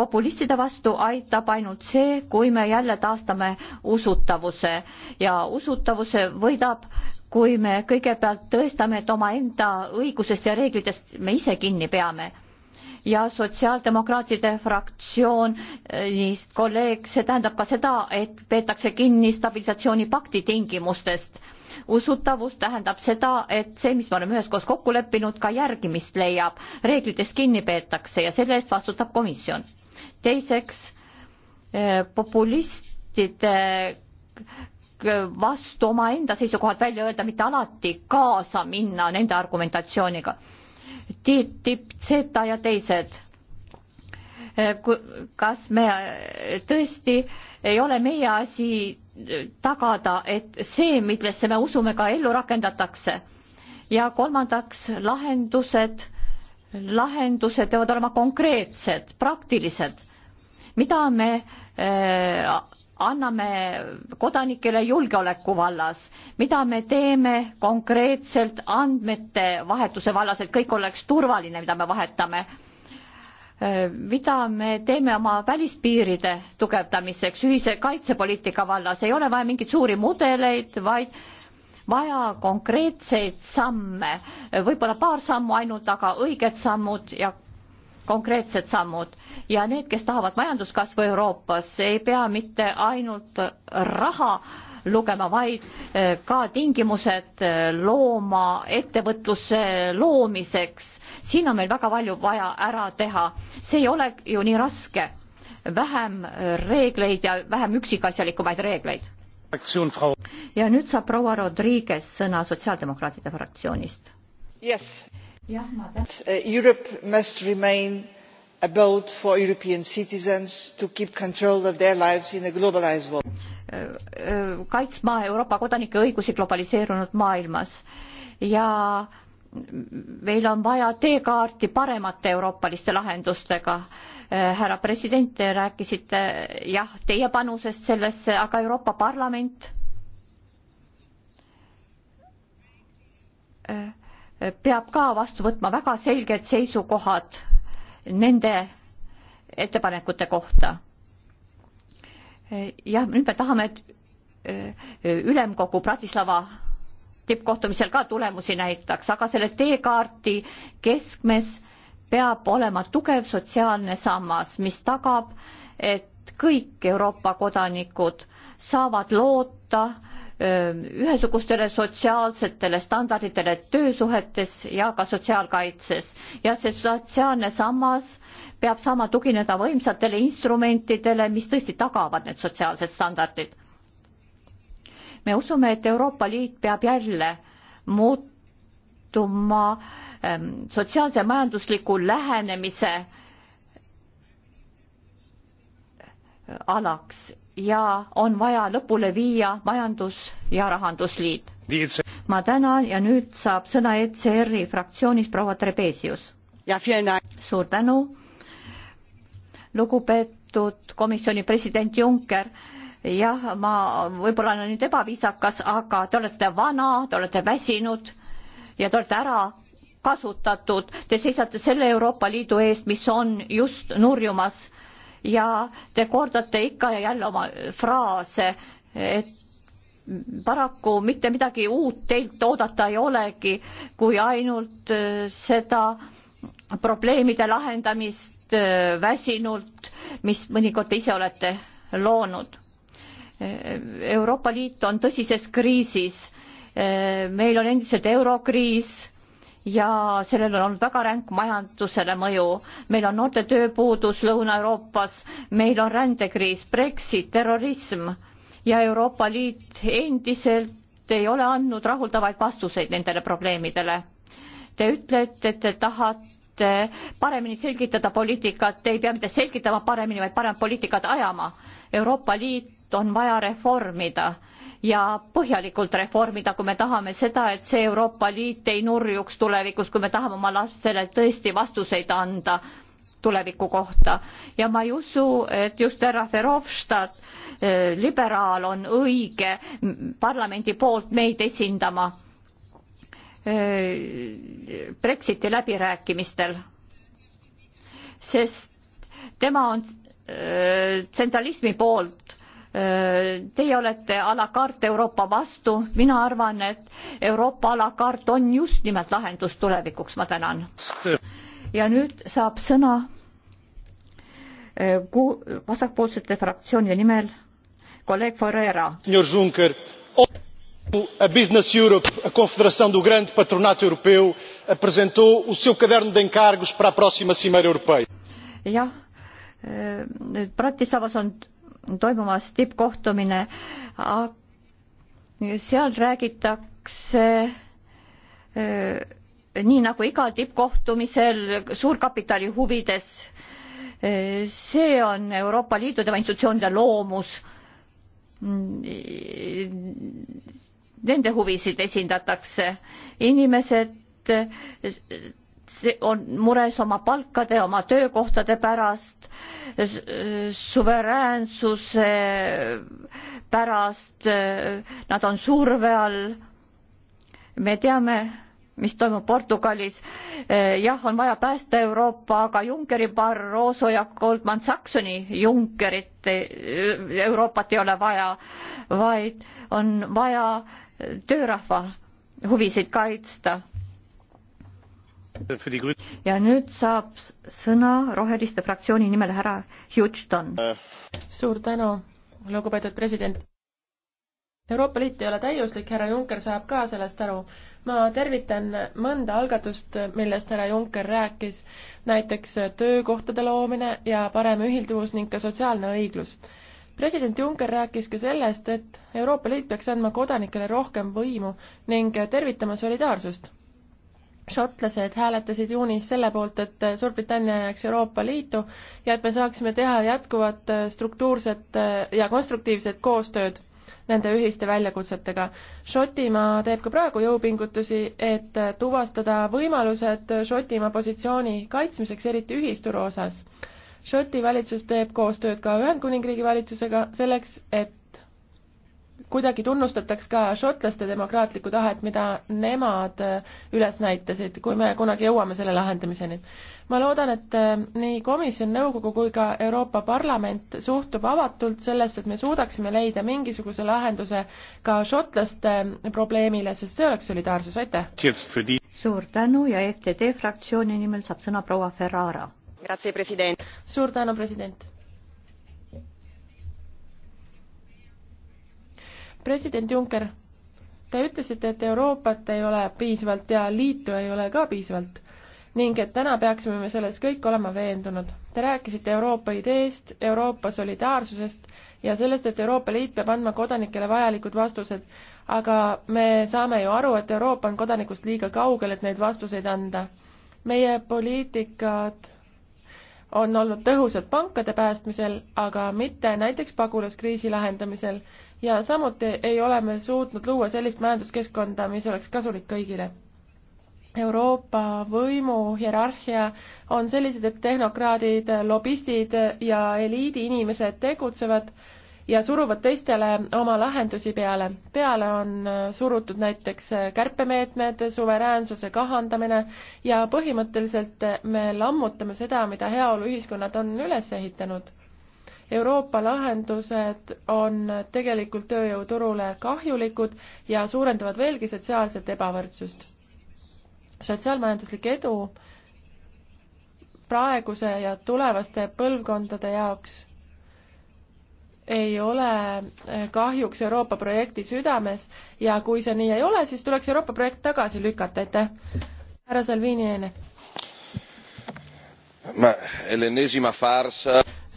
populistide vastu aitab ainult see, kui me jälle taastame usutavuse ja usutavuse võidab, kui me kõigepealt tõestame, et omaenda õigusest ja reeglitest me ise kinni peame ja sotsiaaldemokraatide fraktsioon, eh, kolleeg, see tähendab ka seda, et peetakse kinni stabilisatsioonipakti tingimustest. usutavus tähendab seda, et see, mis me oleme üheskoos kokku leppinud, ka järgimist leiab, reeglitest kinni peetakse ja selle eest vastutab komisjon teiseks, eh, populistide vastu omaenda seisukohad välja öelda, mitte alati kaasa minna nende argumentatsiooniga. TTIP, Zeta ja teised. Eh, kas me eh, tõesti ei ole meie asi tagada, et see, millesse me usume, ka ellu rakendatakse. ja kolmandaks lahendused lahendused peavad olema konkreetsed, praktilised, mida me äh, anname kodanikele julgeoleku vallas, mida me teeme konkreetselt andmete vahetuse vallas, et kõik oleks turvaline, mida me vahetame eh, mida me teeme oma välispiiride tugevdamiseks ühise kaitsepoliitika vallas, ei ole vaja mingeid suuri mudeleid, vaid vaja konkreetseid samme, võib-olla paar sammu ainult, aga õiged sammud ja konkreetsed sammud ja need, kes tahavad majanduskasvu Euroopas, ei pea mitte ainult raha lugema, vaid eh, ka tingimused eh, looma, ettevõtluse loomiseks. siin on meil väga palju vaja ära teha. see ei ole ju nii raske. vähem eh, reegleid ja vähem üksikasjalikumaid reegleid ja nüüd saab proua Rodriguez sõna Sotsiaaldemokraatide fraktsioonist yes.. jah, ma tänan. Uh, Europe must remain abode for European citizens to keep control of their lives in a globalized world. Uh, uh, kaitsma Euroopa kodanike õigusi globaliseerunud maailmas ja meil on vaja teekaarti paremate euroopaliste lahendustega Äh, härra president, te rääkisite jah, teie panusest sellesse, aga Euroopa Parlament äh, peab ka vastu võtma väga selged seisukohad nende ettepanekute kohta. Äh, jah, nüüd me tahame, et ülemkogu Bratislava tippkohtumisel ka tulemusi näitaks, aga selle teekaarti keskmes peab olema tugev sotsiaalne sammas, mis tagab, et kõik Euroopa kodanikud saavad loota ähm, ühesugustele sotsiaalsetele standarditele töösuhetes ja ka sotsiaalkaitses ja see sotsiaalne sammas peab saama tugineda võimsatele instrumentidele, mis tõesti tagavad need sotsiaalsed standardid. me usume, et Euroopa Liit peab jälle muutuma Ähm, sotsiaalse majandusliku lähenemise alaks ja on vaja lõpule viia majandus- ja rahandusliit. ma tänan ja nüüd saab sõna ECR-i fraktsioonis proua Trebesius. suur tänu, lugupeetud komisjoni president Juncker jah, ma võib-olla olen nüüd ebaviisakas, aga te olete vana, te olete väsinud ja te olete ära kasutatud. Te seisate selle Euroopa Liidu eest, mis on just nurjumas ja te kordate ikka ja jälle oma fraase, et paraku mitte midagi uut teilt oodata ei olegi, kui ainult äh, seda probleemide lahendamist äh, väsinult, mis mõnikord te ise olete loonud. Äh, Euroopa Liit on tõsises kriisis. meil on endiselt eurokriis ja sellel on olnud väga ränk majandusele mõju. meil on noorte tööpuudus Lõuna-Euroopas, meil on rändekriis, Brexit, terrorism ja Euroopa Liit endiselt ei ole andnud rahuldavaid vastuseid nendele probleemidele. Te ütlete, et te tahate paremini selgitada poliitikat, te ei pea mitte selgitama paremini, vaid paremat poliitikat ajama. Euroopa Liit on vaja reformida ja põhjalikult reformida, kui me tahame seda, et see Euroopa Liit ei nurjuks tulevikus, kui me tahame oma lastele tõesti vastuseid anda tuleviku kohta ja ma ei usu, et just härra Verhofstadt, eh, liberaal, on õige parlamendi poolt meid esindama eh, Brexiti läbirääkimistel, sest tema on eh, tsentralismi poolt Teie olete a la carte Euroopa vastu, mina arvan, et Euroopa a la carte on just nimelt lahendus tulevikuks, ma tänan. ja nüüd saab sõna eh, ku-, vasakpoolsete fraktsioonide nimel kolleeg Ferreira. A Business Europe, a Confederação do Grande Patronato Europeu, apresentou o seu caderno de encargos para a próxima Cimeira Europeia. jah, eh, Bratislavas on toimumas tippkohtumine. seal räägitakse äh, nii nagu igal tippkohtumisel suurkapitali huvides. Äh, see on Euroopa Liidu tema institutsioonide loomus. Nende huvisid esindatakse. inimesed äh, on mures oma palkade, oma töökohtade pärast, suveräänsuse pärast, nad on surve all. me teame, mis toimub Portugalis. jah, on vaja päästa Euroopa, aga Junckeri Barroso ja Goldman Sachsoni Junckerit, Euroopat ei ole vaja, vaid on vaja töörahva huvisid kaitsta ja nüüd saab sõna Roheliste fraktsiooni nimel härra Houston. suur tänu, lugupeetud president. Euroopa Liit ei ole täiuslik, härra Juncker saab ka sellest aru. ma tervitan mõnda algatust, millest härra Juncker rääkis, näiteks töökohtade loomine ja parem ühilduvus ning ka sotsiaalne õiglus president Juncker rääkis ka sellest, et Euroopa Liit peaks andma kodanikele rohkem võimu ning tervitama solidaarsust šotlased hääletasid juunis selle poolt, et Suurbritannia jääks Euroopa Liitu ja et me saaksime teha jätkuvat äh, struktuurset äh, ja konstruktiivset koostööd nende ühiste väljakutsetega. Šotimaa teeb ka praegu jõupingutusi, et äh, tuvastada võimalused Šotimaa positsiooni kaitsmiseks, eriti ühisturu osas. Šoti valitsus teeb koostööd ka Ühendkuningriigi valitsusega selleks, et kuidagi tunnustataks ka šotlaste demokraatlikku tahet, mida nemad äh, üles näitasid, kui me kunagi jõuame selle lahendamiseni. ma loodan, et äh, nii komisjon, nõukogu kui ka Euroopa Parlament suhtub avatult sellesse, et me suudaksime leida mingisuguse lahenduse ka šotlaste äh, probleemile, sest see oleks solidaarsus, aitäh! suur tänu ja FTD fraktsiooni nimel saab sõna proua Ferrara. suur tänu, president! president Juncker, te ütlesite, et Euroopat ei ole piisavalt ja liitu ei ole ka piisavalt ning et täna peaksime me selles kõik olema veendunud. Te rääkisite Euroopa ideest, Euroopa solidaarsusest ja sellest, et Euroopa Liit peab andma kodanikele vajalikud vastused, aga me saame ju aru, et Euroopa on kodanikust liiga kaugel, et neid vastuseid anda. meie poliitikad on olnud tõhusad pankade päästmisel, aga mitte näiteks pagulaskriisi lahendamisel ja samuti ei ole me suutnud luua sellist majanduskeskkonda, mis oleks kasulik kõigile. Euroopa võimu hierarhia on sellised, et tehnokraadid, lobistid ja eliidi inimesed tegutsevad ja suruvad teistele oma lahendusi peale. peale on surutud näiteks kärpemeetmed, suveräänsuse kahandamine ja põhimõtteliselt me lammutame seda, mida heaoluühiskonnad on üles ehitanud Euroopa lahendused on tegelikult tööjõuturule kahjulikud ja suurendavad veelgi sotsiaalset ebavõrdsust. sotsiaalmajanduslik edu praeguse ja tulevaste põlvkondade jaoks ei ole kahjuks Euroopa projekti südames ja kui see nii ei ole, siis tuleks Euroopa projekt tagasi lükata, aitäh. härra Salvini enne.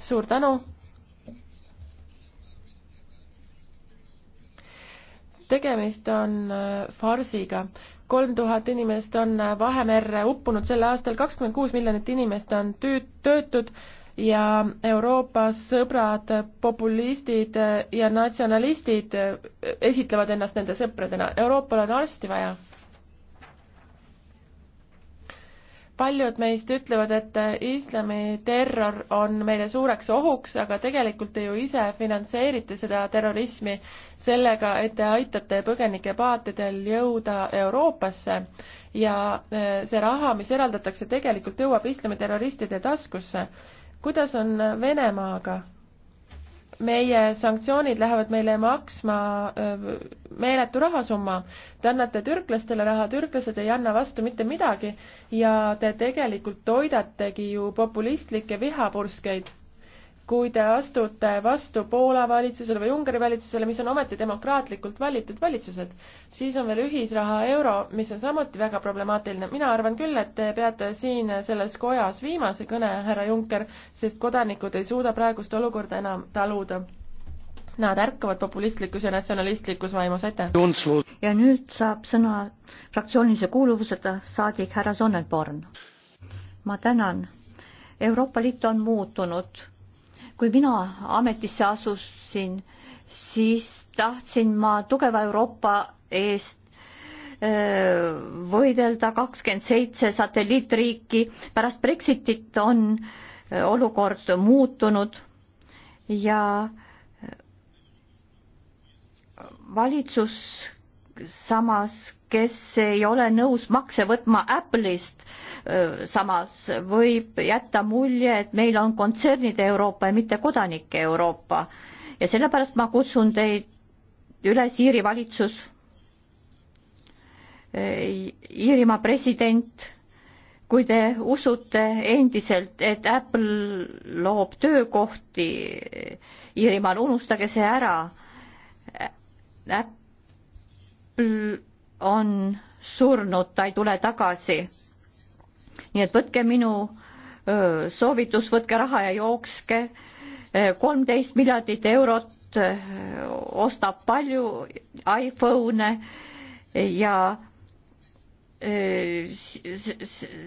suur tänu tegemist on äh, farsiga. kolm tuhat inimest on äh, Vahemerre uppunud sel aastal, kakskümmend kuus miljonit inimest on tüüt-, töötud ja Euroopa sõbrad, populistid äh, ja natsionalistid esitlevad ennast nende sõpradena. Euroopal on arsti vaja paljud meist ütlevad, et islami terror on meile suureks ohuks, aga tegelikult te ju ise finantseerite seda terrorismi sellega, et te aitate põgenike paatidel jõuda Euroopasse ja e, see raha, mis eraldatakse, tegelikult jõuab islamiterroristide taskusse. kuidas on Venemaaga? meie sanktsioonid lähevad meile maksma meeletu rahasumma. Te annate türklastele raha, türklased ei anna vastu mitte midagi ja te tegelikult toidategi ju populistlikke vihapurskeid kui te astute vastu Poola valitsusele või Ungari valitsusele, mis on ometi demokraatlikult valitud valitsused, siis on veel ühisraha euro, mis on samuti väga problemaatiline. mina arvan küll, et te peate siin selles kojas viimase kõne, härra Juncker, sest kodanikud ei suuda praegust olukorda enam taluda. Nad ärkavad populistlikus ja natsionalistlikus vaimus, aitäh! ja nüüd saab sõna fraktsioonilise kuuluvuseta saadik härra Sonnenborn. ma tänan. Euroopa Liit on muutunud kui mina ametisse asusin, siis tahtsin ma tugeva Euroopa eest võidelda kakskümmend seitse satelliitriiki. pärast Brexitit on olukord muutunud ja valitsus samas, kes ei ole nõus makse võtma Apple'ist, samas võib jätta mulje, et meil on kontsernide Euroopa ja mitte kodanike Euroopa. ja sellepärast ma kutsun teid üles, Iiri valitsus, Iirimaa president, kui te usute endiselt, et Apple loob töökohti Iirimaal, unustage see ära. Apple on surnud, ta ei tule tagasi. nii et võtke minu soovitus, võtke raha ja jookske. kolmteist miljardit eurot ostab palju iPhone'e ja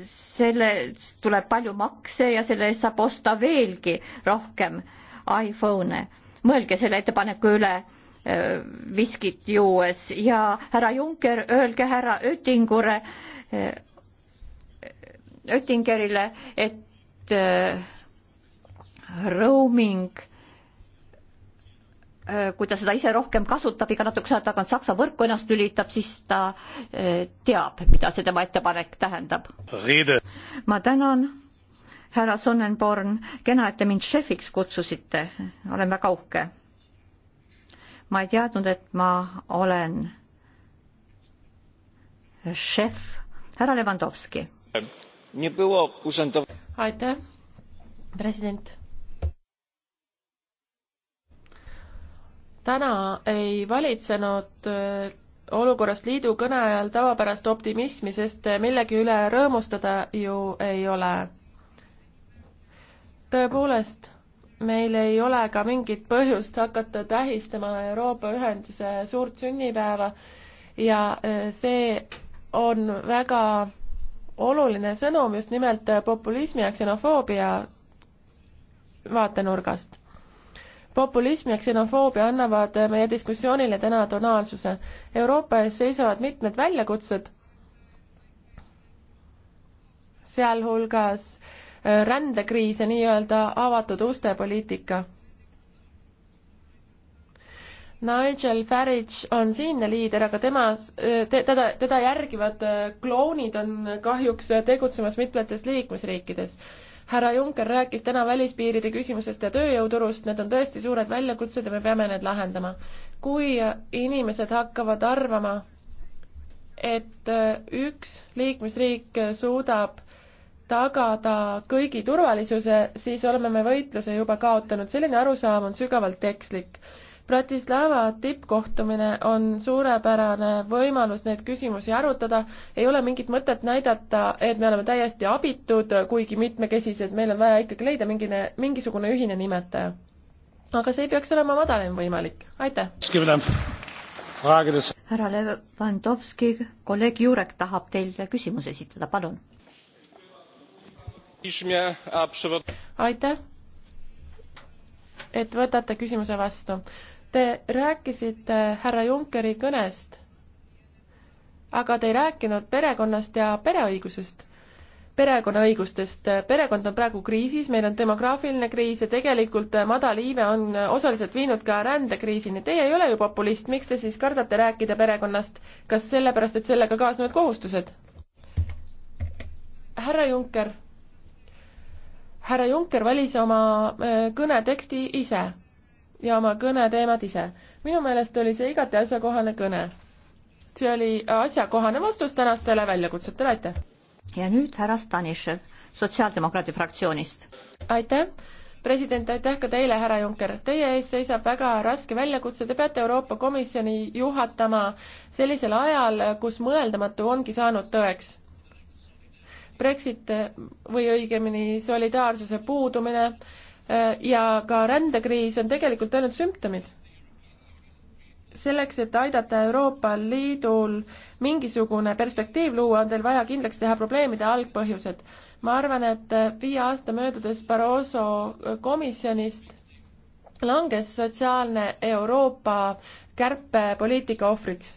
selle tuleb palju makse ja selle eest saab osta veelgi rohkem iPhone'e. mõelge selle ettepaneku üle viskit juues ja härra Juncker, öelge härra Oettingure, eh, Oettingerile, et eh, roaming, eh, kui ta seda ise rohkem kasutab, iga natukese aja tagant Saksa võrku ennast lülitab, siis ta teab, mida see tema ettepanek tähendab. ma tänan, härra Sonnenborn, kena, et te mind šefiks kutsusite, olen väga uhke ma ei teadnud, et ma olen šef, härra Levanovski. aitäh, president. täna ei valitsenud äh, olukorrast liidu kõne ajal tavapärast optimismi, sest äh, millegi üle rõõmustada ju ei ole. tõepoolest meil ei ole ka mingit põhjust hakata tähistama Euroopa Ühenduse suurt sünnipäeva ja äh, see on väga oluline sõnum just nimelt äh, populismi ja ksenofoobia vaatenurgast. populism ja ksenofoobia annavad äh, meie diskussioonile täna tonaalsuse. Euroopa ees seisavad mitmed väljakutsed, sealhulgas äh, rändekriise nii-öelda avatud uste poliitika. Nigel Farage on siinne liider, aga temas te,, teda, teda järgivad äh, klounid on kahjuks tegutsemas mitmetes liikmesriikides härra Juncker rääkis täna välispiiride küsimusest ja tööjõuturust, need on tõesti suured väljakutsed ja me peame need lahendama. kui inimesed hakkavad arvama, et äh, üks liikmesriik suudab tagada kõigi turvalisuse, siis oleme me võitluse juba kaotanud, selline arusaam on sügavalt ekslik. Bratislava tippkohtumine on suurepärane võimalus neid küsimusi arutada, ei ole mingit mõtet näidata, et me oleme täiesti abitud, kuigi mitmekesised, meil on vaja ikkagi leida mingine, mingisugune ühine nimetaja. aga see peaks olema madalam võimalik, aitäh! härra Levandovski, kolleeg Jurek tahab teile küsimuse esitada, palun aitäh, et võtate küsimuse vastu. Te rääkisite härra Junckeri kõnest, aga te ei rääkinud perekonnast ja pereõigusest perekonnaõigustest. perekond on praegu kriisis, meil on demograafiline kriis ja tegelikult madal iive on osaliselt viinud ka rändekriisini. Teie ei ole ju populist, miks te siis kardate rääkida perekonnast? kas sellepärast, et sellega kaasnevad kohustused? härra Junker härra Juncker valis oma äh, kõne teksti ise ja oma kõneteemad ise. minu meelest oli see igati asjakohane kõne. see oli asjakohane vastus tänastele väljakutsetele, aitäh! ja nüüd härra Stanišev Sotsiaaldemokraadi fraktsioonist. aitäh! president, aitäh ka teile, härra Juncker. Teie ees seisab väga raske väljakutse, te peate Euroopa Komisjoni juhatama sellisel ajal, kus mõeldamatu ongi saanud tõeks Brexit või õigemini solidaarsuse puudumine äh, ja ka rändekriis on tegelikult ainult sümptomid. selleks, et aidata Euroopa Liidul mingisugune perspektiiv luua, on teil vaja kindlaks teha probleemide algpõhjused. ma arvan, et viie aasta möödudes Barroso komisjonist langes sotsiaalne Euroopa kärpepoliitika ohvriks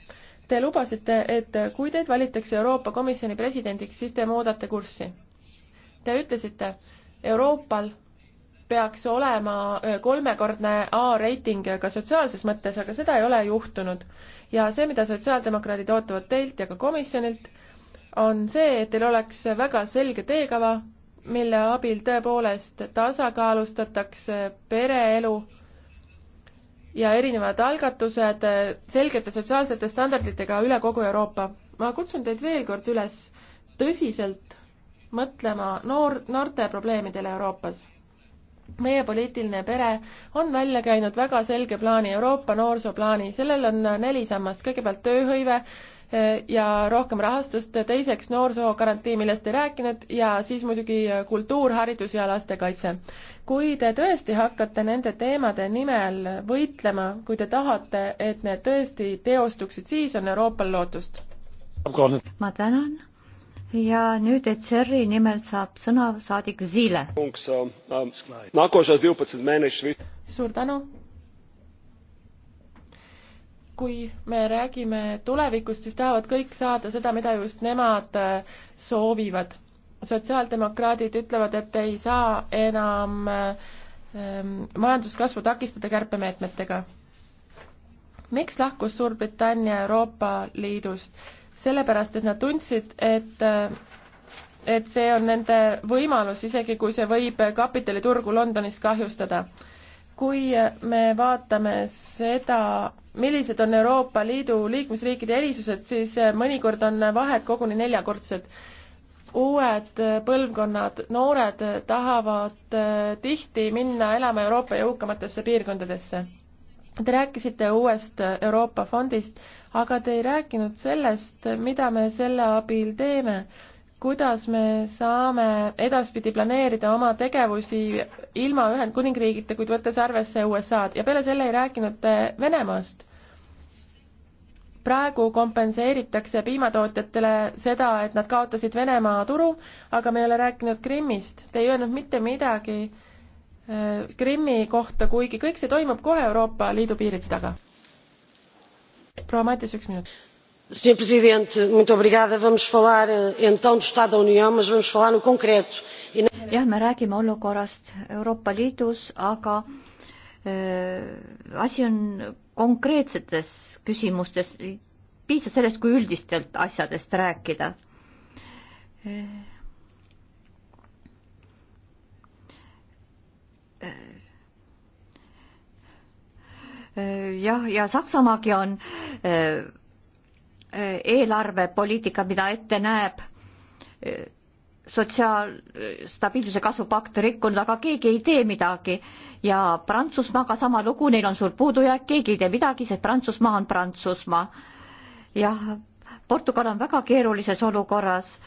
Te lubasite, et kui teid valitakse Euroopa Komisjoni presidendiks, siis te muudate kurssi. Te ütlesite, Euroopal peaks olema äh, kolmekordne A-reiting ka sotsiaalses mõttes, aga seda ei ole juhtunud. ja see, mida sotsiaaldemokraadid ootavad teilt ja ka komisjonilt, on see, et teil oleks väga selge teekava, mille abil tõepoolest tasakaalustatakse pereelu ja erinevad algatused äh, selgete sotsiaalsete standarditega üle kogu Euroopa. ma kutsun teid veel kord üles tõsiselt mõtlema noor, noorte probleemidele Euroopas. meie poliitiline pere on välja käinud väga selge plaani, Euroopa noorsooplaani, sellel on neli sammast, kõigepealt tööhõive, ja rohkem rahastust, teiseks noorsoogarantii, millest ei rääkinud, ja siis muidugi kultuur, haridus ja lastekaitse. kui te tõesti hakkate nende teemade nimel võitlema, kui te tahate, et need tõesti teostuksid, siis on Euroopal lootust. ma tänan ja nüüd ECR-i nimel saab sõna saadik Zile. Ähm, suur tänu kui me räägime tulevikust, siis tahavad kõik saada seda, mida just nemad äh, soovivad. sotsiaaldemokraadid ütlevad, et ei saa enam äh, ähm, majanduskasvu takistada kärpemeetmetega. miks lahkus Suurbritannia Euroopa Liidust? sellepärast, et nad tundsid, et äh, et see on nende võimalus, isegi kui see võib kapitaliturgu Londonis kahjustada kui me vaatame seda, millised on Euroopa Liidu liikmesriikide erisused, siis mõnikord on vahed koguni neljakordsed. uued põlvkonnad, noored tahavad eh, tihti minna elama Euroopa jõukamatesse piirkondadesse. Te rääkisite uuest Euroopa fondist, aga te ei rääkinud sellest, mida me selle abil teeme kuidas me saame edaspidi planeerida oma tegevusi ilma Ühendkuningriigita, kuid võttes arvesse USA-d ja peale selle ei rääkinud äh, Venemaast. praegu kompenseeritakse piimatootjatele seda, et nad kaotasid Venemaa turu, aga me ei ole rääkinud Krimmist, te ei öelnud mitte midagi äh, Krimmi kohta, kuigi kõik see toimub kohe Euroopa Liidu piiride taga. proua Mattis, üks minut Sr. Presidente, muito obrigada. Vamos falar eh, então do Estado da União, mas vamos falar no concreto. E jah, me räägime olukorrast Euroopa Liidus, aga äh, asi on konkreetsetes küsimustes, ei piisa sellest, kui üldistelt asjadest rääkida äh,. jah, ja Saksamaagi on äh, Äh, eelarvepoliitika, mida ette näeb äh, sotsiaalstabiilsuse kasvupakt rikkunud, aga keegi ei tee midagi. ja Prantsusmaaga sama lugu, neil on suur puudujääk, keegi ei tee midagi, sest Prantsusmaa on Prantsusmaa. jah, Portugal on väga keerulises olukorras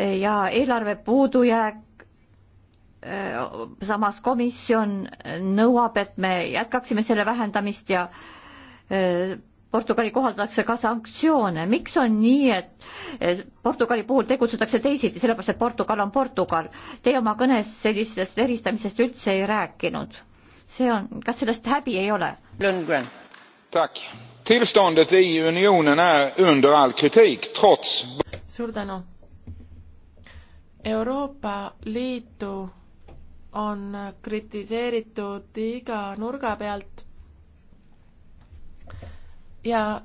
äh, ja eelarve puudujääk samas komisjon nõuab, et me jätkaksime selle vähendamist ja Portugali kohaldatakse ka sanktsioone, miks on nii, et Portugali puhul tegutsetakse teisiti, sellepärast et Portugal on Portugal. Teie oma kõnes sellisest eristamisest üldse ei rääkinud. see on, kas sellest häbi ei ole? tillståndet i unionen är under all kritik trots suur tänu. Euroopa Liitu on kritiseeritud iga nurga pealt ja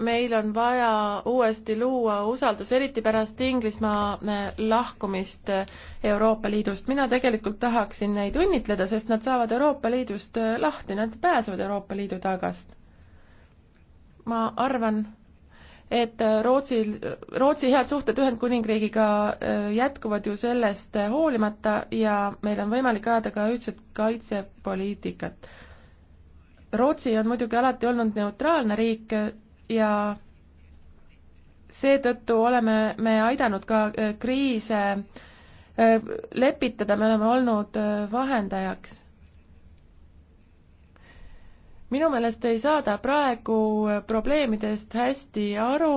meil on vaja uuesti luua usaldus, eriti pärast Inglismaa eh, lahkumist eh, Euroopa Liidust. mina tegelikult tahaksin neid õnnitleda, sest nad saavad Euroopa Liidust eh, lahti, nad pääsevad Euroopa Liidu tagast. ma arvan, et Rootsil, Rootsi head suhted Ühendkuningriigiga jätkuvad ju sellest hoolimata ja meil on võimalik ajada ka ühtset kaitsepoliitikat Rootsi on muidugi alati olnud neutraalne riik ja seetõttu oleme me aidanud ka äh, kriise äh, lepitada, me oleme olnud äh, vahendajaks. minu meelest ei saada praegu probleemidest hästi aru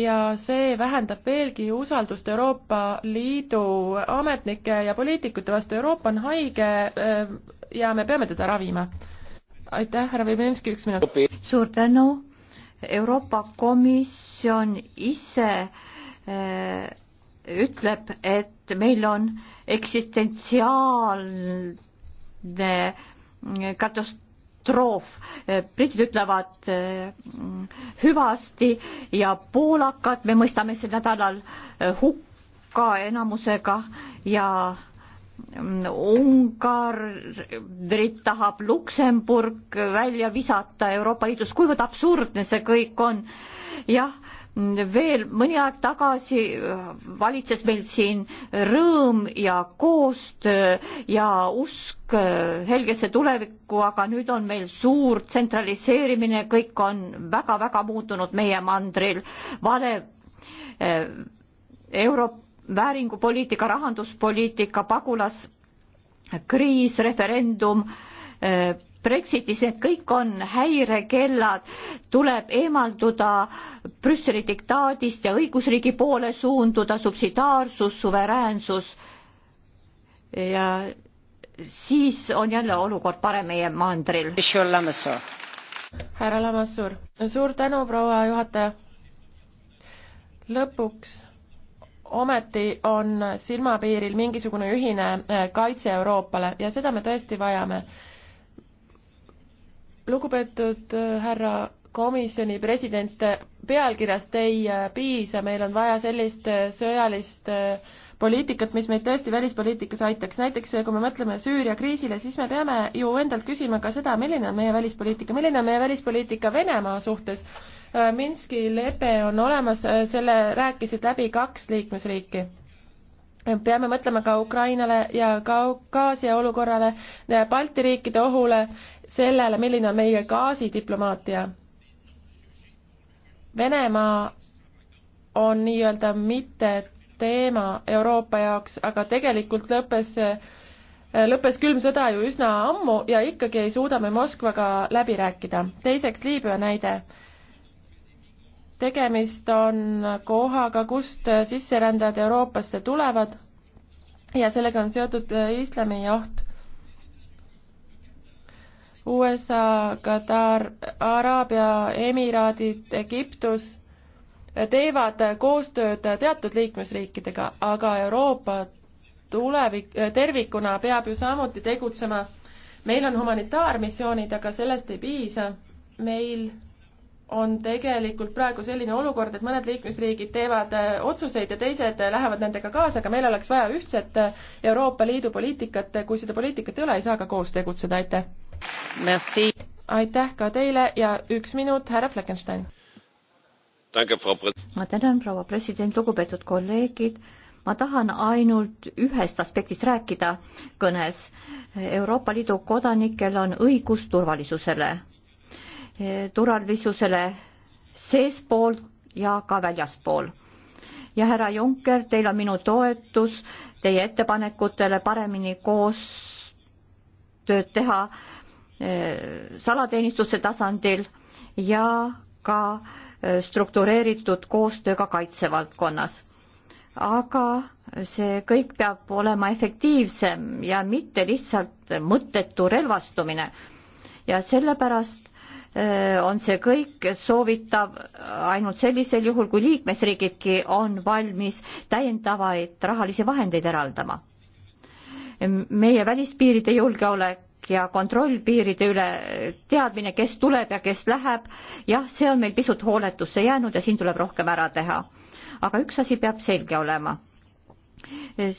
ja see vähendab veelgi usaldust Euroopa Liidu ametnike ja poliitikute vastu. Euroopa on haige ja me peame teda ravima aitäh, härra Vebelemski, üks minut. suur tänu. Euroopa Komisjon ise äh, ütleb, et meil on eksistentsiaalne eh, katastroof. Eh, britid ütlevad äh, hüvasti ja poolakad, me mõistame sel nädalal hukka enamusega ja äh, Ungarit tahab Luksemburg välja visata Euroopa Liidus, kuivõrd absurdne see kõik on. jah, veel mõni aeg tagasi äh, valitses meil siin rõõm ja koostöö äh, ja usk äh, helgesse tulevikku, aga nüüd on meil suur tsentraliseerimine, kõik on väga-väga muutunud meie mandril, vale Euroopa vääringupoliitika, rahanduspoliitika, pagulaskriis, referendum, eh, Brexitis, need kõik on häirekellad, tuleb eemalduda Brüsseli diktaadist ja õigusriigi poole suunduda, subsidiaarsus, suveräänsus ja siis on jälle olukord parem meie mandril. härra Lamassuur, suur tänu, proua juhataja. lõpuks ometi on silmapiiril mingisugune ühine äh, kaitse Euroopale ja seda me tõesti vajame. lugupeetud äh, härra komisjoni president, pealkirjast ei äh, piisa, meil on vaja sellist sõjalist poliitikat, mis meid tõesti välispoliitikas aitaks, näiteks kui me mõtleme Süüria kriisile, siis me peame ju endalt küsima ka seda, milline on meie välispoliitika, milline on meie välispoliitika Venemaa suhtes Äh, Minski lepe on olemas, äh, selle rääkisid läbi kaks liikmesriiki äh, peame mõtlema ka Ukrainale ja Kaukaasia olukorrale, Balti riikide ohule, sellele, milline on meie gaasidiplomaatia. Venemaa on nii-öelda mitte teema Euroopa jaoks, aga tegelikult lõppes, lõppes külm sõda ju üsna ammu ja ikkagi ei suuda me Moskvaga läbi rääkida. teiseks Liibüa näide tegemist on kohaga, kust sisserändajad Euroopasse tulevad ja sellega on seotud islamioht. USA, Katar, Araabia Emiraadid, Egiptus teevad koostööd teatud liikmesriikidega, aga Euroopa tulevik, tervikuna peab ju samuti tegutsema. meil on humanitaarmissioonid, aga sellest ei piisa. meil on tegelikult praegu selline olukord, et mõned liikmesriigid teevad äh, otsuseid ja teised äh, lähevad nendega kaasa, aga meil oleks vaja ühtset äh, Euroopa Liidu poliitikat, kui seda poliitikat ei ole, ei saa ka koos tegutseda, aitäh! aitäh ka teile ja üks minut, härra Fleckenstein! ma tänan, proua president, lugupeetud kolleegid, ma tahan ainult ühest aspektist rääkida kõnes. Euroopa Liidu kodanikel on õigus turvalisusele Eh, turvalisusele seespool ja ka väljaspool. ja härra Juncker, teil on minu toetus teie ettepanekutele paremini koostööd teha eh, salateenistuste tasandil ja ka eh, struktureeritud koostööga kaitsevaldkonnas aga see kõik peab olema efektiivsem ja mitte lihtsalt mõttetu relvastumine. ja sellepärast Äh, on see kõik soovitav ainult sellisel juhul, kui liikmesriigidki on valmis täiendavaid rahalisi vahendeid eraldama. meie välispiiride julgeolek ja kontroll piiride üle, teadmine, kes tuleb ja kes läheb, jah, see on meil pisut hooletusse jäänud ja siin tuleb rohkem ära teha. aga üks asi peab selge olema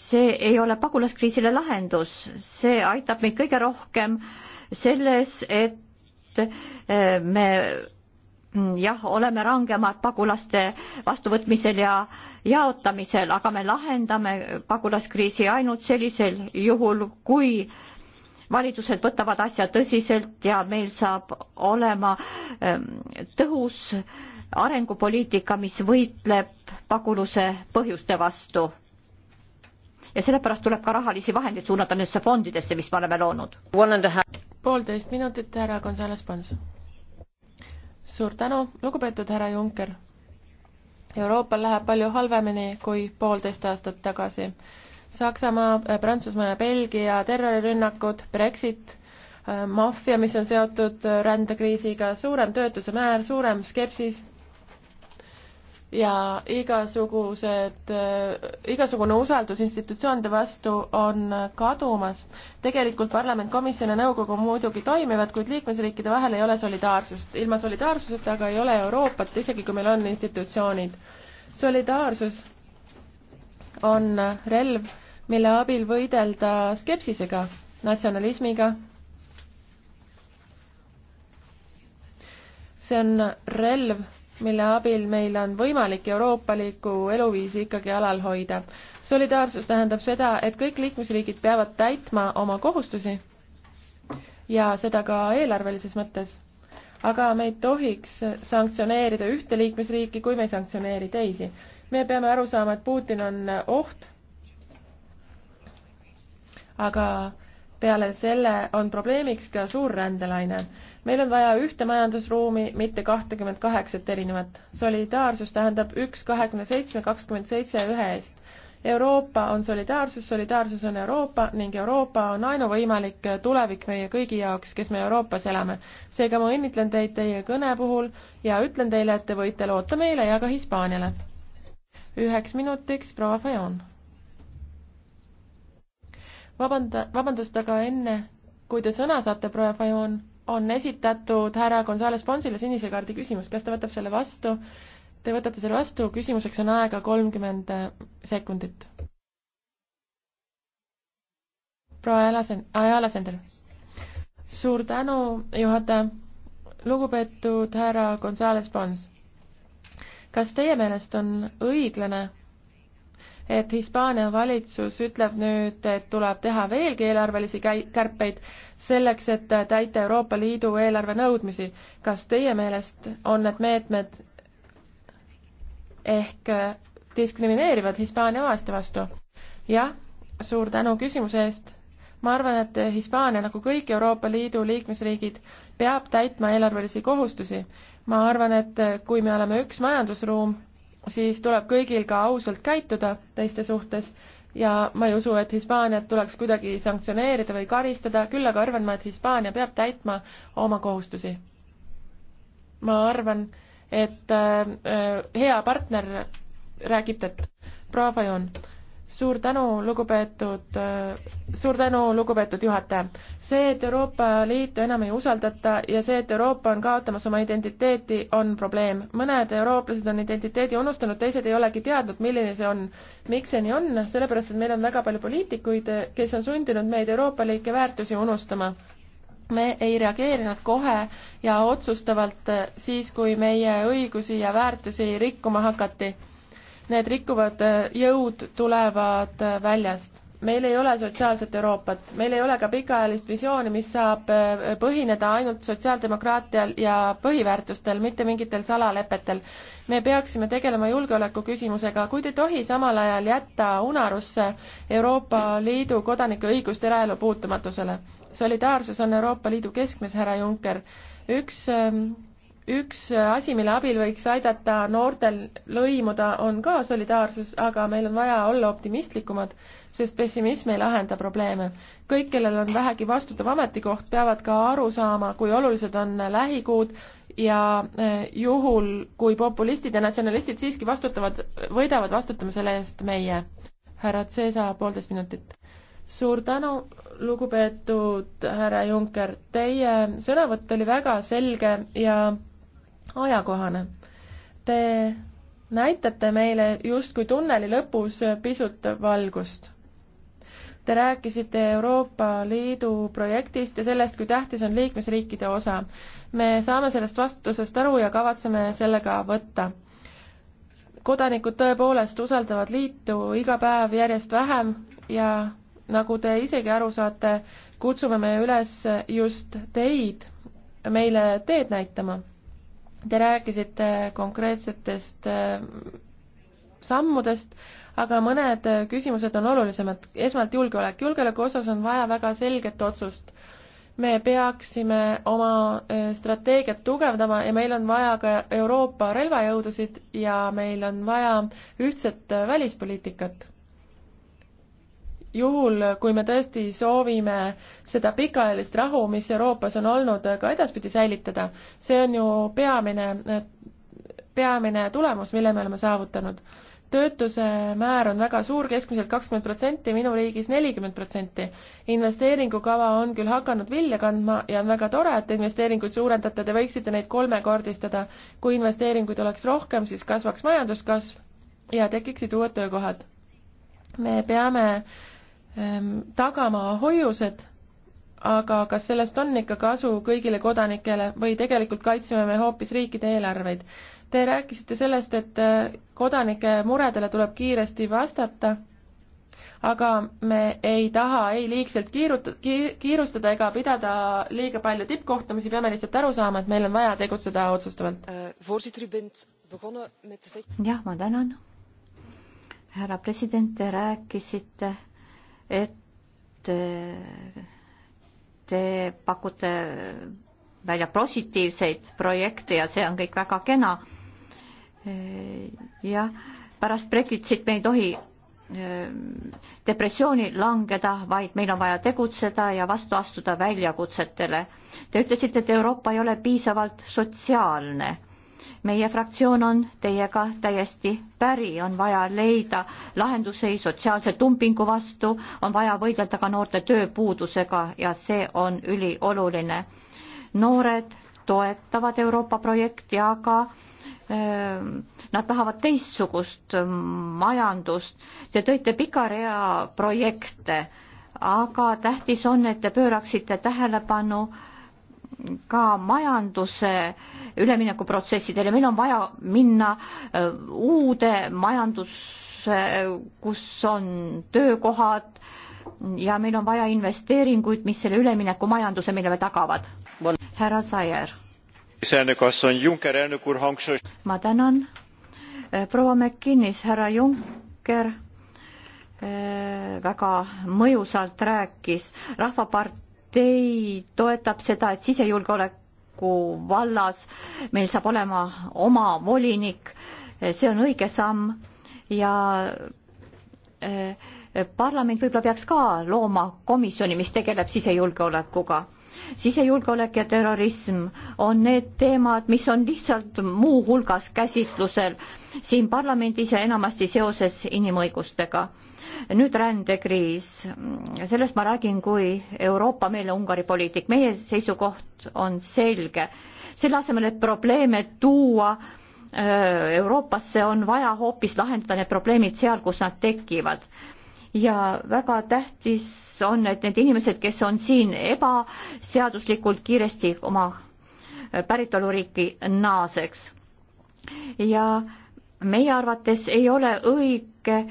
see ei ole pagulaskriisile lahendus, see aitab meid kõige rohkem selles, et et eh, me mm, jah, oleme rangemad pagulaste vastuvõtmisel ja jaotamisel, aga me lahendame pagulaskriisi ainult sellisel juhul, kui valitsused võtavad asja tõsiselt ja meil saab olema eh, tõhus arengupoliitika, mis võitleb paguluse põhjuste vastu. ja sellepärast tuleb ka rahalisi vahendeid suunata nendesse fondidesse, mis me oleme loonud poolteist minutit, härra Gonzales Pons. suur tänu, lugupeetud härra Juncker. Euroopal läheb palju halvemini kui poolteist aastat tagasi. Saksamaa, äh, Prantsusmaa ja Belgia terrorirünnakud, Brexit äh, maffia, mis on seotud äh, rändekriisiga, suurem töötuse määr, suurem skepsis ja igasugused, äh, igasugune usaldus institutsioonide vastu on kadumas. tegelikult parlament, komisjon ja nõukogu muidugi toimivad, kuid liikmesriikide vahel ei ole solidaarsust. ilma solidaarsuseta aga ei ole Euroopat, isegi kui meil on institutsioonid. solidaarsus on relv, mille abil võidelda skepsisega, natsionalismiga, see on relv mille abil meil on võimalik euroopalikku eluviisi ikkagi alal hoida. solidaarsus tähendab seda, et kõik liikmesriigid peavad täitma oma kohustusi ja seda ka eelarvelises mõttes. aga me ei tohiks sanktsioneerida ühte liikmesriiki, kui me ei sanktsioneeri teisi. me peame aru saama, et Putin on oht, aga peale selle on probleemiks ka suur rändelaine meil on vaja ühte majandusruumi, mitte kahtekümmet kaheksat erinevat. solidaarsus tähendab üks kahekümne seitsme, kakskümmend seitse ühe eest. Euroopa on solidaarsus, solidaarsus on Euroopa ning Euroopa on ainuvõimalik tulevik meie kõigi jaoks, kes me Euroopas elame. seega ma õnnitlen teid teie kõne puhul ja ütlen teile, et te võite loota meile ja ka Hispaaniale. üheks minutiks proua Fajon. vabanda, vabandust, aga enne, kui te sõna saate, proua Fajon on esitatud härra Gonzales Ponsile sinise kaardi küsimus, kas ta võtab selle vastu? Te võtate selle vastu, küsimuseks on aega kolmkümmend äh, sekundit. proua Jalasen-, Ajala äh, Sender. suur tänu, juhataja. lugupeetud härra Gonzales Pons, kas teie meelest on õiglane et Hispaania valitsus ütleb nüüd, et tuleb teha veelgi eelarvelisi kärpeid selleks, et täita Euroopa Liidu eelarve nõudmisi. kas teie meelest on need meetmed ehk diskrimineerivad Hispaania vaeste vastu? jah, suur tänu küsimuse eest ma arvan, et Hispaania, nagu kõik Euroopa Liidu liikmesriigid, peab täitma eelarvelisi kohustusi. ma arvan, et kui me oleme üks majandusruum, siis tuleb kõigil ka ausalt käituda teiste suhtes ja ma ei usu, et Hispaaniat tuleks kuidagi sanktsioneerida või karistada, küll aga arvan ma, et Hispaania peab täitma oma kohustusi. ma arvan, et äh, äh hea partner räägib tõtt. proua Fajon suur tänu, lugupeetud, äh, suur tänu, lugupeetud juhataja. see, et Euroopa Liitu enam ei usaldata ja see, et Euroopa on kaotamas oma identiteeti, on probleem. mõned eurooplased on identiteedi unustanud, teised ei olegi teadnud, milline see on. miks see nii on? sellepärast, et meil on väga palju poliitikuid, kes on sundinud meid euroopalikke väärtusi unustama me ei reageerinud kohe ja otsustavalt äh, siis, kui meie õigusi ja väärtusi rikkuma hakati need rikkuvad äh, jõud tulevad äh, väljast. meil ei ole sotsiaalset Euroopat, meil ei ole ka pikaajalist visiooni, mis saab äh, põhineda ainult sotsiaaldemokraatial ja põhiväärtustel, mitte mingitel salalepetel. me peaksime tegelema julgeoleku küsimusega, kuid ei tohi samal ajal jätta unarusse Euroopa Liidu kodanike õigust eraelu puutumatusele. solidaarsus on Euroopa Liidu keskmes, härra Juncker. üks ähm, üks asi, mille abil võiks aidata noortel lõimuda, on ka solidaarsus, aga meil on vaja olla optimistlikumad, sest pessimism ei lahenda probleeme. kõik, kellel on vähegi vastutav ametikoht, peavad ka aru saama, kui olulised on lähikuud ja eh, juhul, kui populistid ja natsionalistid siiski vastutavad, võidavad vastutama selle eest meie. härra Cesa, poolteist minutit suur tänu, lugupeetud härra Juncker, teie sõnavõtt oli väga selge ja ajakohane. Te näitate meile justkui tunneli lõpus pisut valgust. Te rääkisite Euroopa Liidu projektist ja sellest, kui tähtis on liikmesriikide osa. me saame sellest vastutusest aru ja kavatseme sellega võtta. kodanikud tõepoolest usaldavad liitu iga päev järjest vähem ja nagu te isegi aru saate, kutsume me üles just teid meile teed näitama Te rääkisite konkreetsetest äh, sammudest, aga mõned äh, küsimused on olulisemad. esmalt julgeolek. julgeoleku osas on vaja väga selget otsust. me peaksime oma äh, strateegiat tugevdama ja meil on vaja ka Euroopa relvajõudusid ja meil on vaja ühtset välispoliitikat juhul, kui me tõesti soovime seda pikaajalist rahu, mis Euroopas on olnud, ka edaspidi säilitada, see on ju peamine, peamine tulemus, mille me oleme saavutanud. töötuse määr on väga suur, keskmiselt kakskümmend protsenti, minu riigis nelikümmend protsenti. investeeringukava on küll hakanud vilja kandma ja on väga tore, et investeeringuid suurendate, te võiksite neid kolmekordistada. kui investeeringuid oleks rohkem, siis kasvaks majanduskasv ja tekiksid uued töökohad me peame Ähm, tagama hoiused, aga kas sellest on ikka kasu kõigile kodanikele või tegelikult kaitseme me hoopis riikide eelarveid? Te rääkisite sellest, et äh, kodanike muredele tuleb kiiresti vastata, aga me ei taha ei liigselt kiiruta-, kiirustada ega pidada liiga palju tippkohtumisi, peame lihtsalt aru saama, et meil on vaja tegutseda otsustavalt. Äh, jah, ma tänan. härra president, te rääkisite et äh, te pakute välja positiivseid projekte ja see on kõik väga kena. Äh, jah, pärast Brexitit me ei tohi äh, depressiooni langeda, vaid meil on vaja tegutseda ja vastu astuda väljakutsetele. Te ütlesite, et Euroopa ei ole piisavalt sotsiaalne meie fraktsioon on teiega täiesti päri, on vaja leida lahendusi sotsiaalse dumpingu vastu, on vaja võidelda ka noorte tööpuudusega ja see on ülioluline. noored toetavad Euroopa projekti, aga Nad tahavad teistsugust majandust. Te tõite pika rea projekte, aga tähtis on, et te pööraksite tähelepanu äh, ka majanduse üleminekuprotsessidele, meil on vaja minna äh, uude majandusse, kus on töökohad ja meil on vaja investeeringuid, mis selle üleminekumajanduse meile tagavad. härra Saier. ma tänan. Äh, proua McKinnis, härra Juncker äh, väga mõjusalt rääkis rahvapart-, Rahvapartei toetab seda, et sisejulgeoleku vallas meil saab olema oma volinik, see on õige samm ja eh, parlament võib-olla peaks ka looma komisjoni, mis tegeleb sisejulgeolekuga. sisejulgeolek ja terrorism on need teemad, mis on lihtsalt muuhulgas käsitlusel siin parlamendis ja enamasti seoses inimõigustega nüüd rändekriis, sellest ma räägin kui Euroopa-meelne Ungari poliitik, meie seisukoht on selge. selle asemel, et probleeme tuua Euroopasse, on vaja hoopis lahendada need probleemid seal, kus nad tekivad ja väga tähtis on, et need inimesed, kes on siin ebaseaduslikult kiiresti oma päritoluriiki naaseks. ja meie arvates ei ole õige,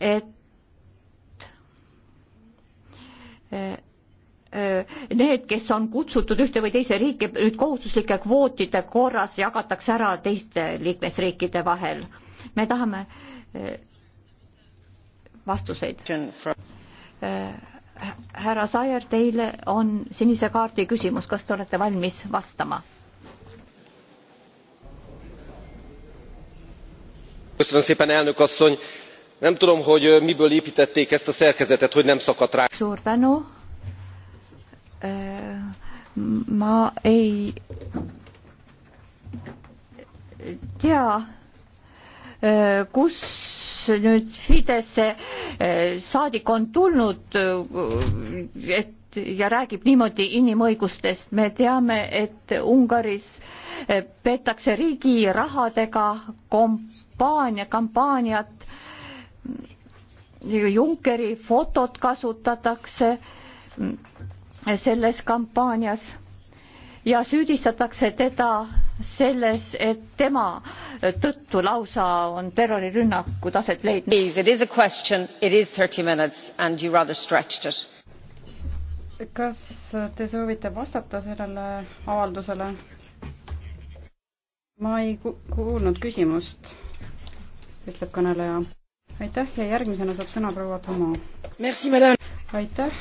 et Äh, äh, need, kes on kutsutud ühte või teise riiki, nüüd kohustuslike kvootide korras jagatakse ära teiste liikmesriikide vahel. me tahame äh, vastuseid. härra Saier, teile on sinise kaardi küsimus, kas te olete valmis vastama? köszönöm szépen elnök asszony nem tudom hogy miből éptették ezt a szerkezetet hogy nem szakadt rá. suur tänu ma ei tea kus nüüd Fidesse saadik on tulnud et ja räägib niimoodi inimõigustest. me teame, et Ungaris peetakse riigi rahadega kompaania, kampaaniat Junckeri fotot kasutatakse selles kampaanias ja süüdistatakse teda selles, et tema tõttu lausa on terrorirünnakud aset leidnud. kas te soovite vastata sellele avaldusele? ma ei ku kuulnud küsimust, ütleb kõneleja aitäh ja järgmisena saab sõna proua Toma. aitäh,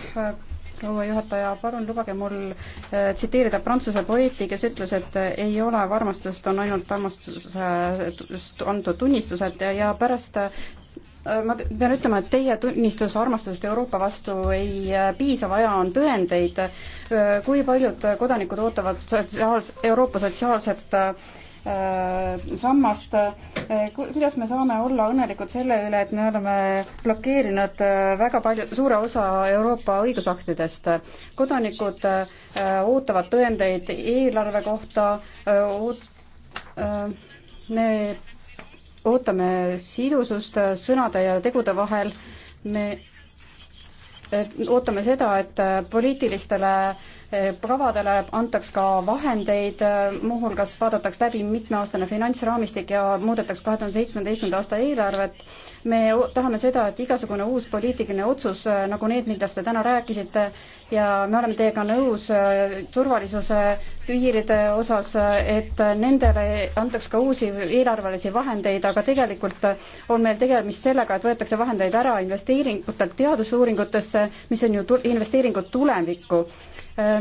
proua juhataja, palun lubage mul äh, tsiteerida prantsuse poeeti, kes ütles, et äh, ei ole armastust, on ainult armastusest antud tunnistused ja pärast äh, ma pean ütlema, et teie tunnistus armastusest Euroopa vastu ei piisa, vaja on tõendeid. kui paljud kodanikud ootavad sotsiaals-, Euroopa sotsiaalset äh, Äh, sammast. Äh, kuidas me saame olla õnnelikud selle üle, et me oleme blokeerinud äh, väga palju, suure osa Euroopa õigusaktidest. kodanikud ootavad tõendeid eelarve kohta, me ootame sidusust sõnade ja tegude vahel, me ootame seda, et poliitilistele äh, kavadele eh, antaks ka vahendeid, eh, muuhulgas vaadataks läbi mitmeaastane finantsraamistik ja muudetaks kahe tuhande seitsmeteistkümnenda aasta eelarvet. me tahame seda, et igasugune uus poliitiline otsus, eh, nagu need, millest te täna rääkisite, ja me oleme teiega nõus turvalisuse piiride osas, et nendele antaks ka uusi eelarvelisi vahendeid, aga tegelikult on meil tegemist sellega, et võetakse vahendeid ära investeeringutelt teadusuuringutesse, mis on ju investeeringud tulevikku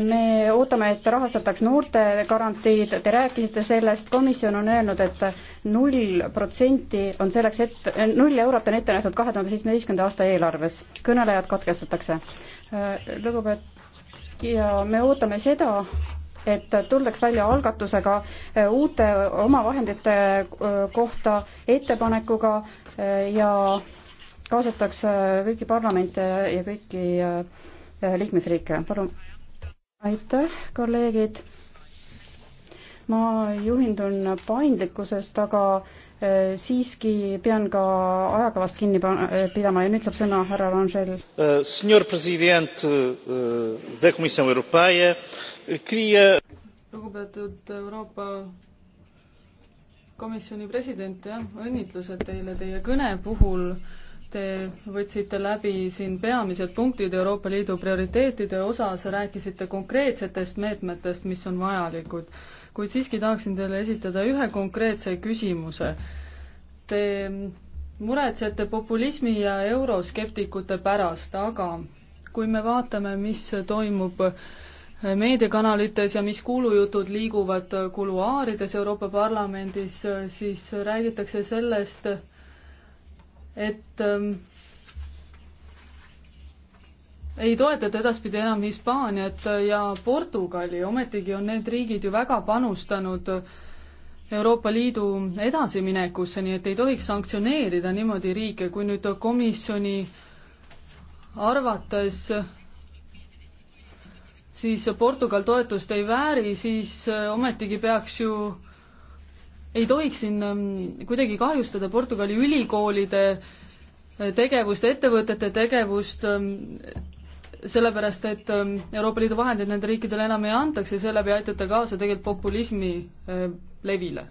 me ootame, et rahastataks noorte garantiid, te rääkisite sellest, komisjon on öelnud et, et null protsenti on selleks et-, null eurot on ette nähtud kahe tuhande seitsmeteistkümnenda aasta eelarves. kõnelejad katkestatakse. Äh, lugupeetud ja me ootame seda, et tuldaks välja algatusega äh, uute omavahendite äh, kohta ettepanekuga ja kaasatakse kõiki parlamente ja kõiki liikmesriike. palun aitäh, kolleegid. ma juhindun paindlikkusest, aga äh, siiski pean ka ajakavast kinni äh, pidama ja nüüd saab sõna härra Rangel. Äh, lugupeetud Euroopa Komisjoni president, jah, õnnitlused teile teie kõne puhul Te võtsite läbi siin peamised punktid Euroopa Liidu prioriteetide osas, rääkisite konkreetsetest meetmetest, mis on vajalikud, kuid siiski tahaksin teile esitada ühe konkreetse küsimuse. Te muretsete populismi ja euroskeptikute pärast, aga kui me vaatame, mis toimub meediakanalites ja mis kuulujutud liiguvad kuluaarides Euroopa Parlamendis, siis räägitakse sellest, et ähm, ei toetata edaspidi enam Hispaaniat ja Portugali, ometigi on need riigid ju väga panustanud Euroopa Liidu edasiminekusse, nii et ei tohiks sanktsioneerida niimoodi riike, kui nüüd komisjoni arvates siis Portugal toetust ei vääri, siis äh, ometigi peaks ju ei tohiks siin ähm, kuidagi kahjustada Portugali ülikoolide äh, tegevust, ettevõtete tegevust, ähm, sellepärast et ähm, Euroopa Liidu vahendeid nendele riikidele enam ei antaks ja seeläbi aitate kaasa tegelikult populismi äh, levile.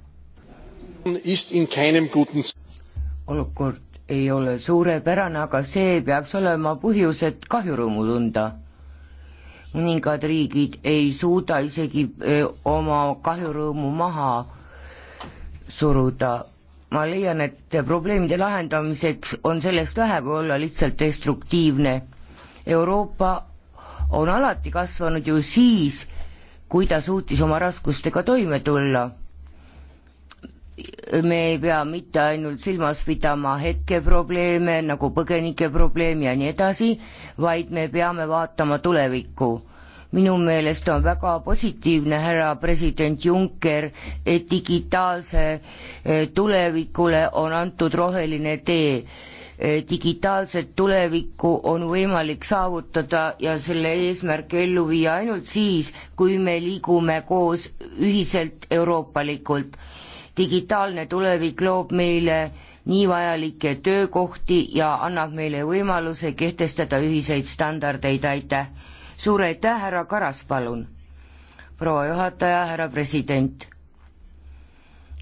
olukord ei ole suurepärane, aga see peaks olema põhjus, et kahjurõõmu tunda. mõningad riigid ei suuda isegi oma kahjurõõmu maha suruda. ma leian, et probleemide lahendamiseks on sellest vähe, kui olla lihtsalt destruktiivne. Euroopa on alati kasvanud ju siis, kui ta suutis oma raskustega toime tulla. me ei pea mitte ainult silmas pidama hetkeprobleeme nagu põgenike probleem ja nii edasi, vaid me peame vaatama tulevikku minu meelest on väga positiivne, härra president Juncker, et digitaalse eh, tulevikule on antud roheline tee. Eh, digitaalset tulevikku on võimalik saavutada ja selle eesmärke ellu viia ainult siis, kui me liigume koos ühiselt euroopalikult. digitaalne tulevik loob meile nii vajalikke töökohti ja annab meile võimaluse kehtestada ühiseid standardeid, aitäh! suur aitäh, härra Karas, palun. proua juhataja, härra president.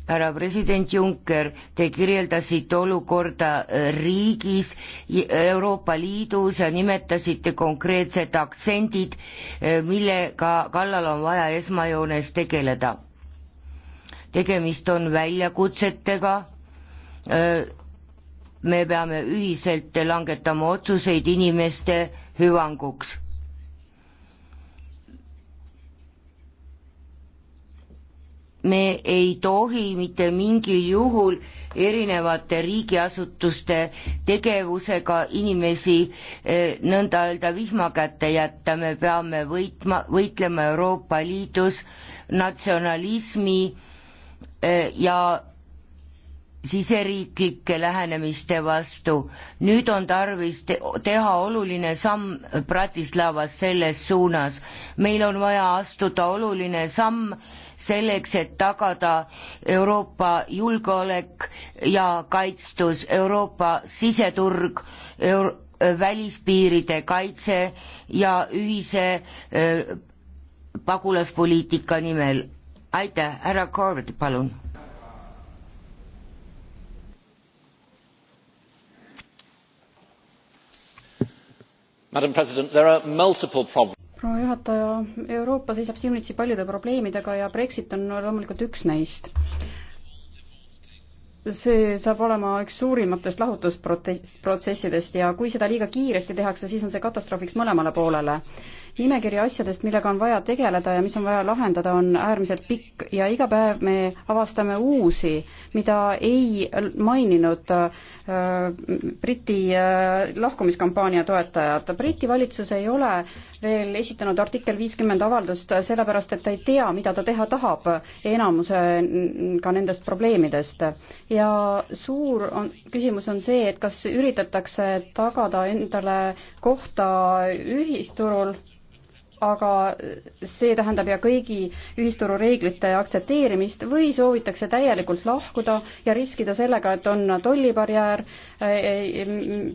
härra president Juncker, te kirjeldasite olukorda äh, riigis, äh, Euroopa Liidus ja nimetasite konkreetsed aktsendid, äh, millega ka kallal on vaja esmajoones tegeleda. tegemist on väljakutsetega me peame ühiselt langetama otsuseid inimeste hüvanguks. me ei tohi mitte mingil juhul erinevate riigiasutuste tegevusega inimesi eh, nõnda öelda vihma kätte jätta, me peame võitma, võitlema Euroopa Liidus natsionalismi eh, ja siseriiklike lähenemiste vastu. nüüd on tarvis te teha oluline samm Bratislavas selles suunas. meil on vaja astuda oluline samm äh, selleks, et tagada Euroopa julgeolek ja kaitstus, Euroopa siseturg Euro, äh, välispiiride kaitse ja ühise öö, äh, pagulaspoliitika nimel. aitäh, härra Corbett, palun. madam president there are multiple problems juhataja, Euroopa seisab silmitsi paljude probleemidega ja Brexit on loomulikult üks neist see saab olema üks suurimatest lahutusprotsessidest ja kui seda liiga kiiresti tehakse, siis on see katastroofiks mõlemale poolele. nimekiri asjadest, millega on vaja tegeleda ja mis on vaja lahendada, on äärmiselt pikk ja iga päev me avastame uusi, mida ei maininud äh, Briti äh, lahkumiskampaania toetajad. Briti valitsus ei ole äh, veel esitanud artikkel viiskümmend avaldust, sellepärast et ta ei tea, mida ta teha tahab enamusega nendest probleemidest. ja suur on, küsimus on see, et kas üritatakse tagada endale kohta ühisturul, aga see tähendab ja kõigi ühisturu reeglite aktsepteerimist või soovitakse täielikult lahkuda ja riskida sellega, et on tollibarjäär, eh, eh,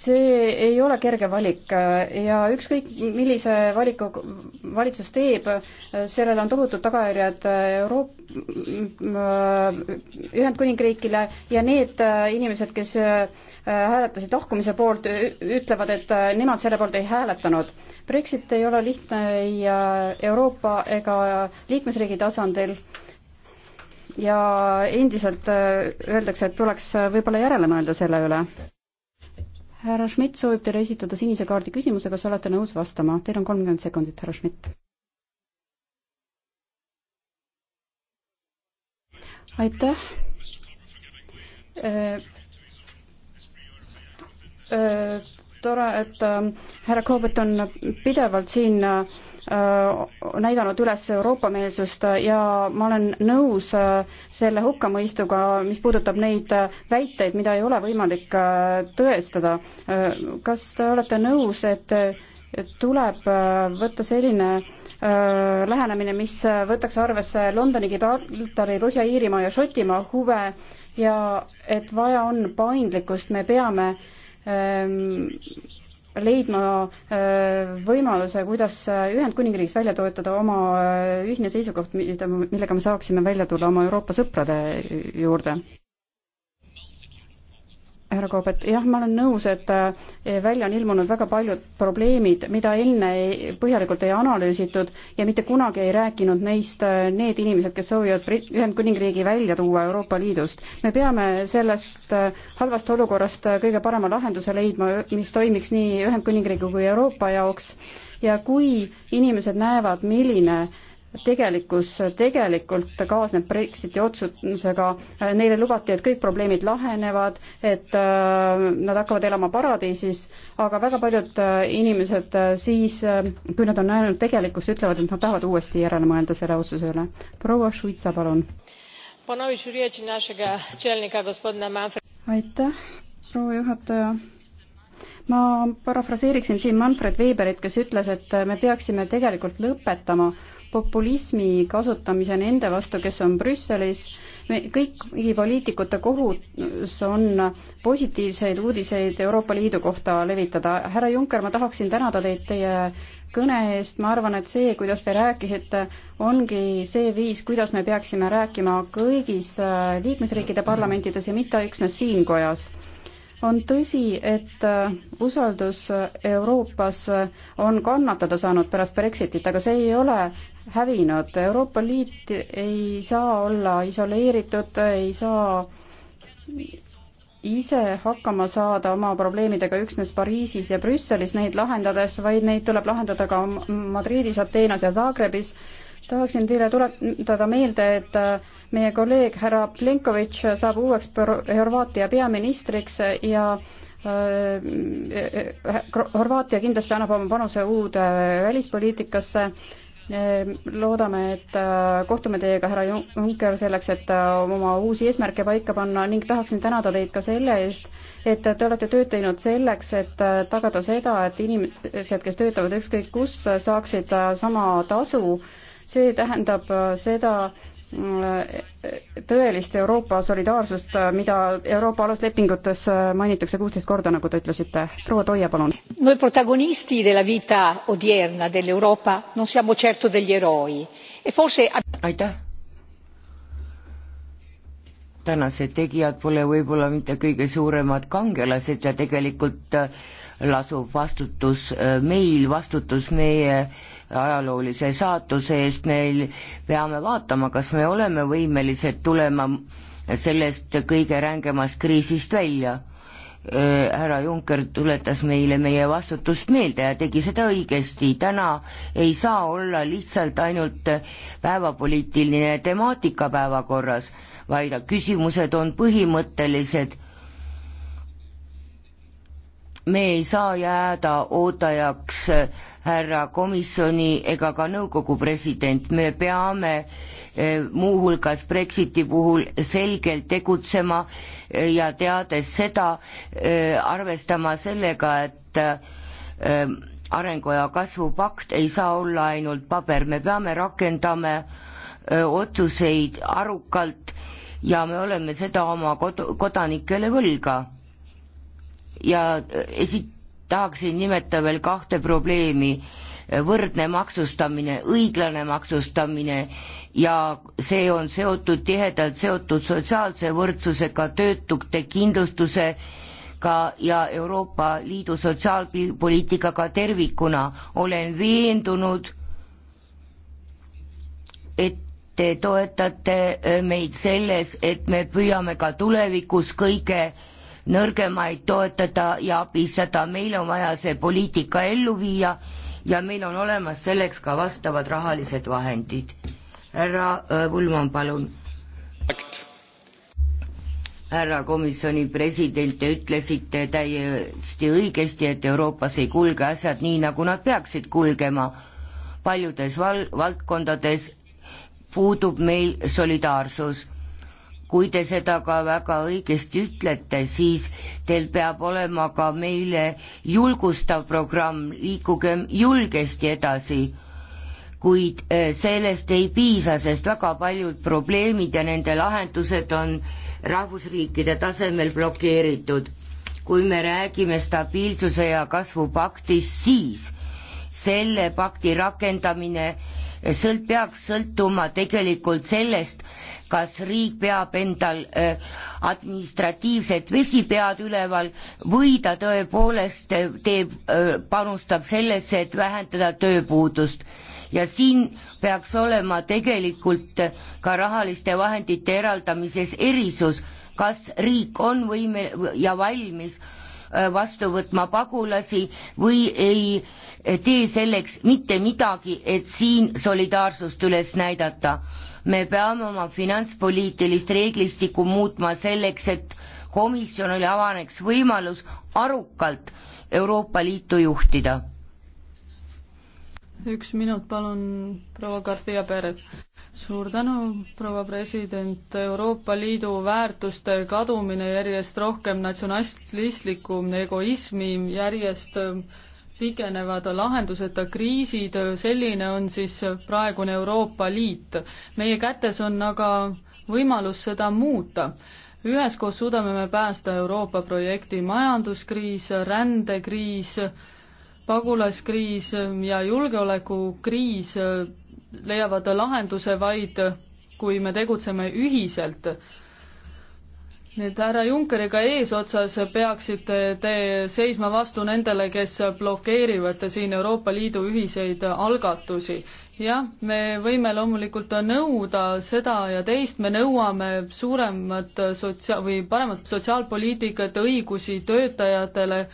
see ei ole kerge valik äh, ja ükskõik, millise valiku valitsus teeb, äh, sellel on tohutud tagajärjed äh, Euroop-, Ühendkuningriigile ja need inimesed, kes hääletasid lahkumise poolt, ütlevad, et nemad selle poolt ei hääletanud. Brexit ei ole lihtne ei Euroopa ega liikmesriigi tasandil ja endiselt öeldakse, et tuleks võib-olla järele mõelda selle üle härra Schmidt soovib teile esitada sinise kaardi küsimuse, kas olete nõus vastama? Teil on kolmkümmend sekundit, härra Schmidt. aitäh äh,. Äh, tore, et ähm, härra Corbett on pidevalt siin äh, näidanud üles Euroopa-meelsust äh, ja ma olen nõus äh, selle hukkamõistuga, mis puudutab neid väiteid, mida ei ole võimalik tõestada. kas te olete nõus, et tuleb võtta selline lähenemine, mis võtaks arvesse Londoni, Gibraltari, Põhja-Iirimaa ja Šotimaa huve ja et vaja on paindlikkust, me peame äh, Ähm, leidma äh, võimaluse, kuidas Ühendkuningriigis välja toetada oma äh, ühine seisukoht, mida, millega me saaksime välja tulla oma Euroopa sõprade juurde härra Koobet, jah, ma olen nõus, et eh, välja on ilmunud väga paljud probleemid, mida enne ei, põhjalikult ei analüüsitud ja mitte kunagi ei rääkinud neist eh, need inimesed, kes soovivad Ühendkuningriigi välja tuua Euroopa Liidust. me peame sellest eh, halvast olukorrast kõige parema lahenduse leidma, mis toimiks nii Ühendkuningriigi kui Euroopa jaoks ja kui inimesed näevad, milline äh, tegelikkus tegelikult kaasneb Brexiti otsusega, neile lubati, et kõik probleemid lahenevad, et äh, nad hakkavad elama paradiisis, aga väga paljud äh, inimesed äh, siis, kui nad on näinud tegelikkust, ütlevad, et nad tahavad uuesti järele mõelda selle otsuse üle. proua Šuitsa, palun. aitäh, proua juhataja ma parafraseeriksin siin Manfred Weberit, kes ütles, et me peaksime tegelikult lõpetama äh, populismi kasutamise nende vastu, kes on Brüsselis. me, kõigi poliitikute kohus on positiivseid uudiseid Euroopa Liidu kohta levitada. härra Juncker, ma tahaksin tänada teid teie kõne eest, ma arvan, et see, kuidas te rääkisite, ongi see viis, kuidas me peaksime rääkima kõigis liikmesriikide parlamentides ja mitte üksnes siin kojas on tõsi, et äh, usaldus äh, Euroopas äh, on kannatada saanud pärast Brexitit, aga see ei ole hävinud. Euroopa Liit ei saa olla isoleeritud, ei saa ise hakkama saada oma probleemidega üksnes Pariisis ja Brüsselis neid lahendades, vaid neid tuleb lahendada ka Madridis, Ateenas ja Zagrebis. tahaksin teile tuletada meelde, et meie kolleeg härra Plenkovitš saab uueks Horvaatia peaministriks ja äh, äh, äh, Horvaatia kindlasti annab oma panuse uude välispoliitikasse. loodame, et kohtume teiega, härra Juncker, selleks, et oma uusi eesmärke paika panna ning tahaksin tänada teid ka selle eest, et te olete tööd teinud selleks, et tagada seda, et inimesed, kes töötavad ükskõik kus, saaksid sama tasu. see tähendab seda, Äh, tõelist Euroopa solidaarsust, äh, mida Euroopa aluslepingutes äh, mainitakse kuusteist korda, nagu te ütlesite. proua Toia, palun. Noi protagonisti della vita odierna dell'Europa non siamo certo degli eroi e forse aitäh. tänased tegijad pole võib-olla mitte kõige suuremad kangelased ja tegelikult lasub vastutus meil, vastutus meie äh, ajaloolise saatuse eest, meil peame vaatama, kas me oleme võimelised tulema sellest kõige rängemast kriisist välja. härra Juncker tuletas meile meie vastutust meelde ja tegi seda õigesti, täna ei saa olla lihtsalt ainult päevapoliitiline temaatika päevakorras, vaid küsimused on põhimõttelised me ei saa jääda ootajaks härra komisjoni ega ka nõukogu president, me peame eh, muuhulgas Brexiti puhul selgelt tegutsema eh, ja teades seda, eh, arvestama sellega, et arengu ja kasvu pakt ei saa olla ainult paber, me peame rakendama otsuseid arukalt ja me oleme seda oma kod-, kodanikele võlga. ja esit-, tahaksin nimetada veel kahte probleemi. võrdne maksustamine, õiglane maksustamine ja see on seotud, tihedalt seotud sotsiaalse võrdsusega, töötute kindlustuse ka ja Euroopa Liidu sotsiaalpoliitikaga tervikuna. olen veendunud, et te toetate meid selles, et me püüame ka tulevikus kõige äh, nõrgemaid toetada ja abistada, meil on vaja see poliitika ellu viia ja meil on olemas selleks ka vastavad rahalised vahendid. härra äh, Pulman, palun. härra komisjoni president, te ütlesite täiesti õigesti, et Euroopas ei kulge asjad nii, nagu nad peaksid kulgema. paljudes val-, valdkondades puudub meil solidaarsus kui te seda ka väga õigesti ütlete, siis teil peab olema ka meile julgustav programm, liikugem julgesti edasi. kuid äh, sellest ei piisa, sest väga paljud probleemid ja nende lahendused on rahvusriikide tasemel blokeeritud. kui me räägime stabiilsuse ja kasvu paktist, siis selle pakti rakendamine sõlt-, peaks sõltuma tegelikult sellest, kas riik peab endal äh, administratiivset vesipead üleval või ta tõepoolest äh, teeb, äh, panustab sellesse, et vähendada tööpuudust ja siin peaks olema tegelikult ka rahaliste vahendite eraldamises erisus, kas riik on võime- ja valmis vastu võtma pagulasi või ei tee selleks mitte midagi, et siin solidaarsust üles näidata me peame oma finantspoliitilist reeglistikku muutma selleks, et komisjonile avaneks võimalus arukalt Euroopa Liitu juhtida. üks minut, palun, proua Garcia Perez. suur tänu, proua president, Euroopa Liidu väärtuste kadumine järjest rohkem natsionalistlikku egoismi, järjest pikenevad lahenduseta kriisid, selline on siis praegune Euroopa Liit. meie kätes on aga võimalus seda muuta. üheskoos suudame me päästa Euroopa projekti majanduskriis, rändekriis, pagulaskriis ja julgeolekukriis leiavad lahenduse vaid, kui me tegutseme ühiselt nüüd härra Junckeriga eesotsas peaksite te seisma vastu nendele, kes blokeerivad siin Euroopa Liidu ühiseid algatusi. jah, me võime loomulikult nõuda seda ja teist, me nõuame suuremat sotsia- või paremat sotsiaalpoliitikat, õigusi töötajatele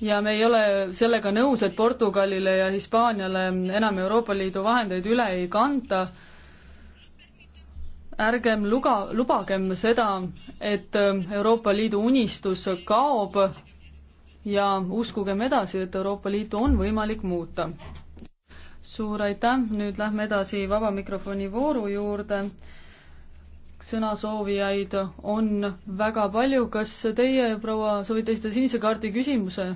ja me ei ole sellega nõus, et Portugalile ja Hispaaniale enam Euroopa Liidu vahendeid üle ei kanta ärgem luga, lubagem seda, et ähm, Euroopa Liidu unistus kaob ja uskugem edasi, et Euroopa Liitu on võimalik muuta. suur aitäh, nüüd lähme edasi vaba mikrofoni vooru juurde. sõnasoovijaid on väga palju, kas teie, proua, soovite esitada sinise kaardi küsimuse?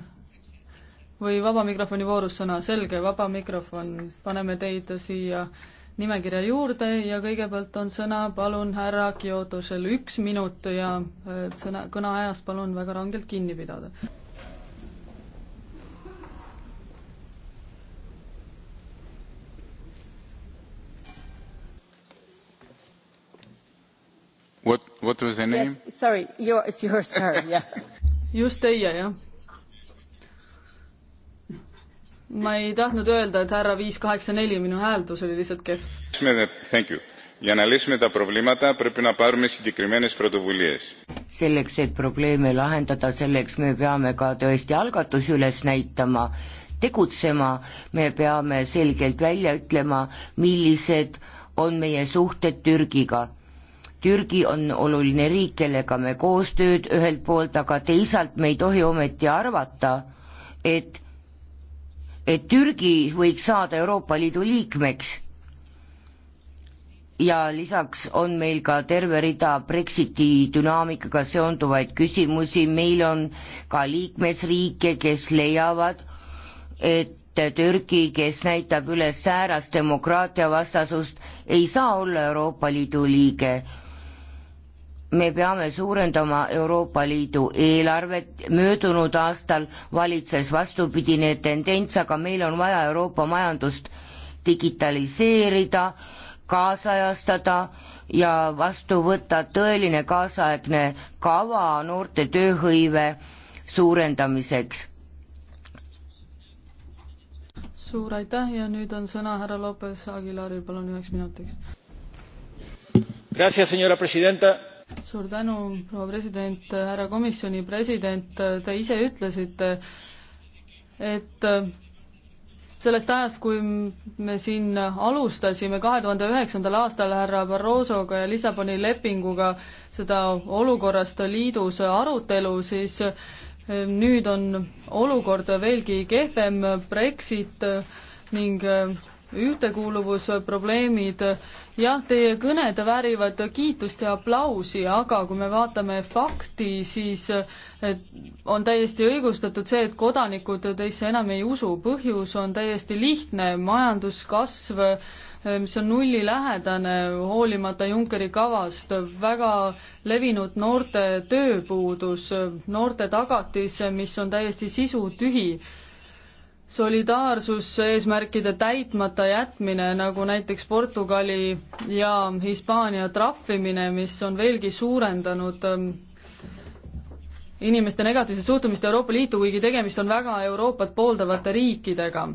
või vaba mikrofoni voorus sõna, selge, vaba mikrofon, paneme teid siia äh, nimekirja juurde ja kõigepealt on sõna palun härra Kiotosel üks minut ja äh, sõna, kõneajast palun väga rangelt kinni pidada. What, what was the name yes,? Sorry, your, it's your sorry, jah yeah.. just teie, jah ma ei tahtnud öelda, et härra viis kaheksa neli, minu hääldus oli lihtsalt kehv. Eh, selleks, et probleeme lahendada, selleks me peame ka tõesti algatusi üles näitama, tegutsema, me peame selgelt välja ütlema, millised on meie suhted Türgiga. Türgi on oluline riik, kellega me koostööd ühelt poolt, aga teisalt me ei tohi ometi arvata, et et Türgi võiks saada Euroopa Liidu liikmeks ja lisaks on meil ka terve rida Brexiti dünaamikaga seonduvaid küsimusi, meil on ka liikmesriike, kes leiavad, et Türgi, kes näitab üles säärast demokraatiavastasust, ei saa olla Euroopa Liidu liige me peame suurendama Euroopa Liidu eelarvet, möödunud aastal valitses vastupidine tendents, aga meil on vaja Euroopa majandust digitaliseerida, kaasajastada ja vastu võtta tõeline kaasaegne kava noorte tööhõive suurendamiseks. suur aitäh ja nüüd on sõna härra Lopez Aguilaril, palun üheks minutiks. Gracias, señora presidenta suur tänu, proua president, härra komisjoni president, te ise ütlesite, et sellest ajast, kui me siin alustasime kahe tuhande üheksandal aastal härra Barrosoga ja Lissaboni lepinguga seda olukorrast liidus arutelu, siis eh, nüüd on olukord veelgi kehvem, Brexit eh, ning eh, ühtekuuluvusprobleemid jah, teie kõned väärivad kiitust ja aplausi, aga kui me vaatame fakti, siis on täiesti õigustatud see, et kodanikud teisse enam ei usu. põhjus on täiesti lihtne, majanduskasv, mis on nullilähedane, hoolimata Junckeri kavast, väga levinud noorte tööpuudus, noorte tagatis, mis on täiesti sisutühi solidaarsuseesmärkide täitmata jätmine, nagu näiteks Portugali ja Hispaania trahvimine, mis on veelgi suurendanud ähm, inimeste negatiivset suhtumist Euroopa Liitu, kuigi tegemist on väga Euroopat pooldavate riikidega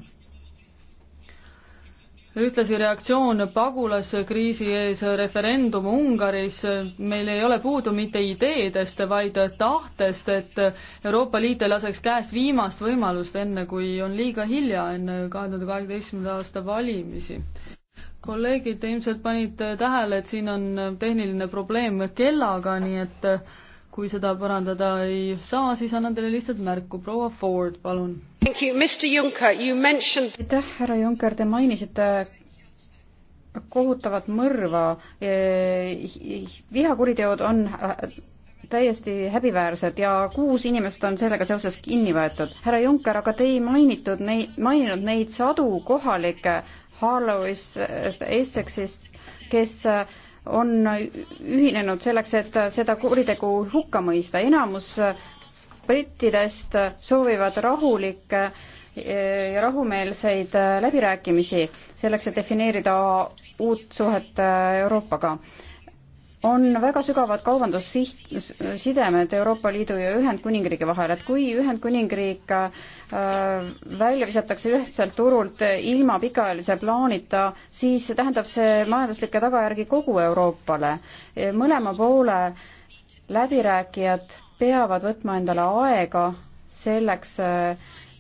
ühtlasi reaktsioon pagulaskriisi ees, referendum Ungaris, meil ei ole puudu mitte ideedest, vaid tahtest, et Euroopa Liit ei laseks käest viimast võimalust, enne kui on liiga hilja, enne kahe tuhande kaheksateistkümnenda aasta valimisi. kolleegid ilmselt panid tähele, et siin on tehniline probleem kellaga, nii et äh, kui seda parandada ei saa, siis annan teile lihtsalt märku. proua Ford, palun. aitäh, härra Juncker, te mainisite kohutavat mõrva. E, vihakuriteod on äh, täiesti häbiväärsed ja kuus inimest on sellega seoses kinni võetud. härra Juncker, aga te ei mainitud neid, maininud neid sadu kohalikke Harlowis, äh, Essexist, kes äh, on ühinenud selleks, et seda kuritegu hukka mõista. enamus brittidest soovivad rahulikke eh, ja rahumeelseid eh, läbirääkimisi selleks, et defineerida uut suhet eh, Euroopaga on väga sügavad kaubandussiht, sidemed Euroopa Liidu ja Ühendkuningriigi vahel, et kui Ühendkuningriik äh, välja visatakse ühtselt turult ilma pikaajalise plaanita, siis see tähendab see majanduslikke tagajärgi kogu Euroopale. mõlema poole läbirääkijad peavad võtma endale aega selleks,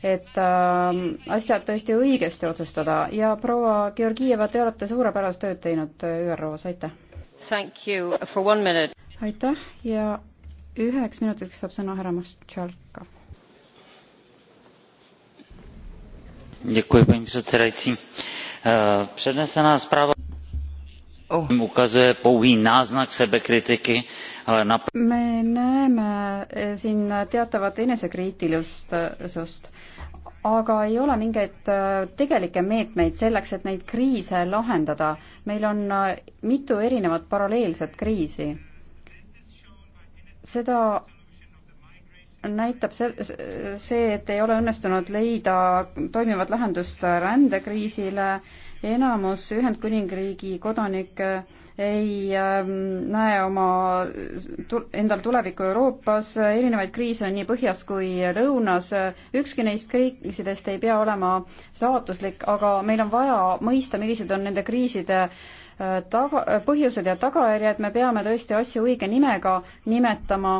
et äh, asjad tõesti õigesti otsustada ja proua Georgieva, te olete suurepärast tööd teinud ÜRO-s, aitäh! aitäh ja üheks minutiks saab sõna härra Mastšalka. Děkuji, paní předsedající. Eh, přednesená zpráva oh. ukazuje pouhý náznak sebekritiky, ale na... me näeme eh, siin teatavat enesekriitilisust, eh, aga ei ole mingeid äh, tegelikke meetmeid selleks, et neid kriise lahendada. meil on äh, mitu erinevat paralleelset kriisi. seda näitab see, see, et ei ole õnnestunud leida toimivat lahendust rändekriisile, enamus Ühendkuningriigi kodanikke ei ähm, näe oma, endal tulevikku Euroopas, erinevaid kriise on nii põhjas kui lõunas, ükski neist kriisidest ei pea olema saatuslik, aga meil on vaja mõista, millised on nende kriiside äh, taga, põhjused ja tagajärjed, me peame tõesti asju õige nimega nimetama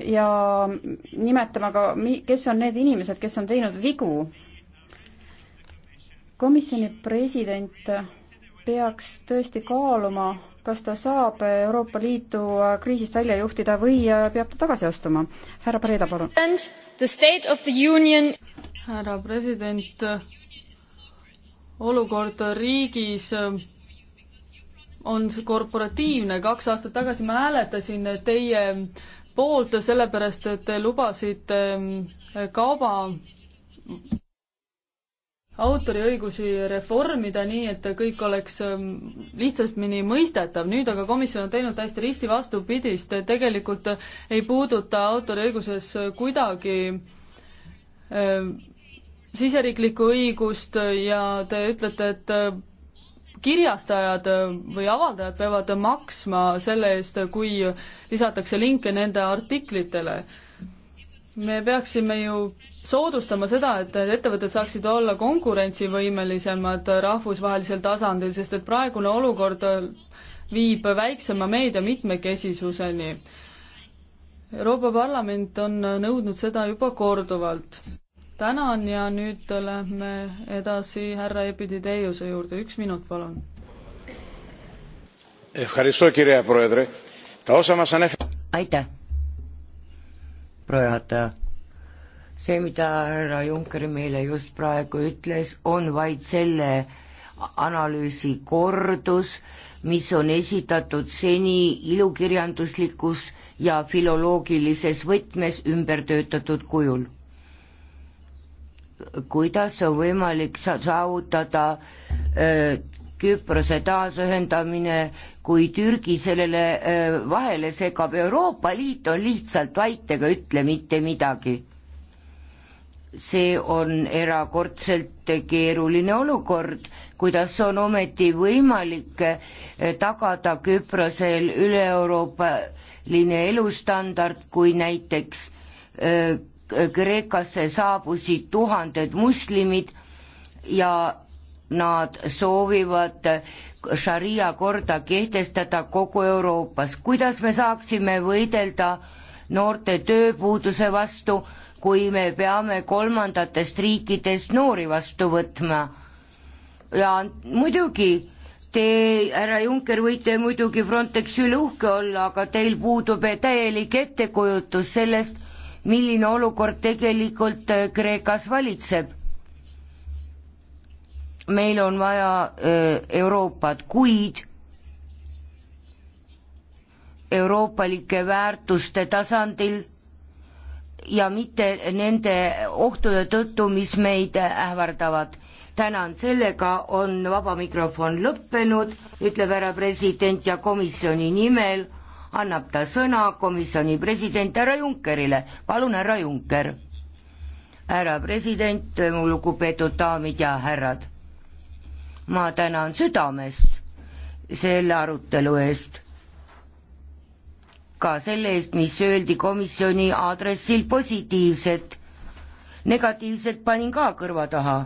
ja nimetama ka, kes on need inimesed, kes on teinud vigu komisjoni president peaks tõesti kaaluma, kas ta saab Euroopa Liitu kriisist välja juhtida või peab ta tagasi astuma. härra Preda, palun. härra president, olukord riigis on korporatiivne, kaks aastat tagasi ma hääletasin teie poolt, sellepärast et te lubasite ähm, kauba autoriõigusi reformida nii, et kõik oleks ähm, lihtsamini mõistetav, nüüd aga komisjon on teinud täiesti risti vastupidist, tegelikult ei puuduta autoriõiguses kuidagi ähm, siseriiklikku õigust ja te ütlete, et äh, kirjastajad või avaldajad peavad maksma selle eest, kui lisatakse linke nende artiklitele me peaksime ju soodustama seda, et ettevõtted saaksid olla konkurentsivõimelisemad rahvusvahelisel tasandil, sest et praegune olukord viib väiksema meedia mitmekesisuseni. Euroopa Parlament on nõudnud seda juba korduvalt. tänan ja nüüd lähme edasi härra Epiditeiuse juurde, üks minut, palun. aitäh proua juhataja. see, mida härra Juncker meile just praegu ütles, on vaid selle analüüsi kordus, mis on esitatud seni ilukirjanduslikus ja filoloogilises võtmes ümber töötatud kujul. kuidas on võimalik saavutada öö, äh, Küprose taasühendamine, kui Türgi sellele äh, vahele segab, Euroopa Liit on lihtsalt vait ega ütle mitte midagi. see on erakordselt keeruline olukord, kuidas on ometi võimalik äh, tagada Küprosel üle-euroopaline elustandard, kui näiteks äh, Kreekasse saabusid tuhanded moslemid ja nad soovivad šaria korda kehtestada kogu Euroopas. kuidas me saaksime võidelda noorte tööpuuduse vastu, kui me peame kolmandatest riikidest noori vastu võtma? ja muidugi, te, härra Juncker, võite muidugi Frontexi üle uhke olla, aga teil puudub täielik ettekujutus sellest, milline olukord tegelikult Kreekas valitseb meil on vaja Euroopat, kuid euroopalike väärtuste tasandil ja mitte nende ohtude tõttu, mis meid ähvardavad. tänan, sellega on vaba mikrofon lõppenud, ütleb härra president ja komisjoni nimel annab ta sõna komisjoni president härra Junckerile. palun, härra Juncker. härra president, mu lugupeetud daamid ja härrad ma tänan südamest selle arutelu eest. ka selle eest, mis öeldi komisjoni aadressil positiivset. negatiivset panin ka kõrva taha.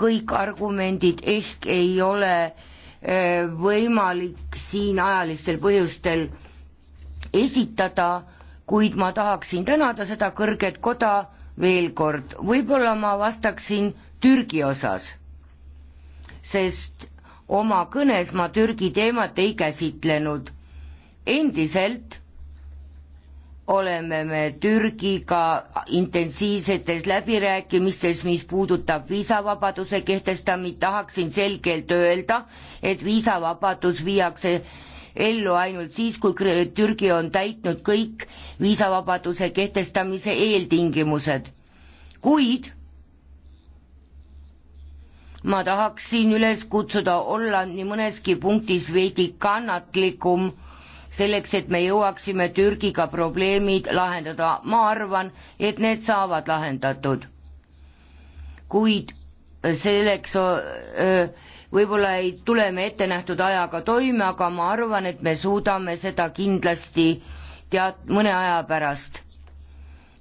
kõik argumendid ehk ei ole võimalik siin ajalistel põhjustel esitada, kuid ma tahaksin tänada seda kõrget koda veel kord, võib-olla ma vastaksin Türgi osas, sest oma kõnes ma Türgi teemat ei käsitlenud. endiselt oleme me Türgiga intensiivsetes läbirääkimistes, mis puudutab viisavabaduse kehtestamist, tahaksin selgelt öelda, et viisavabadus viiakse ellu ainult siis, kui Türgi on täitnud kõik viisavabaduse kehtestamise eeltingimused. kuid ma tahaksin üles kutsuda olla nii mõneski punktis veidi kannatlikum, selleks et me jõuaksime Türgiga probleemid lahendada, ma arvan, et need saavad lahendatud. kuid selleks öö, võib-olla ei tule me ettenähtud ajaga toime, aga ma arvan, et me suudame seda kindlasti tead-, mõne aja pärast.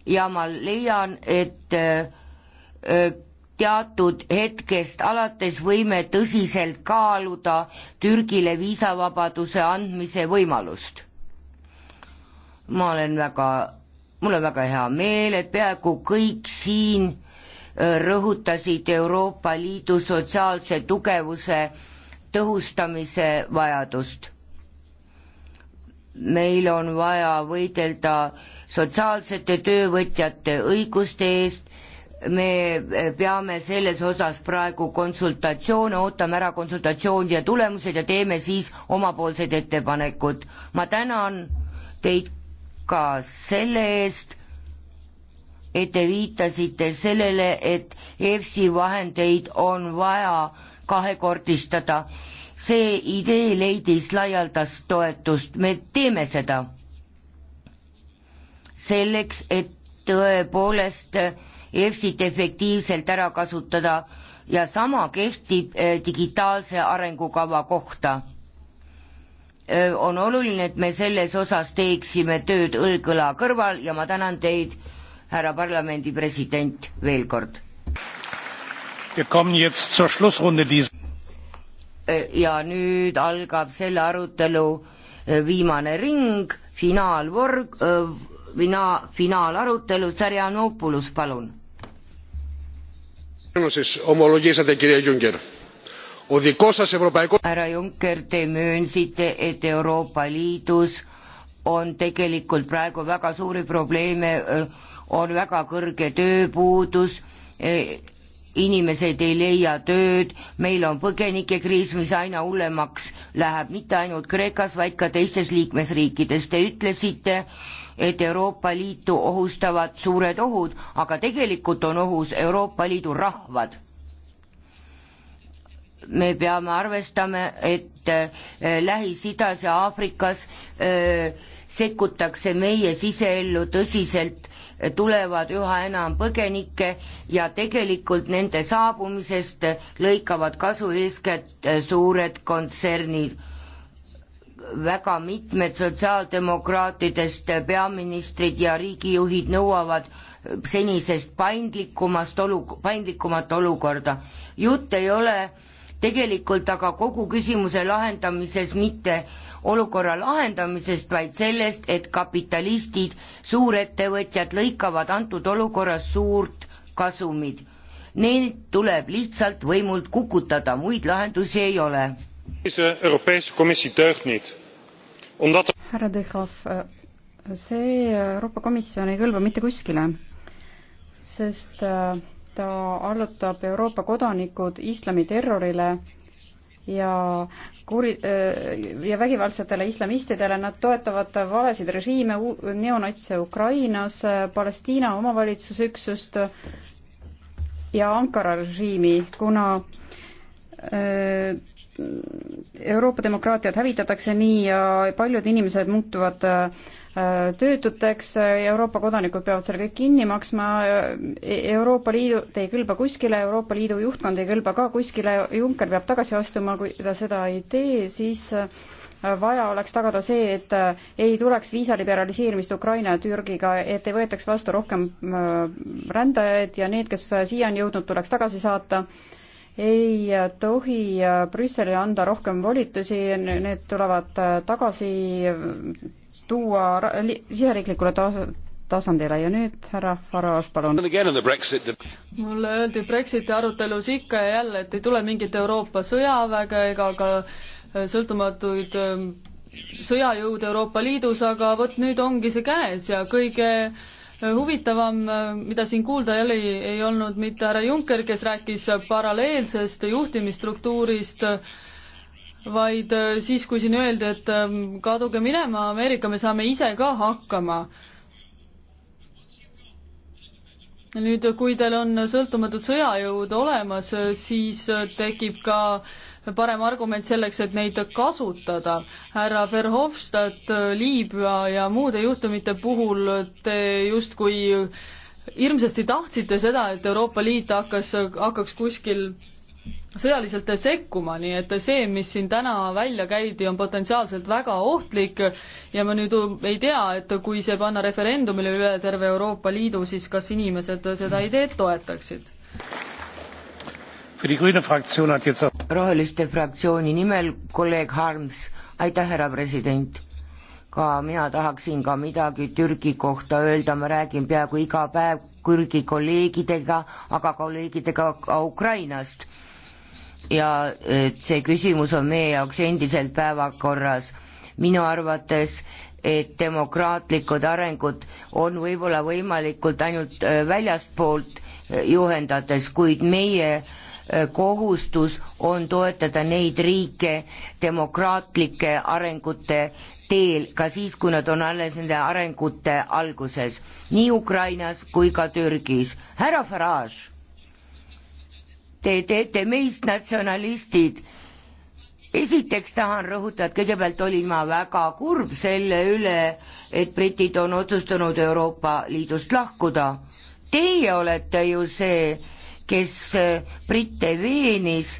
ja ma leian, et äh, äh, teatud hetkest alates võime tõsiselt kaaluda Türgile viisavabaduse andmise võimalust. ma olen väga, mul on väga hea meel, et peaaegu kõik siin rõhutasid Euroopa Liidu sotsiaalse tugevuse tõhustamise vajadust. meil on vaja võidelda sotsiaalsete töövõtjate õiguste eest, me peame selles osas praegu konsultatsioone, ootame ära konsultatsioonide tulemused ja teeme siis omapoolsed ettepanekud. ma tänan teid ka selle eest, et te viitasite sellele, et EFSI vahendeid on vaja kahekordistada. see idee leidis laialdast toetust, me teeme seda. selleks, et tõepoolest EFSit efektiivselt ära kasutada ja sama kehtib äh, digitaalse arengukava kohta. Äh, on oluline, et me selles osas teeksime tööd õlg õla kõrval ja ma tänan teid härra parlamendi president veel kord. Äh, ja nüüd algab selle arutelu äh, viimane ring, finaalvorg, äh, fina-, finaalarutelu, Sarjanopoulos, palun. härra Juncker, te möönsite, et Euroopa Liidus on tegelikult praegu väga suuri probleeme on väga kõrge tööpuudus, e, inimesed ei leia tööd, meil on põgenikekriis, mis aina hullemaks läheb, mitte ainult Kreekas, vaid ka teistes liikmesriikides, te ütlesite, et Euroopa Liitu ohustavad suured ohud, aga tegelikult on ohus Euroopa Liidu rahvad. me peame arvestama, et e, Lähis-Idas ja Aafrikas e, sekkutakse meie siseellu tõsiselt tulevad üha enam põgenikke ja tegelikult nende saabumisest lõikavad kasu eeskätt suured kontsernid. väga mitmed sotsiaaldemokraatidest peaministrid ja riigijuhid nõuavad senisest paindlikumast olu-, paindlikumat olukorda. jutt ei ole tegelikult aga kogu küsimuse lahendamises mitte olukorra lahendamisest, vaid sellest, et kapitalistid, suurettevõtjad lõikavad antud olukorras suurt kasumid. Need tuleb lihtsalt võimult kukutada, muid lahendusi ei ole. Er- härra Tehov, see Euroopa Komisjon ei kõlba mitte kuskile, sest äh, ta allutab Euroopa kodanikud islamiterrorile ja kuri- äh, ja vägivaldsetele islamistidele, nad toetavad valesid režiime, neonatse Ukrainas, Palestiina omavalitsusüksust ja Ankara režiimi, kuna äh, Euroopa demokraatiat hävitatakse nii ja paljud inimesed muutuvad äh, töötuteks, Euroopa kodanikud peavad selle kõik kinni maksma, e-, Euroopa Liidu, te ei kõlba kuskile, Euroopa Liidu juhtkond ei kõlba ka kuskile, Juncker peab tagasi astuma, kui ta seda ei tee, siis vaja oleks tagada see, et ei tuleks viisaliberaliseerimist Ukraina ja Türgiga, et ei võetaks vastu rohkem äh, rändajaid ja need, kes siia on jõudnud, tuleks tagasi saata ei tohi äh, Brüsselile anda rohkem volitusi, need tulevad äh, tagasi tuua siseriiklikule tasa-, tasandile ja nüüd härra Farage, palun. mulle öeldi Brexiti arutelus ikka ja jälle, et ei tule mingit Euroopa sõjaväge ega ka äh, sõltumatuid ähm, sõjajõud Euroopa Liidus, aga vot nüüd ongi see käes ja kõige äh, huvitavam, äh, mida siin kuulda ei ole, ei olnud mitte härra Juncker, kes rääkis paralleelsest juhtimisstruktuurist, vaid äh, siis, kui siin öeldi, et ähm, kaduge minema Ameerika, me saame ise ka hakkama. nüüd, kui teil on sõltumatud sõjajõud olemas, siis äh, tekib ka parem argument selleks, et neid kasutada. härra Verhofstadt äh, Liibüa ja muude juhtumite puhul te justkui hirmsasti tahtsite seda, et Euroopa Liit hakkas, hakkaks kuskil sõjaliselt sekkuma, nii et see, mis siin täna välja käidi, on potentsiaalselt väga ohtlik ja ma nüüd ei tea, et kui see panna referendumile üle terve Euroopa Liidu, siis kas inimesed seda ideed toetaksid? roheliste fraktsiooni nimel kolleeg Harms, aitäh, härra president! ka mina tahaksin ka midagi Türgi kohta öelda, ma räägin peaaegu iga päev Türgi kolleegidega, aga kolleegidega ka Ukrainast ja see küsimus on meie jaoks endiselt päevakorras. minu arvates et demokraatlikud arengud on võib-olla võimalikult ainult äh, väljaspoolt äh, juhendades, kuid meie äh, kohustus on toetada neid riike demokraatlike arengute teel ka siis, kui nad on alles nende arengute alguses, nii Ukrainas kui ka Türgis. härra Farage te teete meist natsionalistid. esiteks tahan rõhutada, et kõigepealt olin ma väga kurb selle üle, et britid on otsustanud Euroopa Liidust lahkuda. Teie olete ju see, kes eh, britte veenis,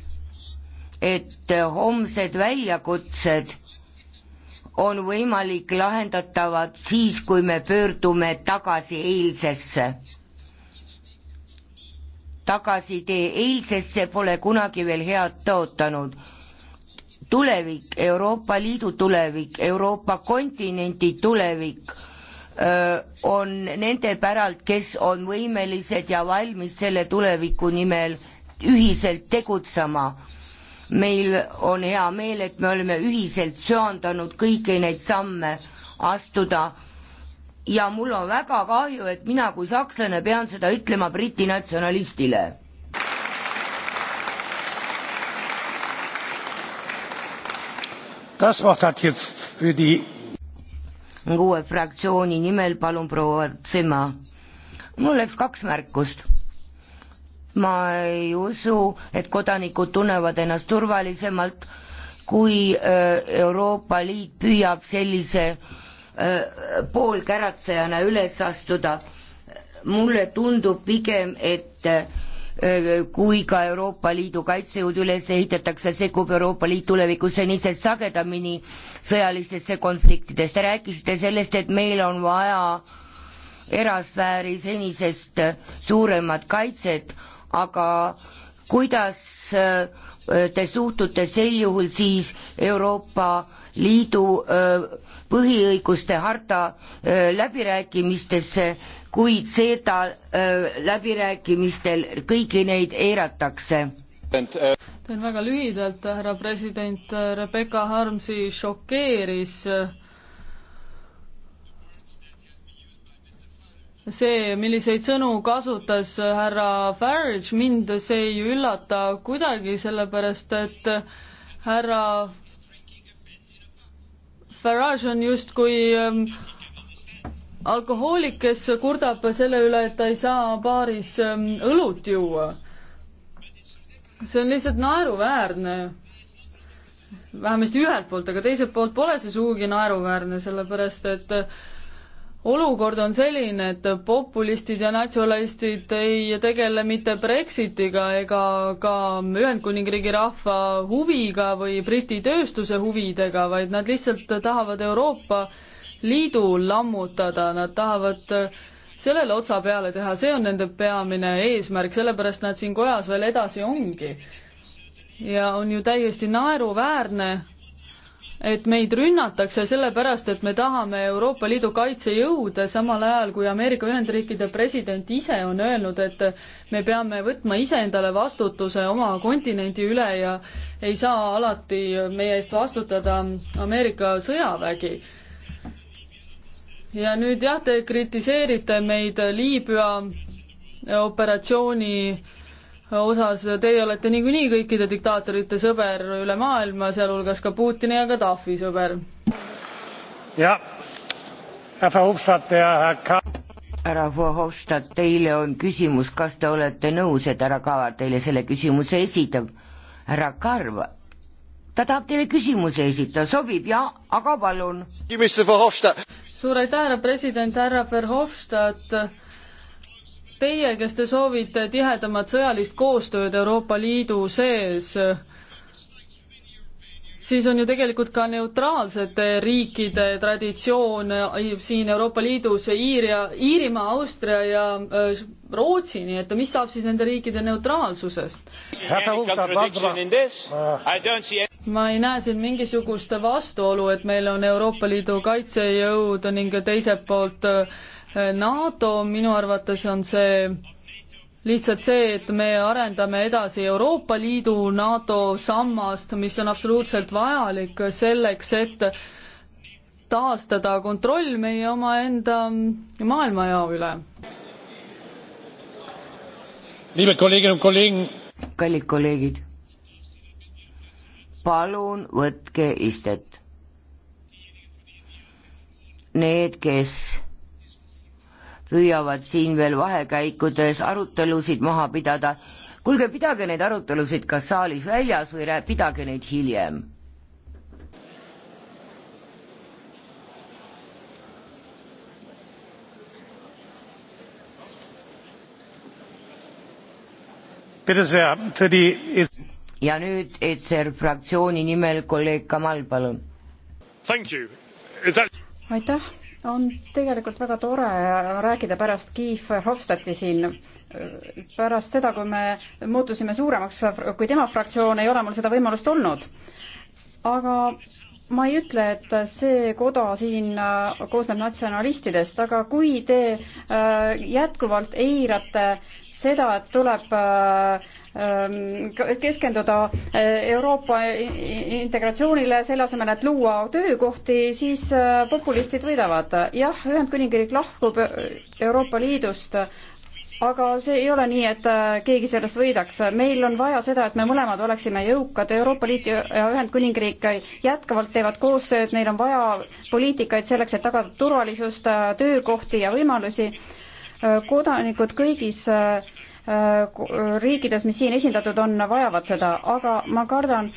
et homsed väljakutsed on võimalik lahendatavad siis, kui me pöördume tagasi eilsesse tagasitee eilsesse pole kunagi veel head tõotanud. tulevik, Euroopa Liidu tulevik, Euroopa kontinendi tulevik öö, on nende päralt, kes on võimelised ja valmis selle tuleviku nimel ühiselt tegutsema. meil on hea meel, et me oleme ühiselt söandanud kõiki neid samme astuda ja mul on väga kahju, et mina kui sakslane pean seda ütlema Briti natsionalistile. Die... uue fraktsiooni nimel palun proua Tsema. mul oleks kaks märkust. ma ei usu, et kodanikud tunnevad ennast turvalisemalt, kui äh, Euroopa Liit püüab sellise äh, Äh, poolkäratsejana üles astuda. mulle tundub pigem, et äh, kui ka Euroopa Liidu kaitsejõud üles ehitatakse, sekkub Euroopa Liit tulevikusse niisest sagedamini sõjalistesse konfliktidesse. Te rääkisite sellest, et meil on vaja erasfääri senisest suuremat kaitset, aga kuidas äh, te suhtute sel juhul siis Euroopa Liidu äh, põhiõiguste harta äh, läbirääkimistesse, kui seda läbirääkimistel kõiki neid eiratakse? teen väga lühidalt, härra president, Rebecca Harmsi šokeeris see, milliseid sõnu kasutas härra Farage, mind see ei üllata kuidagi, sellepärast et härra Farage on justkui ähm, alkohoolik, kes kurdab selle üle, et ta ei saa baaris ähm, õlut juua. see on lihtsalt naeruväärne vähemasti ühelt poolt, aga teiselt poolt pole see sugugi naeruväärne, sellepärast et olukord on selline, et populistid ja natsionalistid ei tegele mitte Brexitiga ega ka Ühendkuningriigi rahva huviga või Briti tööstuse huvidega, vaid nad lihtsalt tahavad Euroopa Liidu lammutada, nad tahavad sellele otsa peale teha, see on nende peamine eesmärk, sellepärast nad siin kojas veel edasi ongi. ja on ju täiesti naeruväärne et meid rünnatakse sellepärast, et me tahame Euroopa Liidu kaitsejõude, samal ajal kui Ameerika Ühendriikide president ise on öelnud, et me peame võtma ise endale vastutuse oma kontinendi üle ja ei saa alati meie eest vastutada Ameerika sõjavägi. ja nüüd jah, te kritiseerite meid Liibüa operatsiooni osas, teie olete niikuinii kõikide diktaatorite sõber üle maailma, sealhulgas ka Putini ja Gaddafi sõber. jah, härra Verhofstadt ja härra härra Verhofstadt, teile on küsimus, kas te olete nõus, et härra Kaar teile selle küsimuse esitab? härra Karv, ta tahab teile küsimuse esitada, sobib jah, aga palun. suur aitäh, härra president, härra Verhofstadt Teie, kes te soovite tihedamat sõjalist koostööd Euroopa Liidu sees, siis on ju tegelikult ka neutraalsete riikide traditsioon siin Euroopa Liidus Iiria, Iirimaa, Austria ja äh, Rootsi, nii et mis saab siis nende riikide neutraalsusest? ma ei näe siin mingisugust vastuolu, et meil on Euroopa Liidu kaitsejõud ning teiselt poolt äh, NATO, minu arvates on see lihtsalt see, et me arendame edasi Euroopa Liidu NATO sammast, mis on absoluutselt vajalik selleks, et taastada kontroll meie omaenda maailmajao üle. kallid kolleegid, palun võtke istet. Need, kes püüavad siin veel vahekäikudes arutelusid maha pidada. kuulge, pidage neid arutelusid kas saalis väljas või pidage neid hiljem. ja nüüd ETSER fraktsiooni nimel kolleeg Kamal, palun. aitäh on tegelikult väga tore rääkida pärast Keith Hofstadti siin pärast seda, kui me muutusime suuremaks kui tema fraktsioon, ei ole mul seda võimalust olnud. aga ma ei ütle, et see koda siin koosneb natsionalistidest, aga kui te äh, jätkuvalt eirate seda, et tuleb äh, Ähm, keskenduda äh, Euroopa integratsioonile, selle asemel, et luua töökohti, siis äh, populistid võidavad. jah, Ühendkuningriik lahkub äh, Euroopa Liidust, aga see ei ole nii, et keegi sellest võidaks. meil on vaja seda, et me mõlemad oleksime jõukad, Euroopa Liit ja Ühendkuningriik jätkuvalt teevad koostööd, neil on vaja poliitikaid selleks, et tagada turvalisust, töökohti ja võimalusi. kodanikud kõigis riikides, mis siin esindatud on, vajavad seda, aga ma kardan,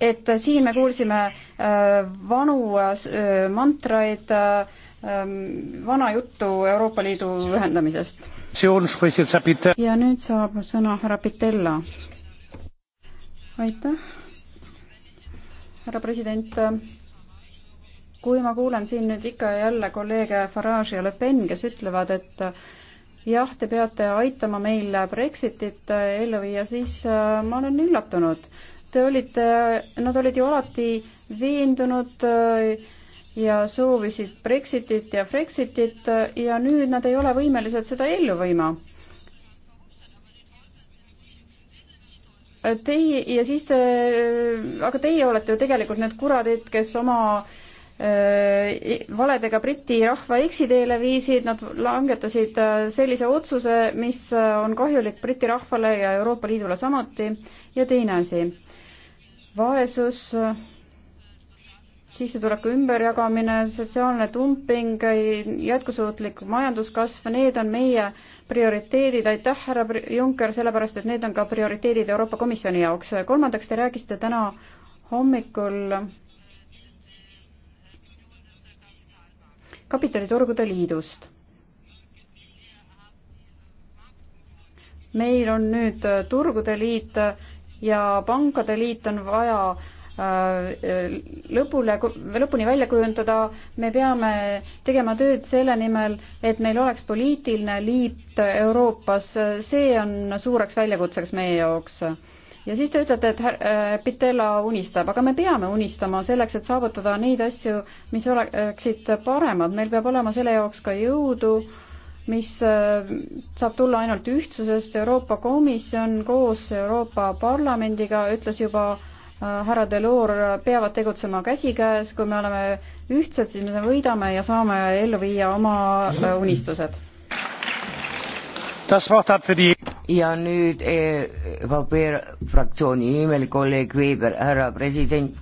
et siin me kuulsime äh, vanu äh, mantraid, äh, vana juttu Euroopa Liidu ühendamisest. ja nüüd saab sõna härra Pitella. aitäh, härra president. kui ma kuulen siin nüüd ikka ja jälle kolleege Farage ja Le Pen, kes ütlevad, et jah, te peate aitama meil Brexitit äh, ellu viia, siis äh, ma olen üllatunud. Te olite, nad olid ju alati veendunud äh, ja soovisid Brexitit ja Brexitit ja nüüd nad ei ole võimelised seda ellu võima teie ja siis te, aga teie olete ju tegelikult need kuradid, kes oma Äh, valedega Briti rahva eksiteele viisid, nad langetasid äh, sellise otsuse, mis äh, on kahjulik Briti rahvale ja Euroopa Liidule samuti. ja teine asi, vaesus, sissetuleku ümberjagamine, sotsiaalne dumping, jätkusuutlik majanduskasv, need on meie prioriteedid, aitäh, härra Juncker, sellepärast et need on ka prioriteedid Euroopa Komisjoni jaoks. kolmandaks, te rääkisite täna hommikul kapitaliturgude liidust. meil on nüüd äh, Turgude Liit ja Pankade Liit on vaja äh, lõpule, lõpuni välja kujundada, me peame tegema tööd selle nimel, et meil oleks poliitiline liit Euroopas, see on suureks väljakutseks meie jaoks ja siis te ütlete, et äh, Pitella unistab, aga me peame unistama selleks, et saavutada neid asju, mis oleksid paremad, meil peab olema selle jaoks ka jõudu, mis äh, saab tulla ainult ühtsusest, Euroopa Komisjon koos Euroopa Parlamendiga ütles juba äh, härra Delors äh, peavad tegutsema käsikäes, kui me oleme ühtsed, siis me võidame ja saame ellu viia oma äh, unistused ja nüüd EVP eh, fraktsiooni nimel kolleeg Weber, härra president,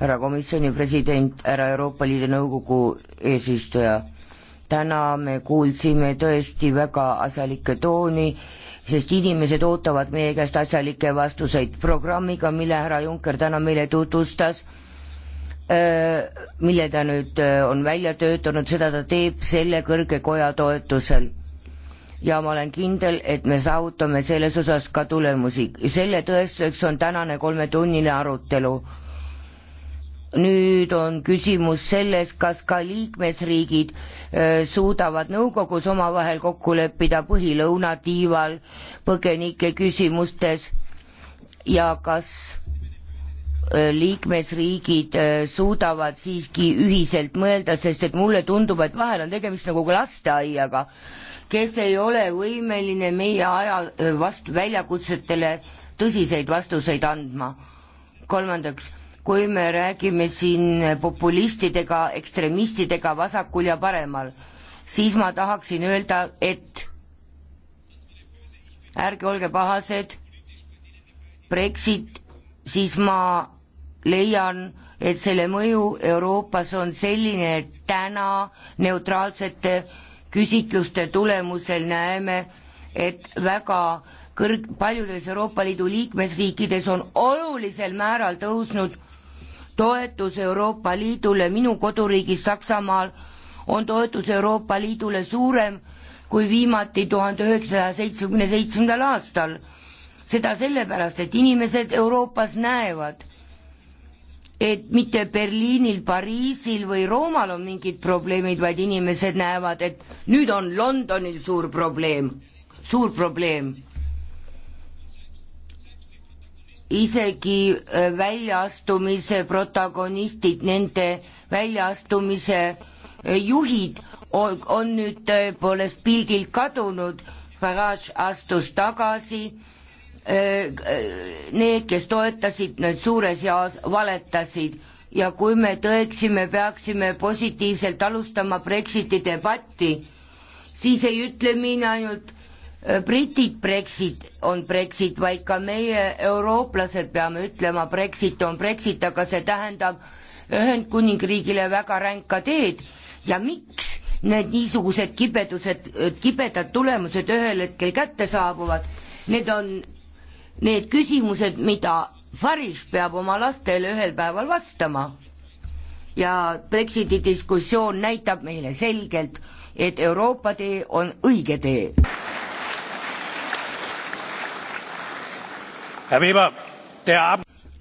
härra komisjoni president, härra Euroopa Liidu Nõukogu eesistuja. täna me kuulsime tõesti väga asjalikke tooni, sest inimesed ootavad meie käest asjalikke vastuseid programmiga, mille härra Juncker täna meile tutvustas eh, mille ta nüüd eh, on välja töötanud, seda ta teeb selle kõrge koja toetusel ja ma olen kindel, et me saavutame selles osas ka tulemusi. selle tõestuseks on tänane kolmetunnine arutelu. nüüd on küsimus selles, kas ka liikmesriigid äh, suudavad nõukogus omavahel kokku leppida põhilõunatiival põgenike küsimustes ja kas äh, liikmesriigid äh, suudavad siiski ühiselt mõelda, sest et mulle tundub, et vahel on tegemist nagu lasteaiaga kes ei ole võimeline meie aja vast-, väljakutsetele tõsiseid vastuseid andma. kolmandaks, kui me räägime siin populistidega, ekstremistidega vasakul ja paremal, siis ma tahaksin öelda, et ärge olge pahased, Brexit, siis ma leian, et selle mõju Euroopas on selline, et täna neutraalsete küsitluste tulemusel näeme, et väga kõrg, paljudes Euroopa Liidu liikmesriikides on olulisel määral tõusnud toetus Euroopa Liidule, minu koduriigis Saksamaal on toetus Euroopa Liidule suurem kui viimati tuhande üheksasaja seitsmekümne seitsmendal aastal. seda sellepärast, et inimesed Euroopas näevad, et mitte Berliinil, Pariisil või Roomal on mingid probleemid, vaid inimesed näevad, et nüüd on Londonil suur probleem, suur probleem. isegi äh, väljaastumise protagonistid, nende väljaastumise äh, juhid on, on nüüd tõepoolest pildilt kadunud, Farage astus tagasi Äh, äh, need, kes toetasid, need suures jaos valetasid ja kui me tõeksime, peaksime positiivselt alustama Brexiti debatti, siis ei ütle mina ainult äh, britid Brexit on Brexit, vaid ka meie, eurooplased, peame ütlema, Brexit on Brexit, aga see tähendab Ühendkuningriigile väga ränka teed ja miks need niisugused kibedused, kibedad tulemused ühel hetkel kätte saabuvad, need on need küsimused, mida Farage peab oma lastele ühel päeval vastama. ja Brexiti diskussioon näitab meile selgelt, et Euroopa tee on õige tee.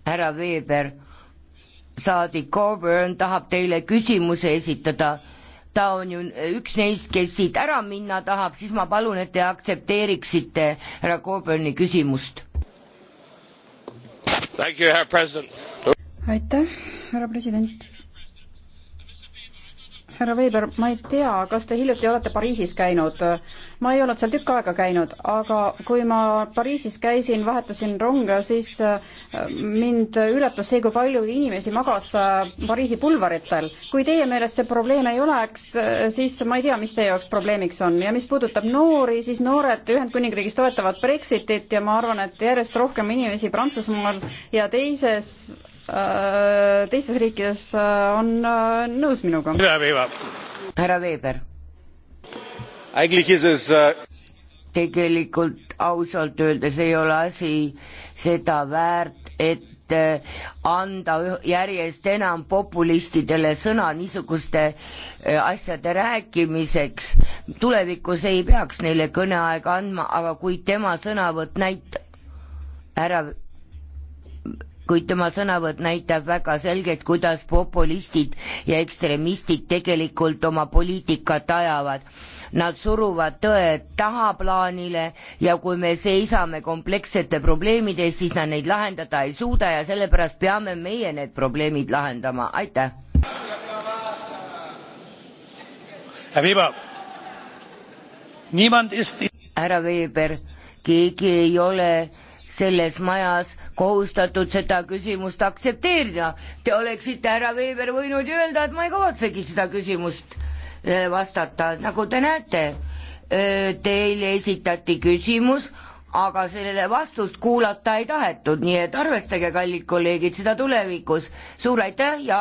härra Weber, saadik Coburn tahab teile küsimuse esitada ta on ju üks neist, kes siit ära minna tahab, siis ma palun, et te aktsepteeriksite härra Coburni küsimust aitäh, härra president. härra Weber, ma ei tea, kas te hiljuti olete Pariisis käinud? ma ei olnud seal tükk aega käinud, aga kui ma Pariisis käisin, vahetasin ronge, siis äh, mind üllatas see, kui palju inimesi magas äh, Pariisi pulvaritel. kui teie meelest see probleem ei oleks, äh, siis ma ei tea, mis teie jaoks probleemiks on ja mis puudutab noori, siis noored Ühendkuningriigis toetavad Brexitit ja ma arvan, et järjest rohkem inimesi Prantsusmaal ja teises teistes riikides on nõus minuga. härra Weber Äh, tegelikult ausalt öeldes ei ole asi seda väärt, et äh, anda järjest enam populistidele sõna niisuguste äh, asjade rääkimiseks. tulevikus ei peaks neile kõneaega andma, aga kui tema sõnavõtt näit-, härra kuid tema sõnavõtt näitab väga selgelt, kuidas populistid ja ekstremistid tegelikult oma poliitikat ajavad. Nad suruvad tõe tahaplaanile ja kui me seisame komplekssete probleemide ees, siis nad neid lahendada ei suuda ja sellepärast peame meie need probleemid lahendama, aitäh. härra Viiba. härra Veeber, keegi ei ole selles majas kohustatud seda küsimust aktsepteerida. Te oleksite, härra Veber, võinud ju öelda, et ma ei kavatsegi seda küsimust äh, vastata, nagu te näete, äh, teile esitati küsimus, aga sellele vastust kuulata ei tahetud, nii et arvestage, kallid kolleegid, seda tulevikus. suur aitäh ja